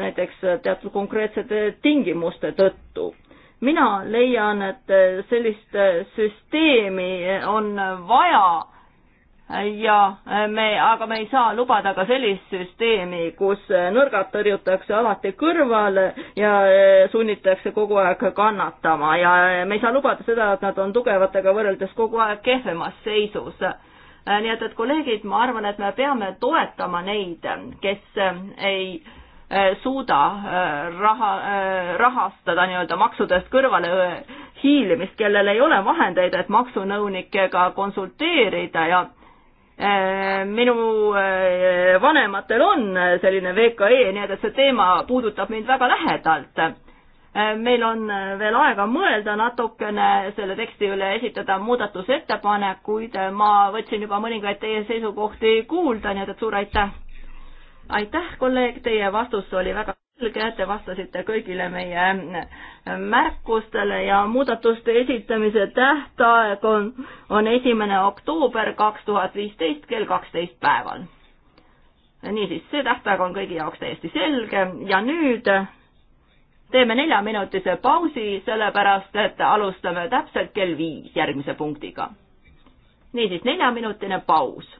näiteks teatud konkreetsete tingimuste tõttu. mina leian, et sellist süsteemi on vaja ja äh, me, aga me ei saa lubada ka sellist süsteemi, kus äh, nõrgad tõrjutakse alati kõrvale ja äh, sunnitakse kogu aeg kannatama ja me ei saa lubada seda, et nad on tugevatega võrreldes kogu aeg kehvemas seisus. nii et, et kolleegid, ma arvan, et me peame toetama neid, kes ei suuda raha, rahastada nii-öelda maksudest kõrvale hiilimist, kellel ei ole vahendeid, et maksunõunikega konsulteerida ja Äh, minu äh, vanematel on selline VKE, nii et see teema puudutab mind väga lähedalt. Äh, meil on veel aega mõelda natukene selle teksti üle, esitada muudatusettepanekuid, ma võtsin juba mõningaid teie seisukohti kuulda, nii et suur aitäh! aitäh, kolleeg, teie vastus oli väga kätte vastasite kõigile meie märkustele ja muudatuste esitamise tähtaeg on, on esimene oktoober kaks tuhat viisteist kell kaksteist päeval. niisiis, see tähtaeg on kõigi jaoks täiesti selge ja nüüd teeme neljaminutise pausi, sellepärast et alustame täpselt kell viis järgmise punktiga. niisiis, neljaminutine paus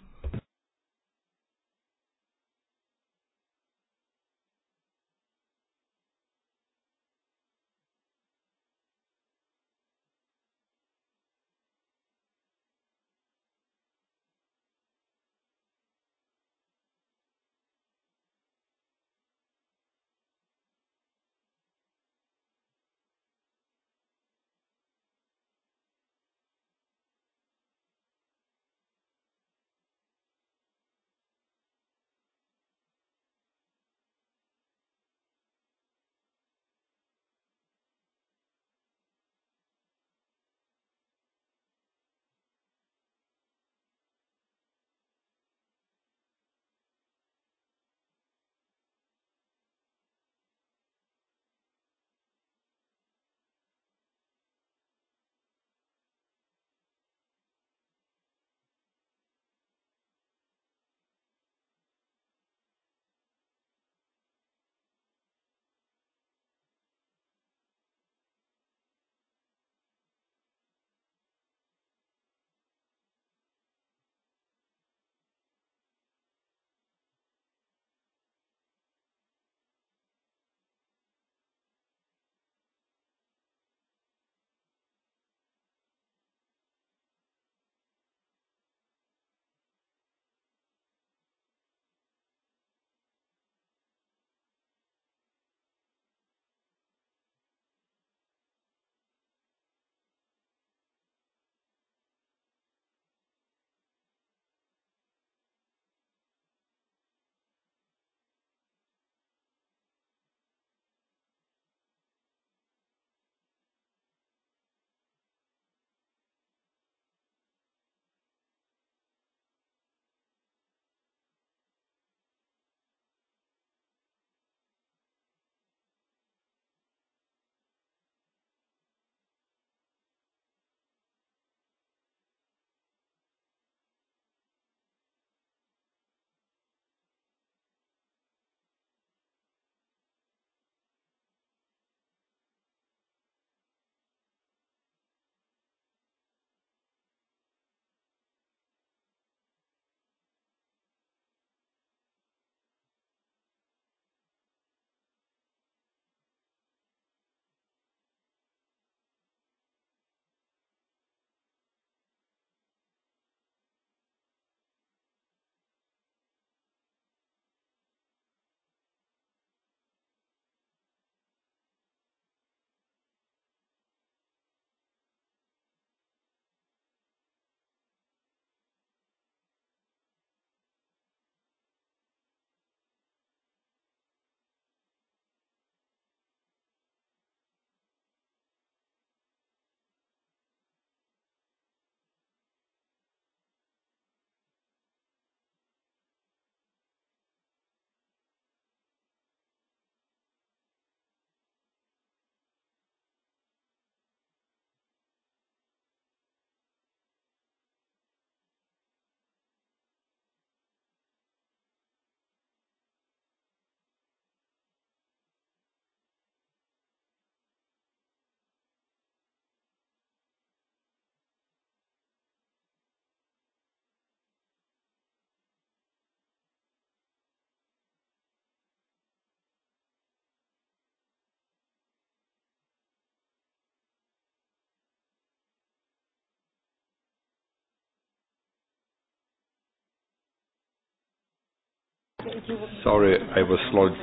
Sorry, I was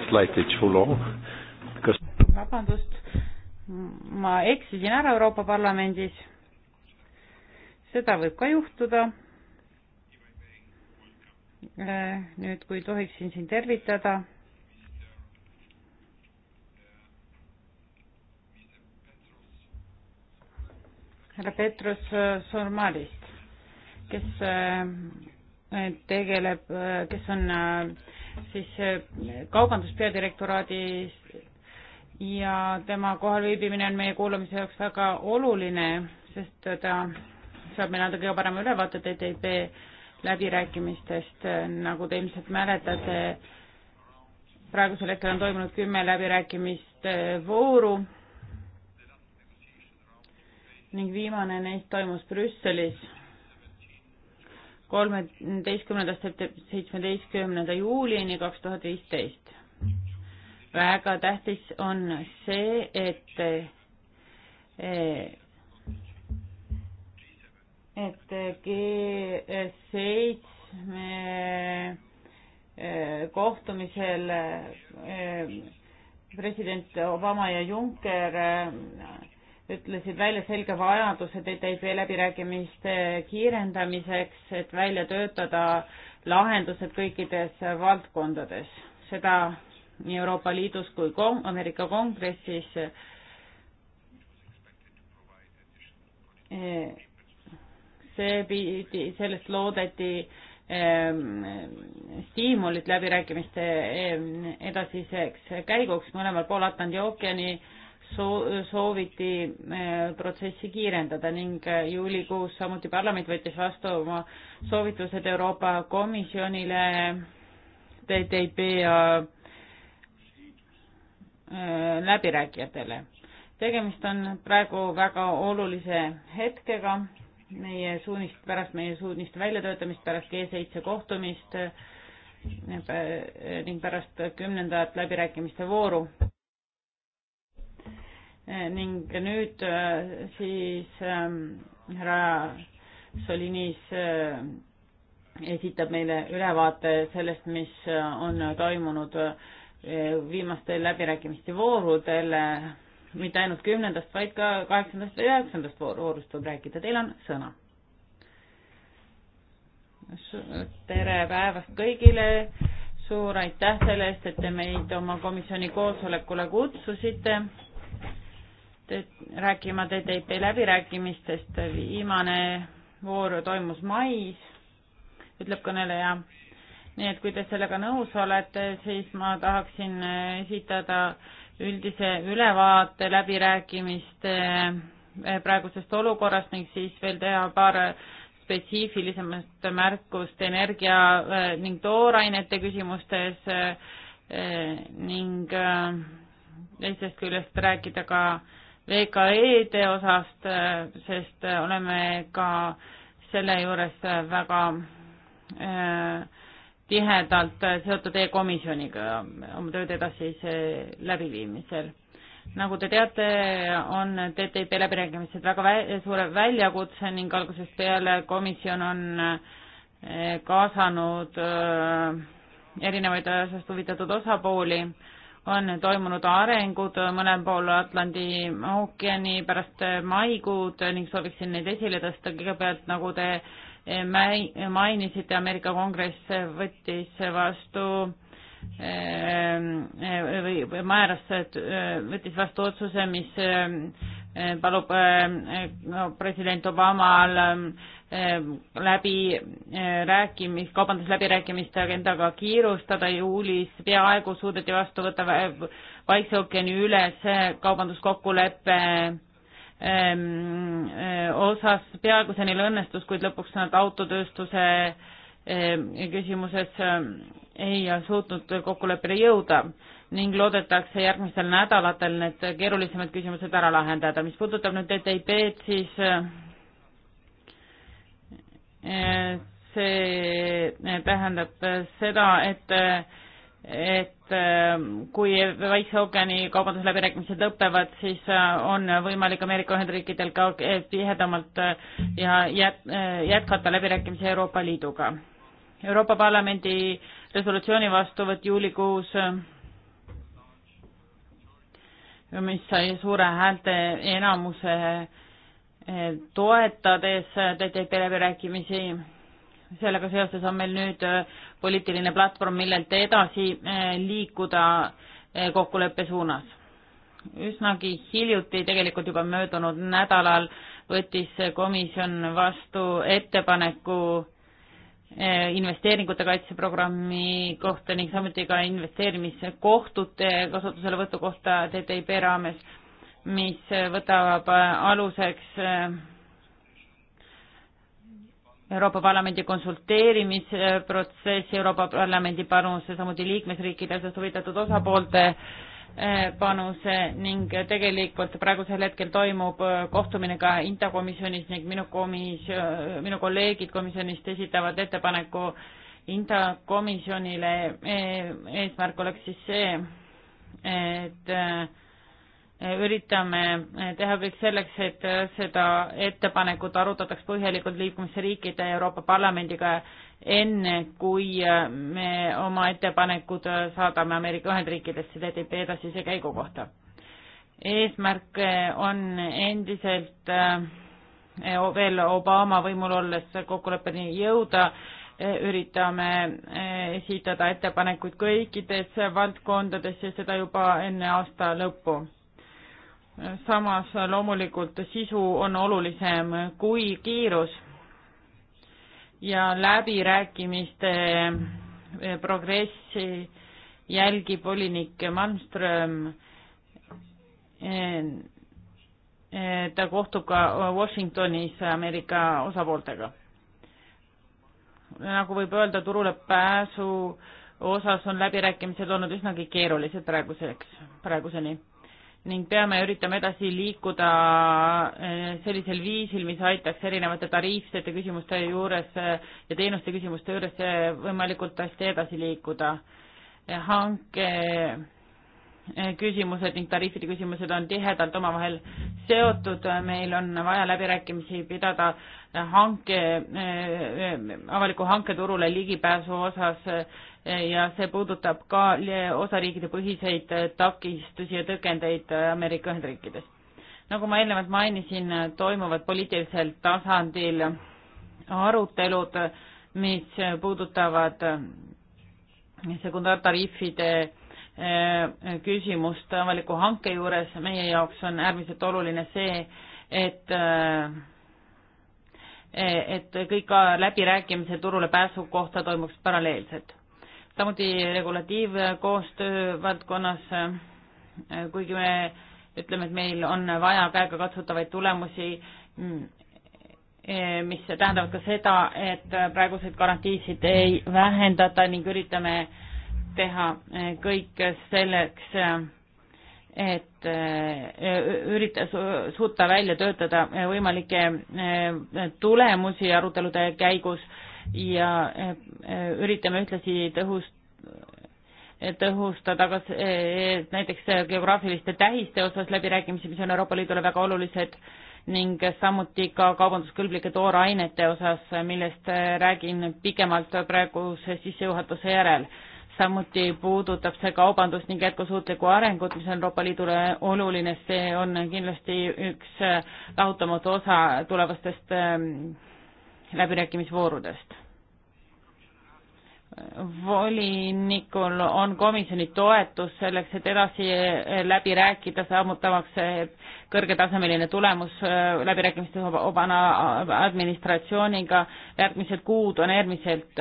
slightly too long because. vabandust, ma eksisin ära Euroopa Parlamendis. seda võib ka juhtuda. Äh, nüüd, kui tohiksin sind tervitada. härra Petrus äh, Surmalist, kes äh, tegeleb, kes on äh, siis eh, kaubanduspeadirektoraadis ja tema kohalviibimine on meie kuulamise jaoks väga oluline, sest ta saab meile anda kõige parema ülevaate TTIP läbirääkimistest, nagu te ilmselt mäletate, praegusel hetkel on toimunud kümme läbirääkimist vooru ning viimane neist toimus Brüsselis kolmeteistkümnendast seitsmeteistkümnenda juulini kaks tuhat viisteist. väga tähtis on see, et eh, et G seitsme eh, kohtumisel eh, president Obama ja Juncker ütlesid välja selge vajaduse TTIP läbirääkimiste kiirendamiseks, et välja töötada lahendused kõikides valdkondades, seda nii Euroopa Liidus kui kong Ameerika Kongressis. see pidi, sellest loodeti ehm, stiimulid läbirääkimiste ehm, edasiseks käiguks mõlemal pool Atlandi ookeani soo-, sooviti äh, protsessi kiirendada ning äh, juulikuus samuti parlament võttis vastu oma soovitused Euroopa Komisjonile TTIP ja äh, läbirääkijatele. tegemist on praegu väga olulise hetkega, meie suunist, pärast meie suuniste väljatöötamist, pärast G7 kohtumist ning pärast kümnendat läbirääkimiste vooru Eh, ning nüüd eh, siis ehm, härra Solinis eh, esitab meile ülevaate sellest, mis on toimunud viimastel läbirääkimiste voorudel, mitte ainult kümnendast, vaid ka kaheksandast ja üheksandast voorust võib rääkida, teil on sõna. tere päevast kõigile, suur aitäh selle eest, et te meid oma komisjoni koosolekule kutsusite te, rääkima TTIP läbirääkimistest, viimane voor toimus mais, ütleb kõneleja. nii et kui te sellega nõus olete, siis ma tahaksin esitada üldise ülevaate läbirääkimiste eh, praegusest olukorrast ning siis veel teha paar spetsiifilisemat märkust energia eh, ning toorainete küsimustes eh, ning teisest küljest rääkida ka äh, VKE-de osast, äh, sest äh, oleme ka selle juures äh, väga tihedalt seotud e-komisjoniga oma tööd edasise läbiviimisel. nagu te teate, on TTIP läbirääkimised väga vä suure väljakutse ning algusest peale komisjon on kaasanud erinevaid asjast huvitatud osapooli on toimunud arengud mõnel pool Atlandi ookeani pärast maikuud ning sooviksin neid esile tõsta. kõigepealt, nagu te mainisite, Ameerika Kongress võttis vastu ehm, eh, või määras, eh, võttis vastu otsuse, mis eh, palub president Obamal Ehm, läbi eh, rääkimis, kaubandusläbirääkimiste agendaga kiirustada, juulis peaaegu suudeti vastu võtta eh, Vaikse ookeani üles eh, kaubanduskokkulepe ehm, osas, peaaegu see neil õnnestus, kuid lõpuks nad autotööstuse ehm, küsimuses ei suutnud kokkuleppele jõuda ning loodetakse järgmistel nädalatel need keerulisemad küsimused ära lahendada. mis puudutab nüüd TTIP-d, siis see tähendab seda, et, et ähm, kui Vaikse ookeani kaubandusläbirääkimised lõpevad, siis äh, on võimalik Ameerika Ühendriikidel ka äh, tihedamalt äh, ja jät-, jätkata läbirääkimisi Euroopa Liiduga. Euroopa Parlamendi resolutsiooni vastuvõtt juulikuus mis sai suure häälte enamuse äh, Eh, toetades TTIP läbirääkimisi. sellega seoses on meil nüüd eh, poliitiline platvorm, millelt edasi eh, liikuda kokkuleppe suunas. üsnagi hiljuti, tegelikult juba möödunud nädalal, võttis komisjon vastu ettepaneku investeeringute kaitseprogrammi kohta ning samuti ka investeerimiskohtute kasutuselevõtu kohta TTIP raames mis äh, võtab äh, aluseks äh, Euroopa Parlamendi konsulteerimisprotsess, Euroopa Parlamendi panuse, samuti liikmesriikide asjast huvitatud osapoolte panuse ning tegelikult praegusel hetkel toimub kohtumine ka INTA komisjonis ning minu komis-, minu kolleegid komisjonist esitavad ettepaneku INTA komisjonile, eesmärk oleks siis see, et äh, üritame eh, teha kõik selleks, et eh, seda ettepanekut arutataks põhjalikult liikumisriikide ja Euroopa Parlamendiga enne, kui eh, me oma ettepanekud saadame Ameerika Ühendriikidesse TTIP edasise käigu kohta. eesmärk on endiselt veel Obama võimul olles kokkuleppeni jõuda, üritame esitada ettepanekuid kõikides valdkondades ja seda juba enne aasta lõppu samas loomulikult sisu on olulisem kui kiirus ja läbirääkimiste eh, progressi jälgib volinik Malmström. Eh, eh, ta kohtub ka Washingtonis Ameerika osapooltega. nagu võib öelda, turule pääsu osas on läbirääkimised olnud üsnagi keerulised praeguseks, praeguseni ning peame üritama edasi liikuda eh, sellisel viisil, mis aitaks erinevate tariifsete küsimuste juures eh, ja teenuste küsimuste juures eh, võimalikult hästi edasi liikuda. hanke Eh, küsimused ning tariifide küsimused on tihedalt omavahel seotud, meil on vaja läbirääkimisi pidada hanke, eh, avaliku hanke turule ligipääsu osas eh, ja see puudutab ka osariikide põhiseid takistusi ja tõkendeid Ameerika Ühendriikides. nagu ma eelnevalt mainisin, toimuvad poliitilisel tasandil arutelud, mis puudutavad sekundaartariifide Äh, küsimust avaliku hanke juures, meie jaoks on äärmiselt oluline see, et äh, et kõik läbirääkimise turule pääsu kohta toimuks paralleelselt. samuti regulatiivkoostöö valdkonnas, äh, kuigi me ütleme, et meil on vaja käegakatsutavaid tulemusi, mm, mis tähendavad ka seda, et praeguseid garantiisid ei vähendata ning üritame äh, teha eh, kõik selleks, eh, et eh, ürita- su,, suuta välja töötada võimalikke tulemusi arutelude käigus ja üritame ühtlasi tõhust-, tõhustada ka näiteks geograafiliste tähiste osas läbirääkimisi, mis on Euroopa Liidule väga olulised, ning samuti ka kaubanduskõlblike toorainete osas, millest räägin pikemalt praeguse sissejuhatuse järel samuti puudutab see kaubandust ning jätkusuutlikku arengut, mis on Euroopa Liidule oluline, see on kindlasti üks lahutamatu osa tulevastest ähm, läbirääkimisvoorudest. volinikul on komisjoni toetus selleks, et edasi äh, läbi rääkida, saavutamaks äh, kõrgetasemeline tulemus äh, läbirääkimiste Obama administratsiooniga. järgmised kuud on äärmiselt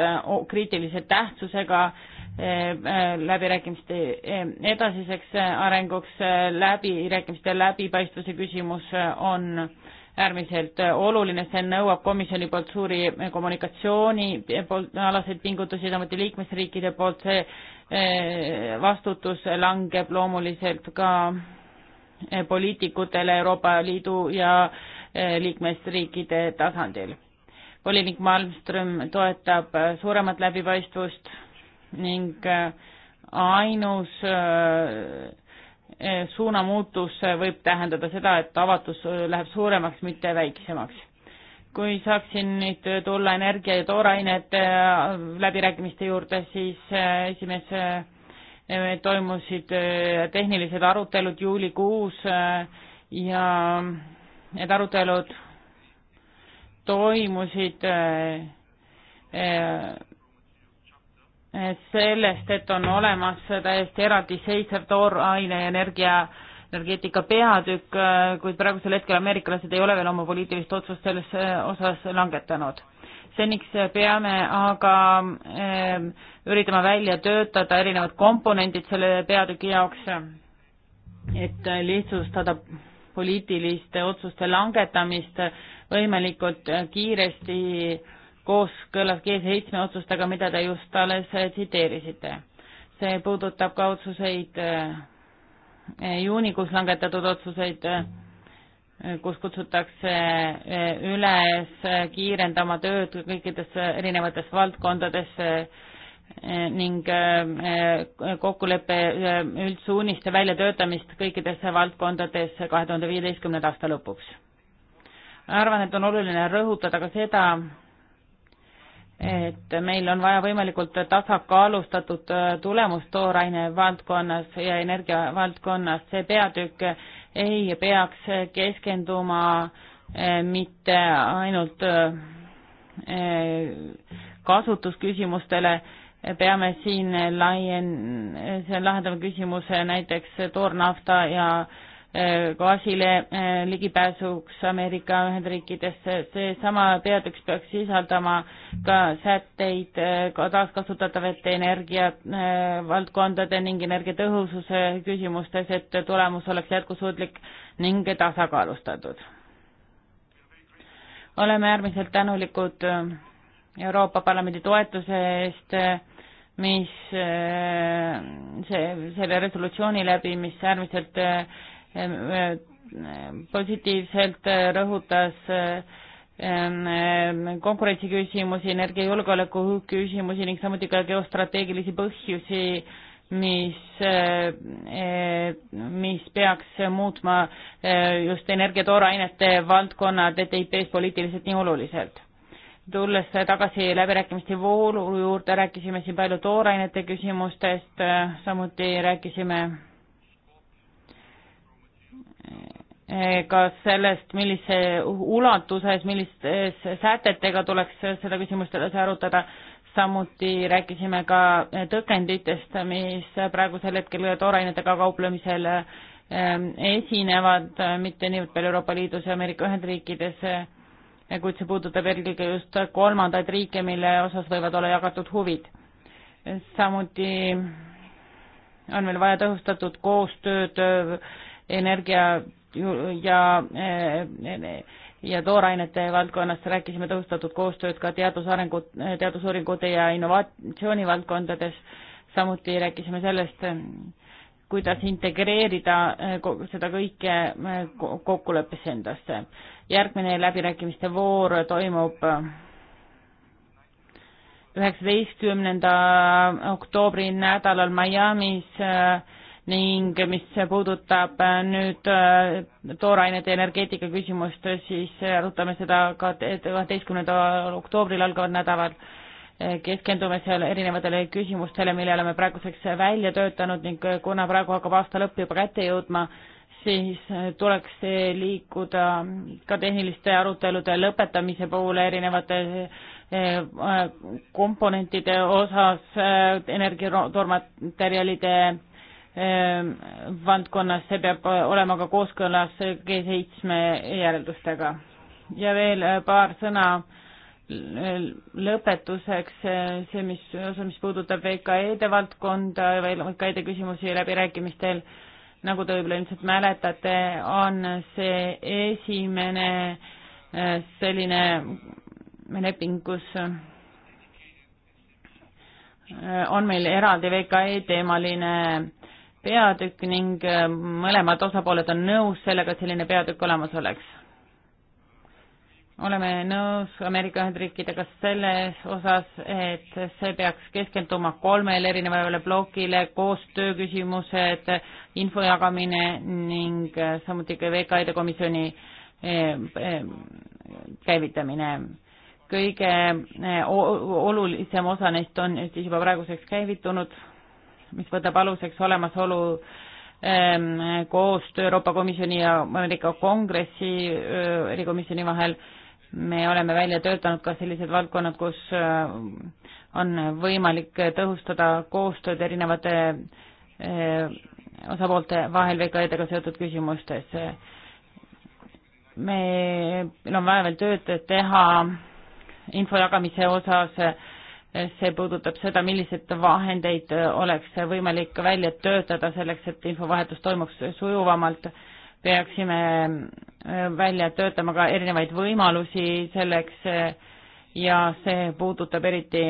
kriitilise tähtsusega Eh, eh, läbirääkimiste eh, edasiseks arenguks, läbirääkimiste läbipaistvuse küsimus on äärmiselt oluline, see nõuab komisjoni poolt suuri kommunikatsiooni poolt alaseid pingutusi, samuti liikmesriikide poolt, see vastutus langeb loomuliselt ka poliitikutele Euroopa Liidu ja liikmesriikide tasandil. volinik Malmström toetab suuremat läbipaistvust ning äh, ainus äh, äh, suunamuutus võib tähendada seda, et avatus läheb suuremaks, mitte väiksemaks. kui saaksin nüüd tulla energia ja toorainete läbirääkimiste juurde, siis esimees toimusid tehnilised arutelud juulikuus ja need arutelud toimusid sellest, et on olemas täiesti eraldiseisev tooraine ja energia, energeetika peatükk, kuid praegusel hetkel ameeriklased ei ole veel oma poliitilist otsust selles äh, osas langetanud. seniks peame aga ähm, üritama välja töötada erinevad komponendid selle peatüki jaoks, et lihtsustada poliitiliste otsuste langetamist võimalikult kiiresti äh, kooskõlas G7 otsustega, mida te just alles äh, tsiteerisite. see puudutab ka otsuseid, äh, äh, juunikuus langetatud otsuseid, kus kutsutakse üles kiirendama tööd kõikides erinevates valdkondades ning kokkuleppe üldsuuniste väljatöötamist kõikides valdkondades kahe tuhande viieteistkümnenda aasta lõpuks. arvan, et on oluline rõhutada ka seda, et meil on vaja võimalikult tasakaalustatud äh, tulemust tooraine valdkonnas ja energia valdkonnas. see peatükk ei peaks keskenduma äh, mitte ainult äh, kasutusküsimustele, peame siin laien-, see on lahendama küsimuse näiteks toornafta ja äh, Äh, gaasile äh, ligipääsuks Ameerika Ühendriikidesse, seesama peatükk peaks sisaldama ka sätteid äh, ka taaskasutatavate energiavaldkondade ning energiatõhususe küsimustes, et tulemus oleks jätkusuutlik ning tasakaalustatud. oleme äärmiselt tänulikud Euroopa Parlamendi toetuse eest, mis see, selle resolutsiooni läbi, mis äärmiselt positiivselt äh, rõhutas ähm, ähm, konkurentsiküsimusi, energiajulgeoleku küsimusi ning samuti ka geostrateegilisi põhjusi, mis, äh, äh, mis peaks muutma just energiatoorainete valdkonna TTIP-s poliitiliselt nii oluliselt. tulles tagasi läbirääkimiste voolu juurde, rääkisime siin palju toorainete küsimustest, samuti rääkisime ka sellest, millise ulatuses, millistes sätetega tuleks seda küsimust edasi arutada, samuti rääkisime ka tõkenditest, mis praegusel hetkel toorainetega kauplemisel ähm, esinevad, mitte niivõrd palju Euroopa Liidus ja Ameerika Ühendriikides, kuid see puudutab eelkõige just kolmandaid riike, mille osas võivad olla jagatud huvid. samuti on meil vaja tõhustatud koostööd energia ja, eh, eh, ja toorainete valdkonnast rääkisime tõhustatud koostööd ka teadusarengu, teadusuuringute ja innovatsiooni valdkondades, samuti rääkisime sellest, kuidas integreerida eh, seda kõike kokkuleppesse endasse. järgmine läbirääkimiste voor toimub üheksateistkümnenda oktoobri nädalal Miami's ning mis puudutab äh, nüüd äh, toorainete energeetika küsimust, siis äh, arutame seda ka kaheteistkümnendal oktoobril algaval nädalal. keskendume seal erinevatele küsimustele, mille oleme praeguseks välja töötanud ning kuna praegu hakkab aasta lõpp juba kätte jõudma, siis tuleks liikuda ka tehniliste arutelude lõpetamise poole erinevate komponentide osas, energiatoormaterjalide Ehm, valdkonnas, see peab olema ka kooskõlas G7 järeldustega. ja veel eh, paar sõna eh, lõpetuseks, eh, see, mis, osa, mis puudutab VKE-de valdkonda ja veel VKE-de küsimusi läbirääkimistel, nagu te võib-olla ilmselt mäletate, on see esimene selline leping, kus on meil eraldi VKE teemaline peatükk ning äh, mõlemad osapooled on nõus sellega, et selline peatükk olemas oleks. oleme nõus Ameerika Ühendriikidega selles osas, et see peaks keskenduma kolmele erinevale plokile, koostöö küsimused, info jagamine ning äh, samuti ka VKI-de komisjoni äh, käivitamine kõige olulisem osa neist on siis juba praeguseks käivitunud mis võtab aluseks olemasolu ähm, koostöö Euroopa Komisjoni ja Ameerika Kongressi äh, erikomisjoni vahel. me oleme välja töötanud ka sellised valdkonnad, kus äh, on võimalik tõhustada koostööd erinevate äh, osapoolte vahel VKE-dega seotud küsimustes. me, meil on vaja veel tööd teha info jagamise osas see puudutab seda, milliseid vahendeid äh, oleks võimalik välja töötada selleks, et infovahetus toimuks sujuvamalt. peaksime äh, välja töötama ka erinevaid võimalusi selleks äh, ja see puudutab eriti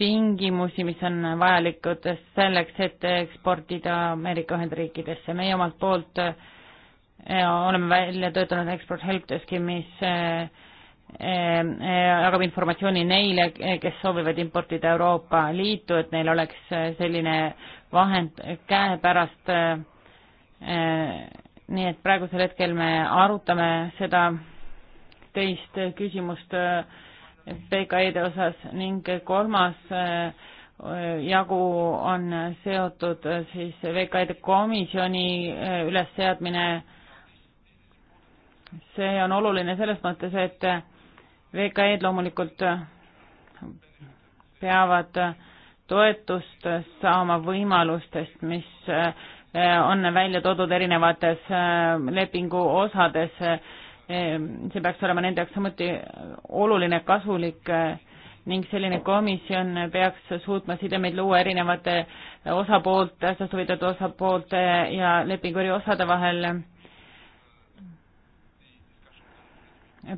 tingimusi, mis on vajalikud selleks, et eksportida Ameerika Ühendriikidesse. meie omalt poolt oleme välja töötanud Export Helpdeski, mis jagab eh, eh, informatsiooni neile, kes soovivad importida Euroopa Liitu, et neil oleks eh, selline vahend käepärast. nii et praegusel hetkel me arutame seda teist küsimust PKE-de osas ning kolmas jagu on seotud siis VKE-de komisjoni ülesseadmine. see on oluline selles mõttes, et VKE-d loomulikult äh, peavad äh, toetust äh, saama võimalustest, mis on välja toodud erinevates lepingu osades. see peaks olema nende jaoks samuti oluline, kasulik ning selline komisjon peaks suutma sidemeid luua erinevate osapoolte, asjast huvitatud osapoolte ja lepinguri osade vahel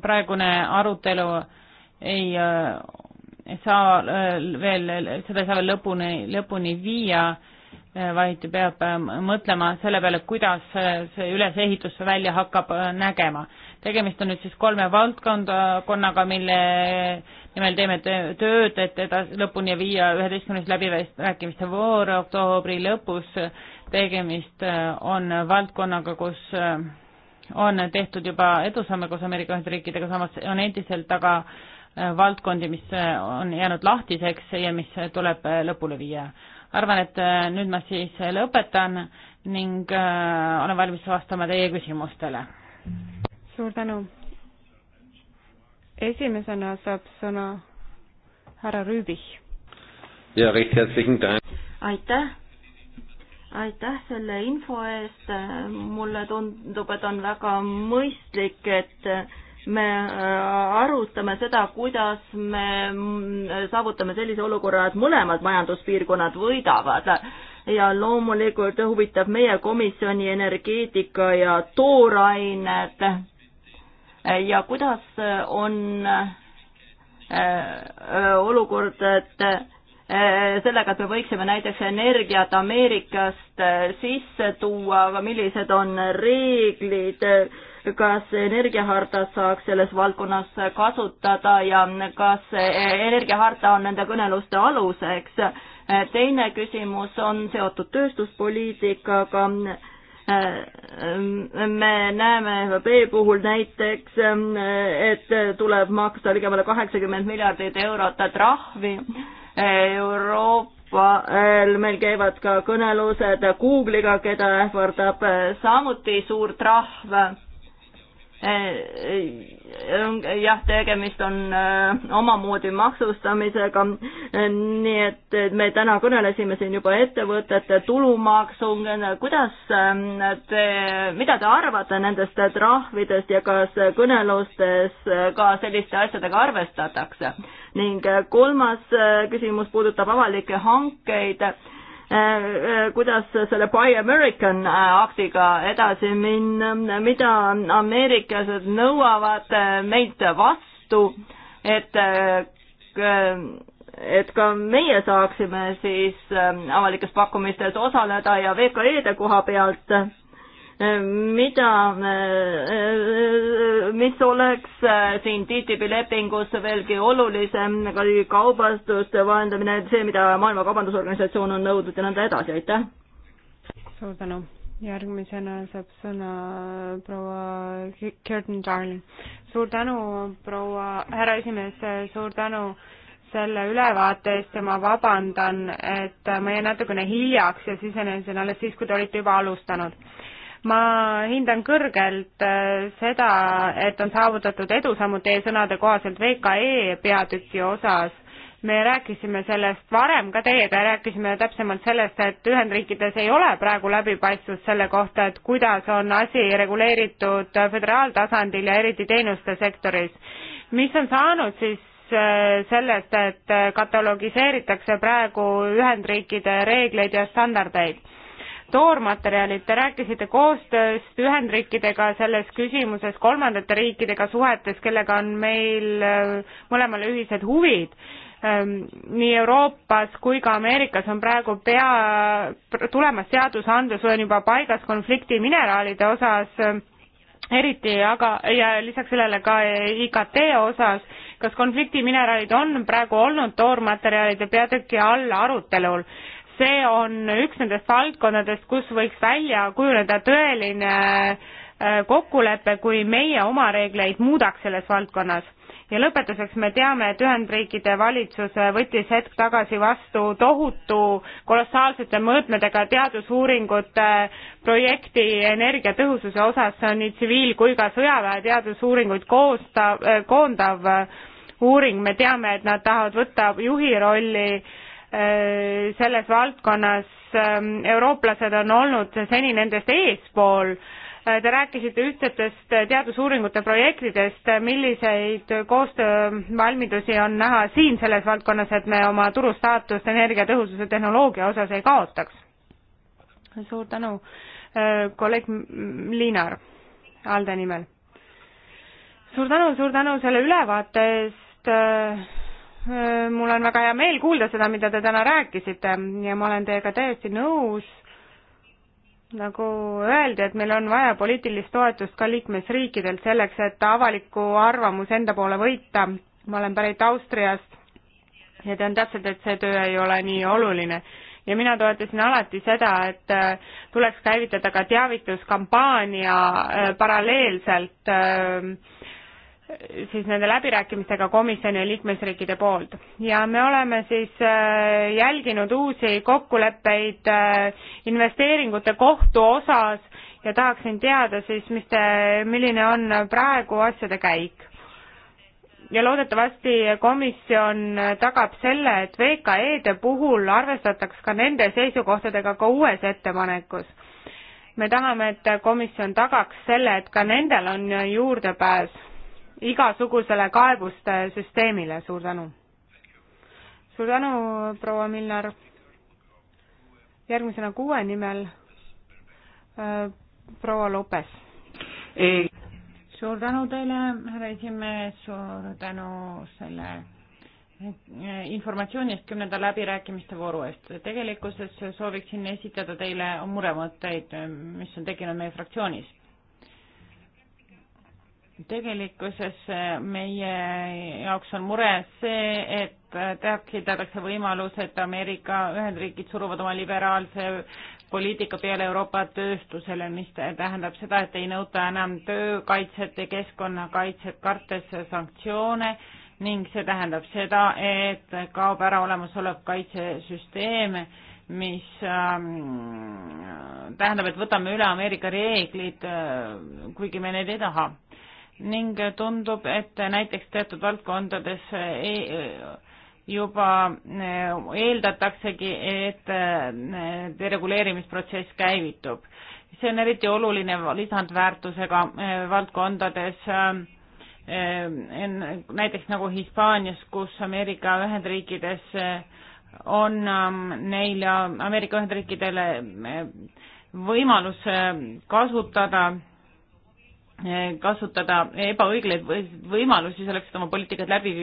praegune arutelu ei äh, saa äh, veel, seda ei saa veel lõpuni, lõpuni viia, äh, vaid peab mõtlema selle peale, kuidas see ülesehitus välja hakkab nägema. tegemist on nüüd siis kolme valdkonnaga, mille nimel teeme tööd, et teda lõpuni viia üheteistkümnes läbirääkimiste voor oktoobri lõpus. tegemist on valdkonnaga, kus on tehtud juba edusamme koos Ameerika Ühendriikidega, samas on endiselt aga äh, valdkondi, mis äh, on jäänud lahtiseks ja mis tuleb äh, lõpule viia. arvan, et nüüd ma siis lõpetan ning olen valmis vastama teie küsimustele. suur tänu. esimesena saab sõna härra Rüübich. ja, aitäh aitäh selle info eest, mulle tundub, et on väga mõistlik, et me äh, arutame seda, kuidas me mm, saavutame sellise olukorra, et mõlemad majanduspiirkonnad võidavad ja loomulikult huvitab meie komisjoni energeetika ja toorained ja kuidas on äh, äh, olukord, et Eh, sellega, et me võiksime näiteks energiat Ameerikast eh, sisse tuua, aga millised on reeglid, kas energiahartat saaks selles valdkonnas kasutada ja kas energiaharta on nende kõneluste aluseks? Eh, teine küsimus on seotud tööstuspoliitikaga me näeme B puhul näiteks, et tuleb maksta ligemale kaheksakümmend miljardit eurot trahvi Euroopal meil käivad ka kõnelused Google'iga, keda ähvardab samuti suur trahv jah, tegemist on äh, omamoodi maksustamisega, nii et me täna kõnelesime siin juba ettevõtete tulumaksu, kuidas ähm, te, mida te arvate nendest trahvidest ja kas kõnelustes äh, ka selliste asjadega arvestatakse? ning äh, kolmas küsimus puudutab avalikke hankeid Äh, äh, kuidas selle Buy American äh, aktiga edasi minna, mida ameeriklased nõuavad meilt vastu, et, et ka meie saaksime siis avalikes pakkumistes osaleda ja VKE-de koha pealt mida, mis oleks äh, siin TTIP-i lepingus veelgi olulisem, kaubastuste vahendamine, see, mida Maailma Kaubandusorganisatsioon on nõudnud ja nõnda edasi, aitäh! suur tänu! järgmisena saab sõna proua Curtin Darling. suur tänu, proua härra esimees, suur tänu selle ülevaate eest ja ma vabandan, et ma jäin natukene hiljaks ja sisenesin alles siis, kui te olite juba alustanud ma hindan kõrgelt äh, seda, et on saavutatud edusammud teie sõnade kohaselt VKE peatüki osas. me rääkisime sellest varem ka teiega, rääkisime täpsemalt sellest, et Ühendriikides ei ole praegu läbipaistvust selle kohta, et kuidas on asi reguleeritud föderaaltasandil ja eriti teenuste sektoris. mis on saanud siis äh, sellest, et katalogiseeritakse praegu Ühendriikide reegleid ja standardeid? toormaterjalid, te rääkisite koostööst Ühendriikidega selles küsimuses, kolmandate riikidega suhetes, kellega on meil äh, mõlemal ühised huvid. Ähm, nii Euroopas kui ka Ameerikas on praegu pea, tulemas seadusandlus või on juba paigas konflikti mineraalide osas, ähm, eriti aga, ja lisaks sellele ka IKT osas, kas konfliktimineraalid on praegu olnud toormaterjalide peatüki all arutelul? see on üks nendest valdkondadest, kus võiks välja kujuneda tõeline äh, kokkulepe, kui meie oma reegleid muudaks selles valdkonnas. ja lõpetuseks me teame, et Ühendriikide valitsus äh, võttis hetk tagasi vastu tohutu kolossaalsete mõõtmedega teadusuuringute äh, projekti energiatõhususe osas, see on nii tsiviil- kui ka sõjaväe teadusuuringuid koostav, koondav uuring, me teame, et nad tahavad võtta juhi rolli Äh, selles valdkonnas, ähm, eurooplased on olnud seni nendest eespool. Äh, te rääkisite ühtsetest äh, teadusuuringute projektidest, milliseid koostöövalmidusi on näha siin selles valdkonnas, et me oma turustaatust energiatõhususe tehnoloogia osas ei kaotaks? suur tänu, kolleeg Liinar Alde nimel. suur tänu, suur tänu selle ülevaate eest Äh, mul on väga hea meel kuulda seda, mida te täna rääkisite ja ma olen teiega täiesti nõus. nagu öeldi, et meil on vaja poliitilist toetust ka liikmesriikidelt selleks, et avaliku arvamus enda poole võita. ma olen pärit Austriast ja tean täpselt, et see töö ei ole nii oluline ja mina toetasin alati seda, et äh, tuleks käivitada ka teavituskampaania äh, paralleelselt äh, siis nende läbirääkimistega komisjoni ja liikmesriikide poolt. ja me oleme siis äh, jälginud uusi kokkuleppeid äh, investeeringute kohtu osas ja tahaksin teada siis, mis te, milline on praegu asjade käik. ja loodetavasti komisjon tagab selle, et VKE-de puhul arvestataks ka nende seisukohtadega ka uues ettepanekus me tahame, et komisjon tagaks selle, et ka nendel on juurdepääs igasugusele kaebuste süsteemile, suur tänu. suur tänu, proua Milnar. järgmisena kuue nimel äh, proua Lopes. suur tänu teile, härra esimees, suur tänu selle äh, informatsioonist kümnenda läbirääkimiste vooru eest. tegelikkuses sooviksin esitada teile muremõtteid, mis on tekkinud meie fraktsioonis tegelikkuses eh, meie jaoks on mure see, et eh, tekitatakse võimalus, et Ameerika Ühendriigid suruvad oma liberaalse poliitika peale Euroopa tööstusele, mis tähendab seda, et ei nõuta enam töökaitset ja keskkonnakaitset, kartes sanktsioone ning see tähendab seda, et kaob ära olemasolev kaitsesüsteem, mis ähm, tähendab, et võtame üle Ameerika reeglid, äh, kuigi me neid ei taha ning tundub, et näiteks teatud valdkondades eh, juba eh, eeldataksegi, et dereguleerimisprotsess eh, käivitub. see on eriti oluline lisandväärtusega valdkondades, näiteks nagu Hispaanias, kus Ameerika Ühendriikides on ähm, neil ja Ameerika Ühendriikidele võimalus kasutada kasutada ebaõiglaid võimalusi selleks, et oma poliitikat läbi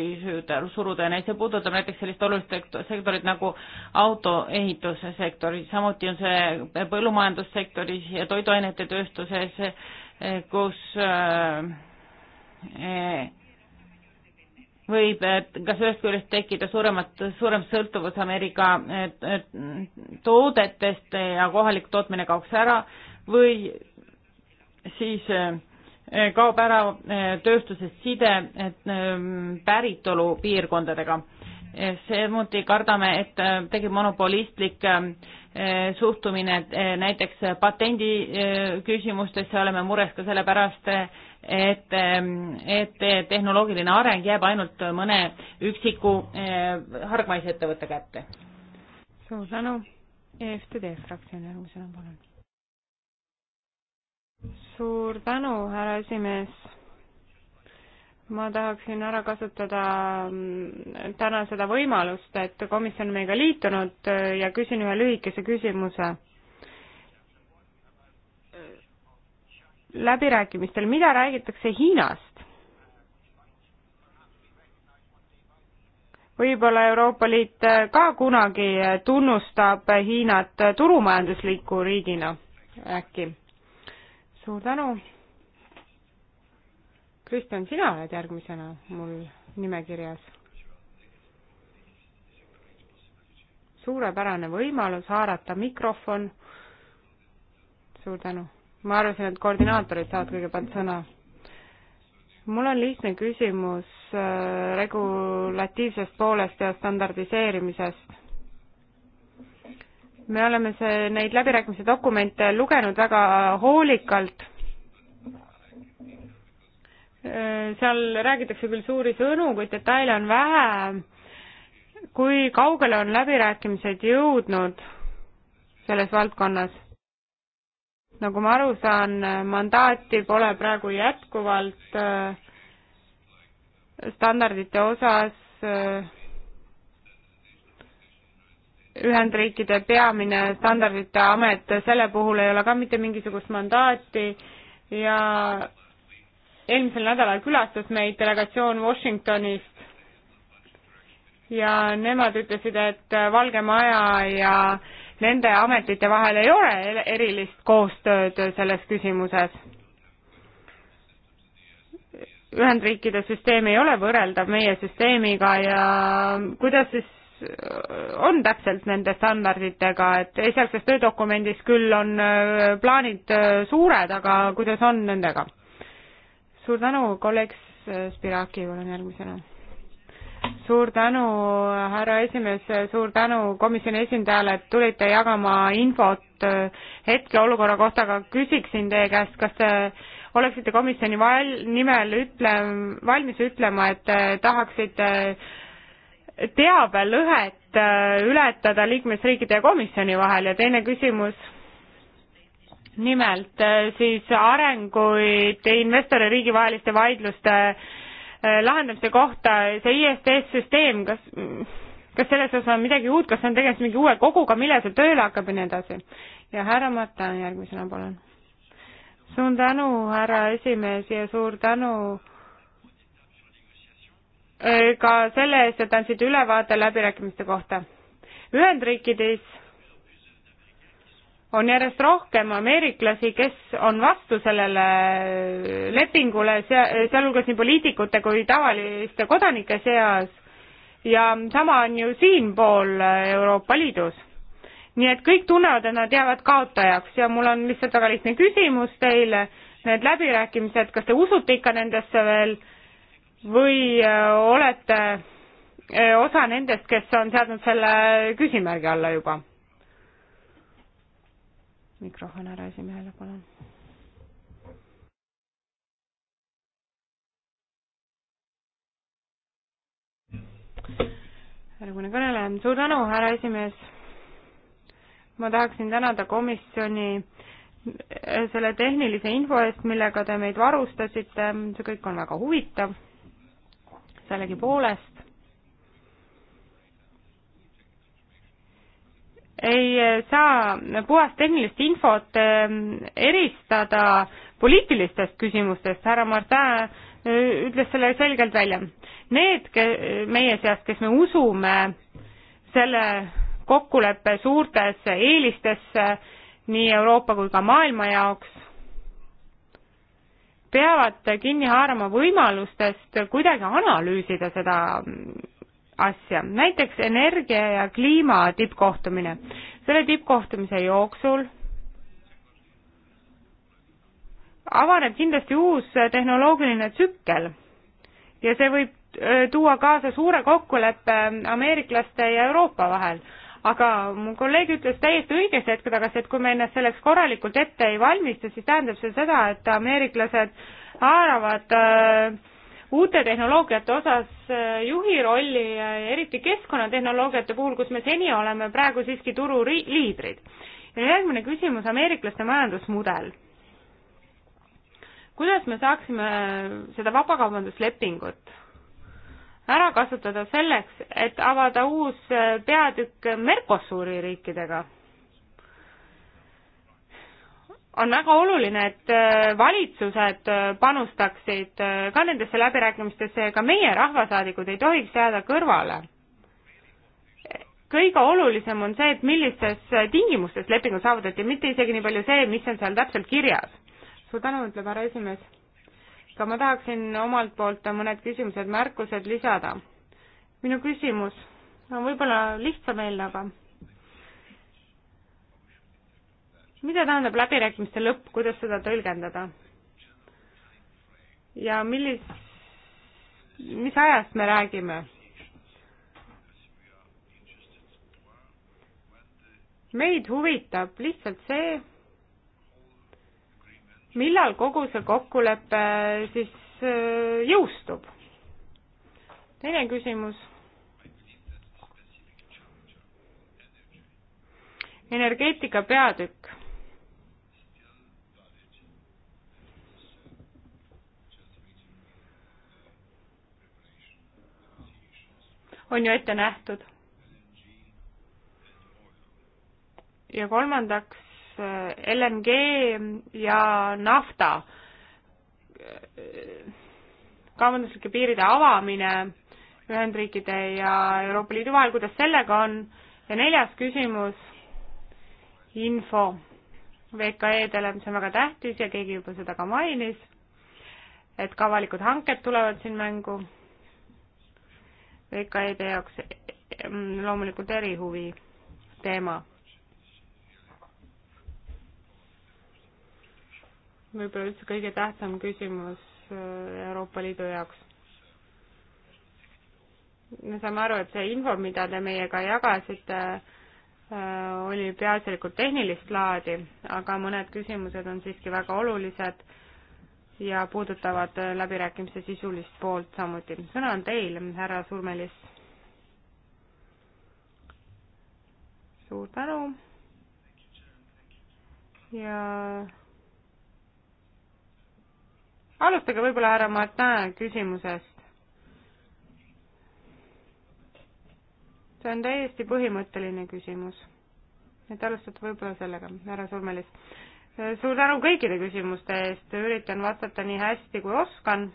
suruda ja neid, see puudutab näiteks sellist olulist sektorit nagu autoehitussektori, samuti on see põllumajandussektoris ja toiduainete tööstuses, kus äh, võib kas ühest küljest tekkida suuremat, suurem sõltuvus Ameerika toodetest ja kohalik tootmine kaoks ära või siis äh, Eh, kaob ära eh, tööstusest side ehm, päritolupiirkondadega. Eh, samuti kardame, et tekib monopolistlik suhtumine näiteks patendi küsimustesse, oleme mures ka sellepärast, et, ehm, et tehnoloogiline areng jääb ainult mõne üksiku hargmaisettevõtte kätte. suur tänu, EFTD fraktsiooni järgmisena, palun suur tänu, härra esimees. ma tahaksin ära kasutada mm, täna seda võimalust, et komisjon on meiega liitunud äh, ja küsin ühe lühikese küsimuse läbirääkimistel, mida räägitakse Hiinast? võib-olla Euroopa Liit äh, ka kunagi äh, tunnustab Hiinat turumajandusliku riigina äkki? suur tänu. Kristjan, sina oled järgmisena mul nimekirjas. suurepärane võimalus haarata mikrofon. suur tänu. ma arvasin, et koordinaatorid saavad kõigepealt sõna. mul on lihtne küsimus äh, regulatiivsest poolest ja standardiseerimisest me oleme see, neid läbirääkimise dokumente lugenud väga hoolikalt. Äh, seal räägitakse küll suuri sõnu, kuid detaile on vähe. kui kaugele on läbirääkimised jõudnud selles valdkonnas? nagu ma aru saan, mandaati pole praegu jätkuvalt äh, standardite osas äh, Ühendriikide peamine standardite amet, selle puhul ei ole ka mitte mingisugust mandaati ja eelmisel nädalal külastas meid delegatsioon Washingtonist ja nemad ütlesid, et Valge Maja ja nende ametite vahel ei ole erilist koostööd selles küsimuses. Ühendriikide süsteem ei ole võrreldav meie süsteemiga ja kuidas siis on täpselt nende standarditega, et esialgses töödokumendis küll on äh, plaanid äh, suured, aga kuidas on nendega? suur tänu, kolleeg Spiraki, palun järgmisena. suur tänu, härra esimees, suur tänu komisjoni esindajale, et tulite jagama infot äh, hetkeolukorra kohta, aga küsiksin teie käest, kas te oleksite komisjoni val-, nimel ütle, valmis ütlema, et tahaksite teabelõhet äh, ületada liikmesriikide ja komisjoni vahel ja teine küsimus, nimelt äh, siis arenguid investori riigivaheliste vaidluste äh, lahendamise kohta, see ISDS-süsteem, kas, kas selles osas on midagi uut, kas on tegemist mingi uue koguga, millal see tööle hakkab ja nii edasi? ja härra Martin järgmisena, palun. suur tänu, härra esimees ja suur tänu Äh, ka selle eest, et andsid ülevaate läbirääkimiste kohta. Ühendriikides on järjest rohkem ameeriklasi, kes on vastu sellele lepingule, sealhulgas nii poliitikute kui tavaliste kodanike seas ja sama on ju siinpool Euroopa Liidus. nii et kõik tunnevad, et nad jäävad kaotajaks ja mul on lihtsalt väga lihtne küsimus teile, need läbirääkimised, kas te usute ikka nendesse veel või äh, olete äh, osa nendest, kes on seadnud selle küsimärgi alla juba? mikrofon ära esimehele, palun. järgmine kõneleja, suur tänu, härra esimees. ma tahaksin tänada komisjoni äh, selle tehnilise info eest, millega te meid varustasite, see kõik on väga huvitav sellegipoolest ei saa puhast tehnilist infot ähm, eristada poliitilistest küsimustest, härra Martin äh, ütles selle selgelt välja. Need meie seast, kes me usume selle kokkuleppe suurtesse eelistesse nii Euroopa kui ka maailma jaoks, peavad kinni haarama võimalustest kuidagi analüüsida seda asja, näiteks energia ja kliima tippkohtumine. selle tippkohtumise jooksul avaneb kindlasti uus tehnoloogiline tsükkel ja see võib äh, tuua kaasa suure kokkuleppe äh, ameeriklaste ja Euroopa vahel aga mu kolleeg ütles täiesti õigest hetkedagast, et kui me ennast selleks korralikult ette ei valmista, siis tähendab see seda, et ameeriklased haaravad äh, uute tehnoloogiate osas äh, juhi rolli, äh, eriti keskkonnatehnoloogiate puhul, kus me seni oleme praegu siiski turuliidrid. ja järgmine küsimus, ameeriklaste majandusmudel. kuidas me saaksime seda vabakaubanduslepingut ära kasutada selleks, et avada uus äh, peatükk Mercosuri riikidega. on väga oluline, et äh, valitsused äh, panustaksid ka nendesse läbirääkimistesse ja ka meie, rahvasaadikud, ei tohiks jääda kõrvale. kõige olulisem on see, et millistes tingimustes leping saavutati, mitte isegi nii palju see, mis on seal täpselt kirjas. suur tänu, ütleb härra esimees ka ma tahaksin omalt poolt mõned küsimused, märkused lisada. minu küsimus on võib-olla lihtsameelne, aga mida tähendab läbirääkimiste lõpp, kuidas seda tõlgendada? ja millis, mis ajast me räägime? meid huvitab lihtsalt see, millal kogu see kokkulepe siis äh, jõustub? teine küsimus. energeetika peatükk. on ju ette nähtud. ja kolmandaks Äh, LNG ja nafta kaubanduslike piiride avamine Ühendriikide ja Euroopa Liidu vahel, kuidas sellega on? ja neljas küsimus, info VKE-dele, mis on väga tähtis ja keegi juba seda ka mainis, et ka avalikud hanked tulevad siin mängu. VKE-de jaoks mm, loomulikult erihuvi teema võib-olla üldse kõige tähtsam küsimus äh, Euroopa Liidu jaoks. me saame aru, et see info, mida te meiega jagasite, äh, oli peaasjalikult tehnilist laadi, aga mõned küsimused on siiski väga olulised ja puudutavad äh, läbirääkimiste sisulist poolt samuti. sõna on teil, härra Surmelis. suur tänu ja alustage võib-olla härra Martin küsimusest. see on täiesti põhimõtteline küsimus. et alustate võib-olla sellega, härra Surmelis. suur tänu kõikide küsimuste eest, üritan vastata nii hästi, kui oskan.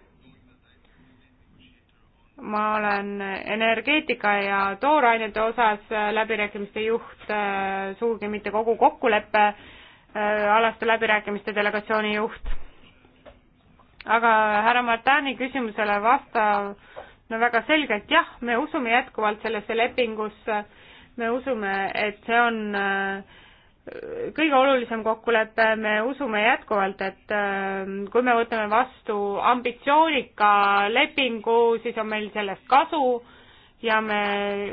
ma olen energeetika ja toorainete osas läbirääkimiste juht, sugugi mitte kogu kokkuleppe äh, alaste läbirääkimiste delegatsiooni juht aga härra Martani küsimusele vastav no väga selgelt jah, me usume jätkuvalt sellesse lepingusse, me usume, et see on äh, kõige olulisem kokkulepe, me usume jätkuvalt, et äh, kui me võtame vastu ambitsioonika lepingu, siis on meil sellest kasu ja me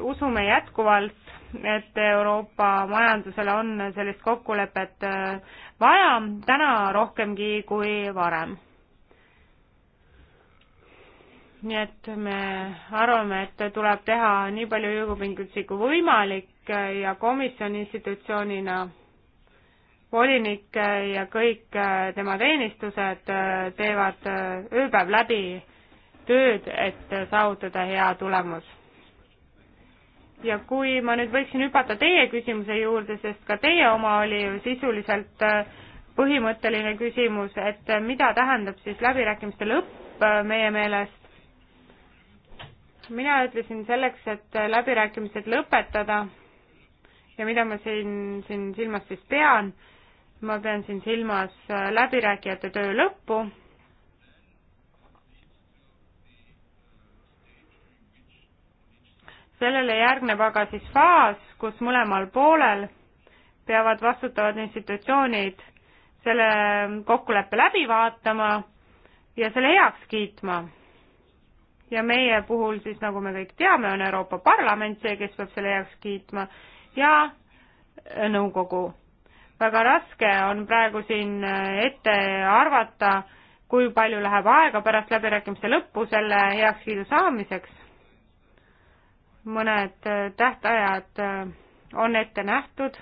usume jätkuvalt, et Euroopa majandusele on sellist kokkulepet äh, vaja täna rohkemgi kui varem nii et me arvame, et tuleb teha nii palju jõupingutusi kui võimalik ja komisjon institutsioonina, volinik ja kõik äh, tema teenistused äh, teevad äh, ööpäev läbi tööd, et saavutada hea tulemus. ja kui ma nüüd võiksin hüpata teie küsimuse juurde, sest ka teie oma oli ju sisuliselt põhimõtteline küsimus, et mida tähendab siis läbirääkimiste lõpp meie meelest, mina ütlesin selleks, et läbirääkimised lõpetada ja mida ma siin, siin silmas siis pean, ma pean siin silmas läbirääkijate töö lõppu. sellele järgneb aga siis faas, kus mõlemal poolel peavad vastutavad institutsioonid selle kokkuleppe läbi vaatama ja selle heaks kiitma ja meie puhul siis, nagu me kõik teame, on Euroopa Parlament see, kes peab selle heaks kiitma ja äh, nõukogu. väga raske on praegu siin äh, ette arvata, kui palju läheb aega pärast läbirääkimiste lõppu selle heakskiidu saamiseks. mõned äh, tähtajad on ette nähtud.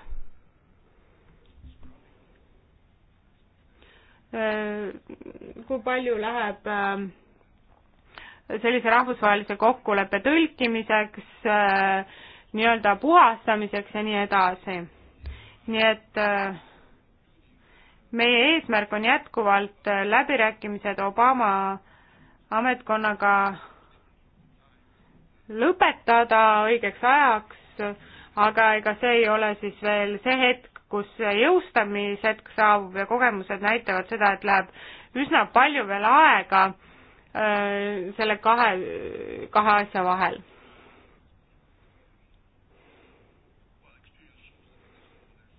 kui palju läheb sellise rahvusvahelise kokkuleppe tõlkimiseks, äh, nii-öelda puhastamiseks ja nii edasi. nii et äh, meie eesmärk on jätkuvalt äh, läbirääkimised Obama ametkonnaga lõpetada õigeks ajaks, aga ega see ei ole siis veel see hetk, kus jõustamishetk saabub ja kogemused näitavad seda, et läheb üsna palju veel aega Äh, selle kahe, kahe asja vahel.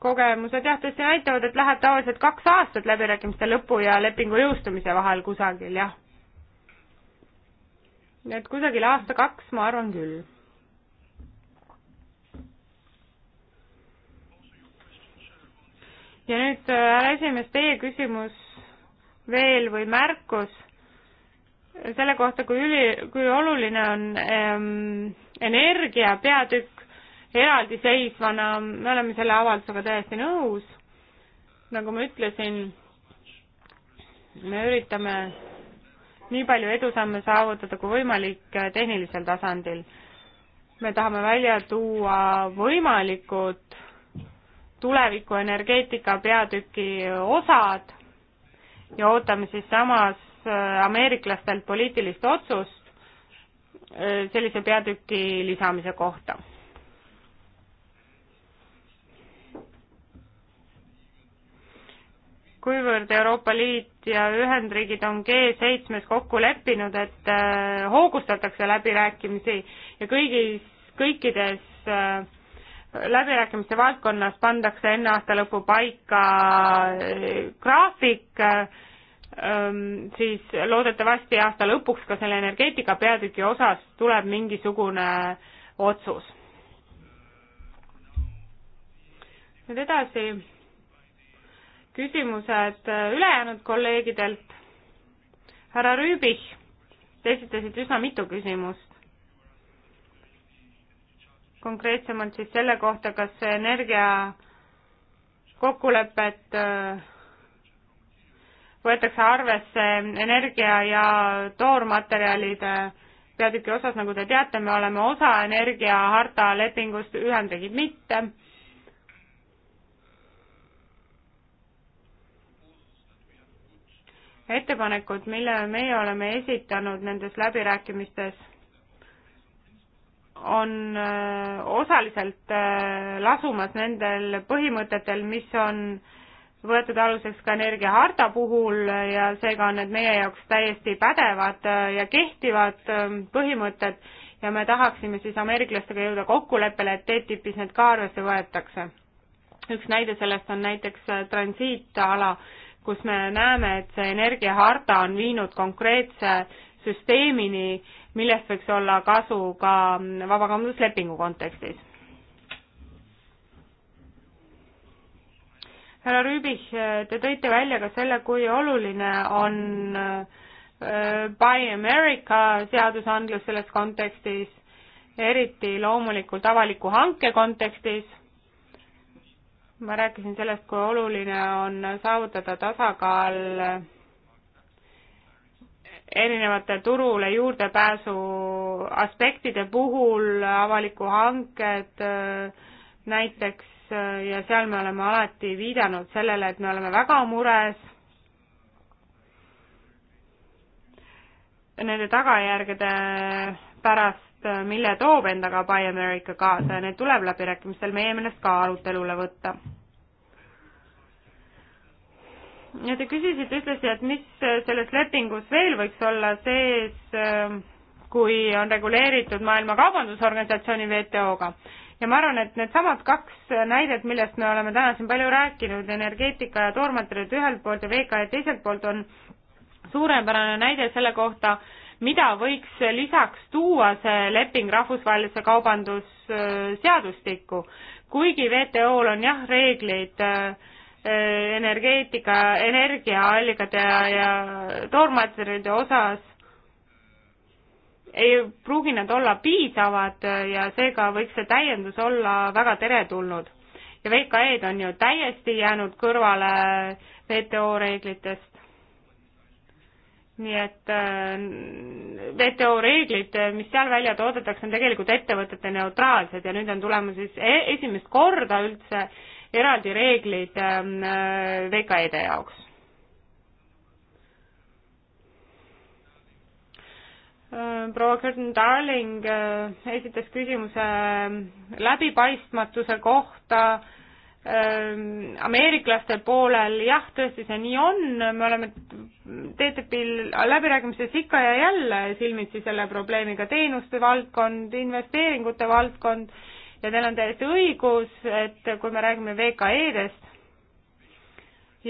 kogemused jah, tõesti näitavad, et läheb tavaliselt kaks aastat läbirääkimiste lõpu ja lepingu jõustumise vahel kusagil, jah. nii et kusagil aasta-kaks, ma arvan küll ja nüüd äh, härra esimees, teie küsimus veel või märkus selle kohta, kui üli, kui oluline on ähm, energia peatükk eraldiseisvana, me oleme selle avaldusega täiesti nõus. nagu ma ütlesin, me üritame nii palju edusamme saavutada kui võimalik tehnilisel tasandil. me tahame välja tuua võimalikud tulevikuenergeetika peatüki osad ja ootame siis samas Äh, ameeriklastelt poliitilist otsust äh, sellise peatüki lisamise kohta. kuivõrd Euroopa Liit ja Ühendriigid on G7-s kokku leppinud, et äh, hoogustatakse läbirääkimisi ja kõigis, kõikides läbirääkimiste valdkonnas pandakse enne aasta lõppu paika graafik äh, siis loodetavasti aasta lõpuks ka selle energeetika peatüki osas tuleb mingisugune otsus. nüüd edasi küsimused äh, ülejäänud kolleegidelt. härra Rüübich, te esitasite üsna mitu küsimust. konkreetsemalt siis selle kohta, kas energia kokkulepet äh, võetakse arvesse energia ja toormaterjalide peatüki osas, nagu te teate, me oleme osa energiaharta lepingust, Ühendriigid mitte. ettepanekud, mille meie oleme esitanud nendes läbirääkimistes, on äh, osaliselt äh, lasumas nendel põhimõtetel, mis on äh, võetud aluseks ka energiaharta puhul ja seega on need meie jaoks täiesti pädevad äh, ja kehtivad ähm, põhimõtted ja me tahaksime siis ameeriklastega jõuda kokkuleppele, et TTIP-is need ka arvesse võetakse. üks näide sellest on näiteks äh, transiitala, kus me näeme, et see energiaharta on viinud konkreetse süsteemini, millest võiks olla kasu ka mm, vabakaubanduslepingu kontekstis härra Rüübich, te tõite välja ka selle, kui oluline on äh, Buy America seadusandlus selles kontekstis, eriti loomulikult avaliku hanke kontekstis. ma rääkisin sellest, kui oluline on saavutada tasakaal erinevate turule juurdepääsu aspektide puhul, avaliku hanked äh, näiteks ja seal me oleme alati viidanud sellele, et me oleme väga mures nende tagajärgede pärast, mille toob endaga Buy America kaasa ja need tuleb läbirääkimistel meie meelest ka arutelule võtta. ja te küsisite, ütlesite, et mis selles lepingus veel võiks olla sees, kui on reguleeritud Maailma Kaubandusorganisatsiooni WTO-ga ja ma arvan, et needsamad kaks näidet, millest me oleme täna siin palju rääkinud, energeetika ja toormaterjalid ühelt poolt ja VKE teiselt poolt on suurepärane näide selle kohta, mida võiks lisaks tuua see leping rahvusvahelise kaubandusseadustikku. kuigi WTO-l on jah, reeglid äh, energeetika, energiaallikate ja, ja toormaterjalide osas ei pruugi nad olla piisavad ja seega võiks see täiendus olla väga teretulnud. ja VKE-d on ju täiesti jäänud kõrvale WTO reeglitest. nii et äh, WTO reeglid, mis seal välja toodetakse, on tegelikult ettevõtete neutraalsed ja nüüd on tulemas siis e-, esimest korda üldse eraldi reeglid ähm, äh, VKE-de jaoks Äh, proua Curtin Darling äh, esitas küsimuse äh, läbipaistmatuse kohta ameeriklaste poolel, jah, tõesti see nii on, me oleme TTIP-il läbirääkimistes ikka ja jälle silmitsi selle probleemiga, teenuste valdkond, investeeringute valdkond ja teil on täiesti õigus, et kui me räägime VKE-dest,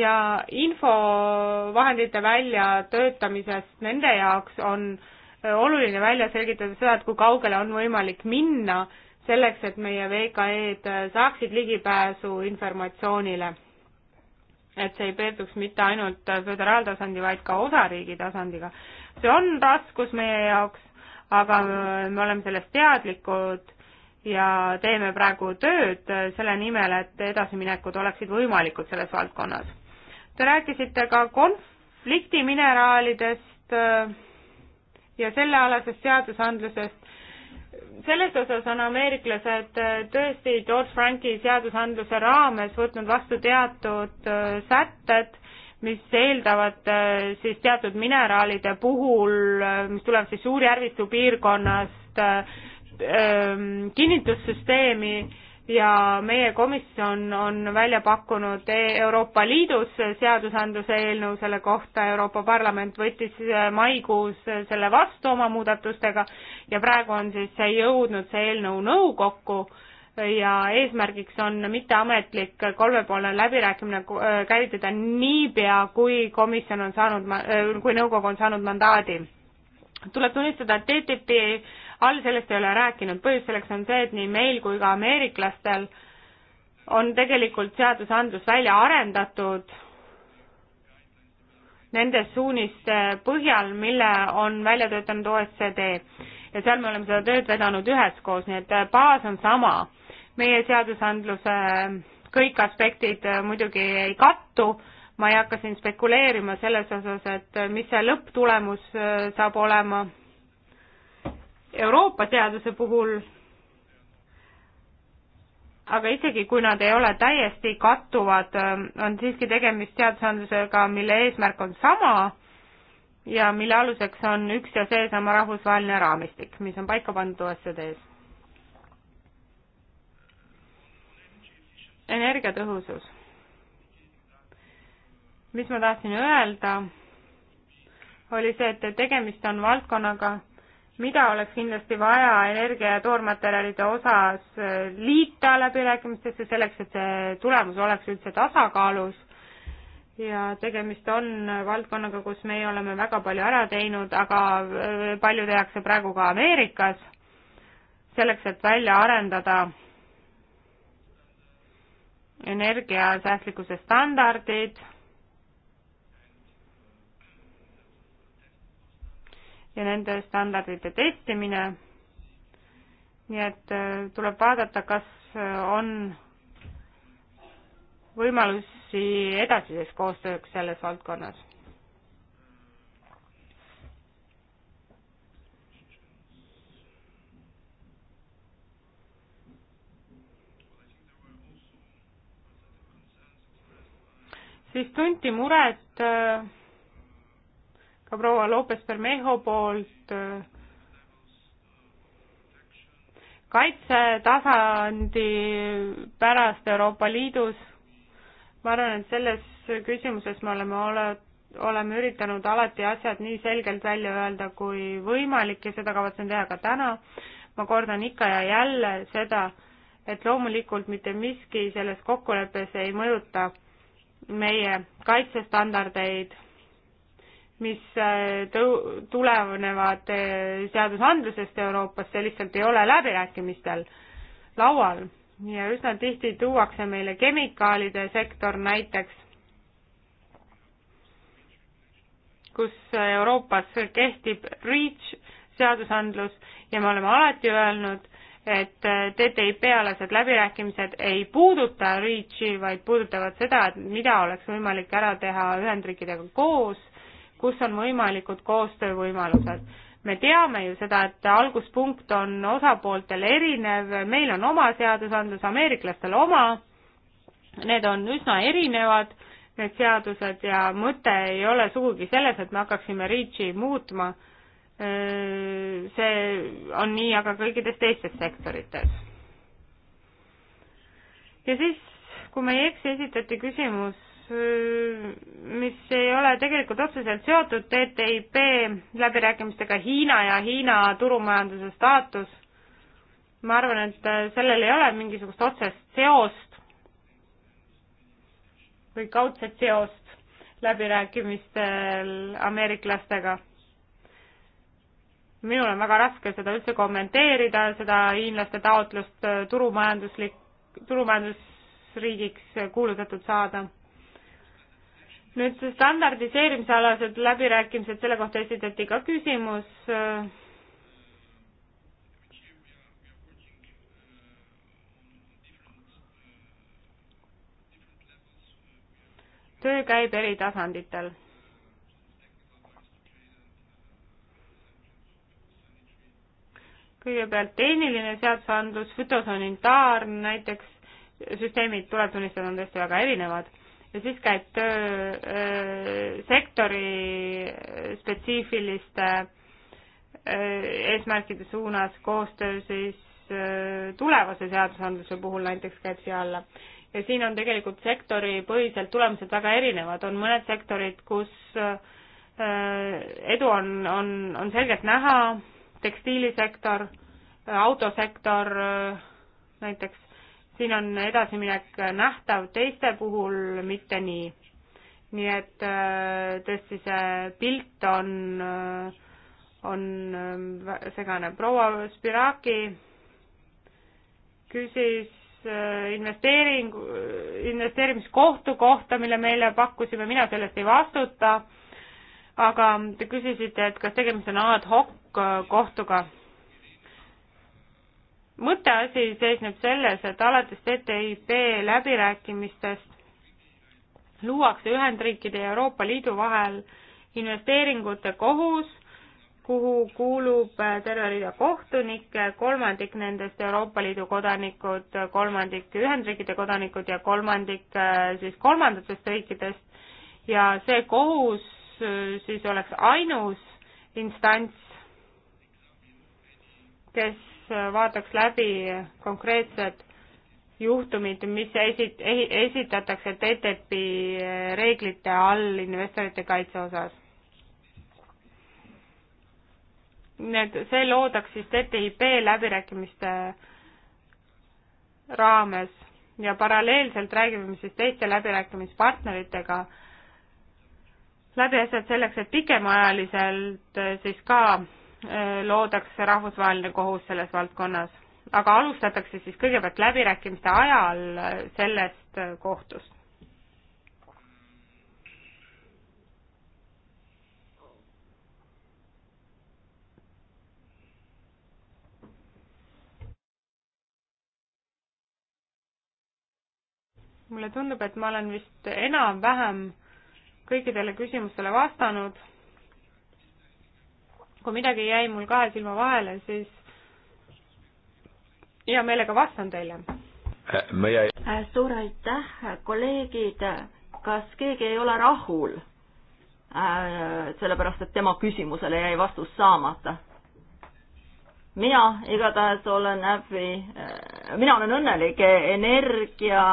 ja infovahendite väljatöötamisest nende jaoks on äh, oluline välja selgitada seda, et kui kaugele on võimalik minna selleks, et meie VKE-d saaksid ligipääsu informatsioonile. et see ei peetuks mitte ainult föderaaltasandi, vaid ka osariigi tasandiga. see on raskus meie jaoks, aga me oleme sellest teadlikud ja teeme praegu tööd selle nimel, et edasiminekud oleksid võimalikud selles valdkonnas. Te rääkisite ka konfliktimineraalidest ja sellealasest seadusandlusest. selles osas on ameeriklased äh, tõesti George Franki seadusandluse raames võtnud vastu teatud äh, sätted, mis eeldavad äh, siis teatud mineraalide puhul, mis tuleb siis Suurjärvistu piirkonnast, kinnitussüsteemi ja meie komisjon on välja pakkunud e- Euroopa Liidus seadusandluse eelnõu selle kohta, Euroopa Parlament võttis maikuus selle vastu oma muudatustega ja praegu on siis see jõudnud, see eelnõu nõukokku ja eesmärgiks on mitteametlik kolmepoolne läbirääkimine äh, käivitada niipea, kui komisjon on saanud, äh, kui nõukogu on saanud mandaadi tuleb tunnistada, et TTIP-i all sellest ei ole rääkinud, põhjus selleks on see, et nii meil kui ka ameeriklastel on tegelikult seadusandlus välja arendatud nende suuniste põhjal, mille on välja töötanud OECD ja seal me oleme seda tööd vedanud üheskoos, nii et baas on sama. meie seadusandluse kõik aspektid muidugi ei kattu, ma ei hakka siin spekuleerima selles osas, et mis see lõpptulemus saab olema Euroopa seaduse puhul, aga isegi kui nad ei ole täiesti kattuvad, on siiski tegemist seadusandlusega, mille eesmärk on sama ja mille aluseks on üks ja seesama rahvusvaheline raamistik, mis on paika pandud OSCD-s. energiatõhusus. mis ma tahtsin öelda, oli see, et tegemist on valdkonnaga, mida oleks kindlasti vaja energia ja toormaterjalide osas äh, liita läbirääkimistesse selleks, et see tulemus oleks üldse tasakaalus ja tegemist on äh, valdkonnaga, kus meie oleme väga palju ära teinud, aga äh, palju tehakse praegu ka Ameerikas selleks, et välja arendada energiasäästlikkuse standardid ja nende standardite testimine. nii et äh, tuleb vaadata, kas äh, on võimalusi edasiseks koostööks selles valdkonnas. siis tunti muret äh, ka proua Lopez Bermejo poolt äh, kaitsetasandi pärast Euroopa Liidus. ma arvan, et selles küsimuses me oleme ole-, oleme üritanud alati asjad nii selgelt välja öelda kui võimalik ja seda kavatsen teha ka täna. ma kordan ikka ja jälle seda, et loomulikult mitte miski selles kokkuleppes ei mõjuta meie kaitsestandardeid mis äh, tõu-, tulenevad äh, seadusandlusest Euroopas, see lihtsalt ei ole läbirääkimistel laual ja üsna tihti tuuakse meile kemikaalide sektor näiteks, kus Euroopas kehtib REACH seadusandlus ja me oleme alati öelnud, et äh, TTIP-alased läbirääkimised ei puuduta REACH-i, vaid puudutavad seda, et mida oleks võimalik ära teha Ühendriikidega koos kus on võimalikud koostöövõimalused. me teame ju seda, et alguspunkt on osapooltel erinev, meil on oma seadusandlus, ameeriklastel oma, need on üsna erinevad, need seadused ja mõte ei ole sugugi selles, et me hakkaksime REACH-i muutma, see on nii aga kõikides teistes sektorites. ja siis, kui ma ei eksi, esitati küsimus Äh, mis ei ole tegelikult otseselt seotud TTIP läbirääkimistega Hiina ja Hiina turumajanduse staatus. ma arvan, et äh, sellel ei ole mingisugust otsest seost või kaudset seost läbirääkimistel ameeriklastega. minul on väga raske seda üldse kommenteerida, seda hiinlaste taotlust äh, turumajanduslik, turumajandusriigiks kuulutatud saada nüüd standardiseerimise alased läbirääkimised, selle kohta esitati ka küsimus. töö käib eri tasanditel kõigepealt tehniline seadusandlus, fütosanitaarne näiteks, süsteemid tuleb tunnistada, on tõesti väga erinevad ja siis käib töö sektori spetsiifiliste eesmärkide suunas koostöö siis tulevase seadusandluse puhul näiteks käib siia alla. ja siin on tegelikult sektoripõhiselt tulemused väga erinevad, on mõned sektorid, kus edu on, on, on selgelt näha, tekstiilisektor, autosektor näiteks, siin on edasiminek nähtav, teiste puhul mitte nii. nii et äh, tõesti see pilt on, äh, on äh, segane. proua Spiraki küsis investeering, investeerimiskohtu kohta, mille meile pakkusime, mina sellest ei vastuta, aga te küsisite, et kas tegemist on ad hoc kohtuga mõtteasi seisneb selles, et alates TTIP läbirääkimistest luuakse Ühendriikide ja Euroopa Liidu vahel investeeringute kohus, kuhu kuulub äh, terve rida kohtunikke, kolmandik nendest Euroopa Liidu kodanikud, kolmandik Ühendriikide kodanikud ja kolmandik äh, siis kolmandatest riikidest. ja see kohus äh, siis oleks ainus instants, kes vaataks läbi konkreetsed juhtumid, mis esit-, esitatakse TTIP-i reeglite all investorite kaitse osas. nii et see loodaks siis TTIP läbirääkimiste raames ja paralleelselt räägime me siis teiste läbirääkimispartneritega läbi asjad selleks, et pikemaajaliselt siis ka Äh, loodaks rahvusvaheline kohus selles valdkonnas. aga alustatakse siis kõigepealt läbirääkimiste ajal äh, sellest äh, kohtust. mulle tundub, et ma olen vist enam-vähem kõikidele küsimustele vastanud kui midagi jäi mul kahe silma vahele, siis hea meelega vastan teile. Äh, meie. Äh, suur aitäh, kolleegid, kas keegi ei ole rahul? Äh, sellepärast, et tema küsimusele jäi vastus saamata. mina igatahes olen häbi, mina olen õnnelik, energia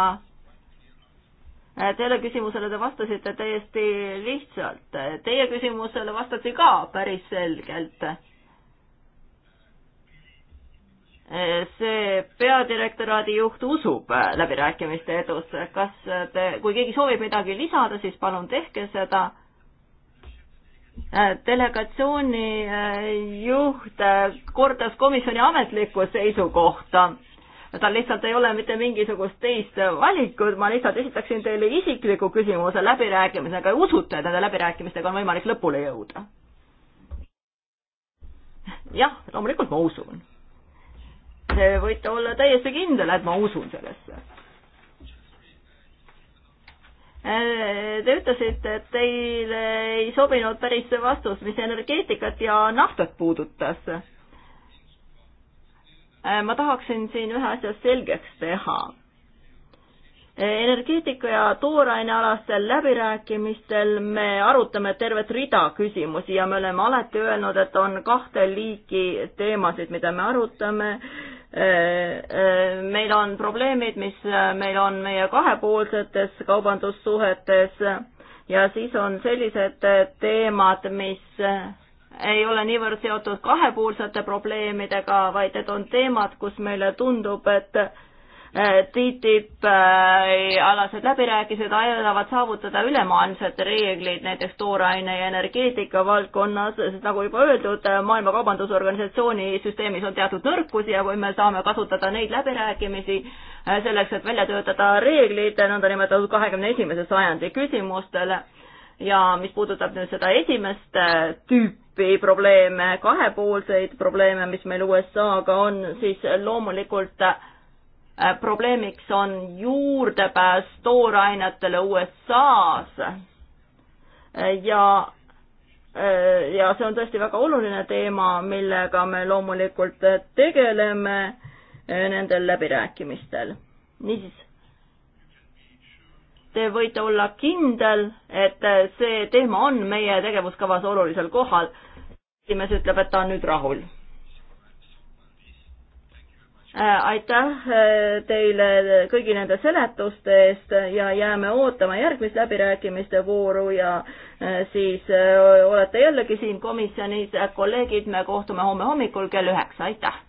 Äh, teile küsimusele te vastasite täiesti lihtsalt. Äh, teie küsimusele vastati ka päris selgelt. Äh, see peadirektoraadi juht usub läbirääkimiste edusse. kas te, kui keegi soovib midagi lisada, siis palun tehke seda delegatsiooni juht kordas komisjoni ametlikku seisukohta tal lihtsalt ei ole mitte mingisugust teist valikut, ma lihtsalt esitaksin teile isikliku küsimuse läbirääkimisega ja usute, et nende läbirääkimistega on võimalik lõpule jõuda? jah, loomulikult ma usun. Te võite olla täiesti kindel, et ma usun sellesse. Äh, te ütlesite, et teile ei sobinud päris see vastus, mis energeetikat ja naftat puudutas Äh, ma tahaksin siin ühe asja selgeks teha. Äh, energeetika ja toorainealastel läbirääkimistel me arutame tervet rida küsimusi ja me oleme alati öelnud, et on kahte liiki teemasid, mida me arutame. Äh, meil on probleemid, mis meil on meie kahepoolsetes kaubandussuhetes ja siis on sellised teemad, mis ei ole niivõrd seotud kahepoolsete probleemidega, vaid need on teemad, kus meile tundub, et eh, TTIP eh, alased läbirääkimised aitavad saavutada ülemaailmsed reeglid, näiteks tooraine ja energeetika valdkonnas, sest nagu juba öeldud, eh, Maailma Kaubandusorganisatsiooni süsteemis on teatud nõrkusi ja kui me saame kasutada neid läbirääkimisi selleks, et välja töötada reeglid nõndanimetatud kahekümne esimese sajandi küsimustele ja mis puudutab nüüd seda esimest tüüpi, tüüpi probleeme, kahepoolseid probleeme, mis meil USA-ga on, siis loomulikult äh, probleemiks on juurdepääs toorainetele USA-s. ja, äh, ja see on tõesti väga oluline teema, millega me loomulikult tegeleme äh, nendel läbirääkimistel. niisiis te võite olla kindel, et see teema on meie tegevuskavas olulisel kohal esimees ütleb, et ta on nüüd rahul. Äh, aitäh äh, teile kõigi nende seletuste eest ja jääme ootama järgmist läbirääkimiste vooru ja äh, siis olete jällegi siin komisjonis, kolleegid, me kohtume homme hommikul kell üheksa, aitäh!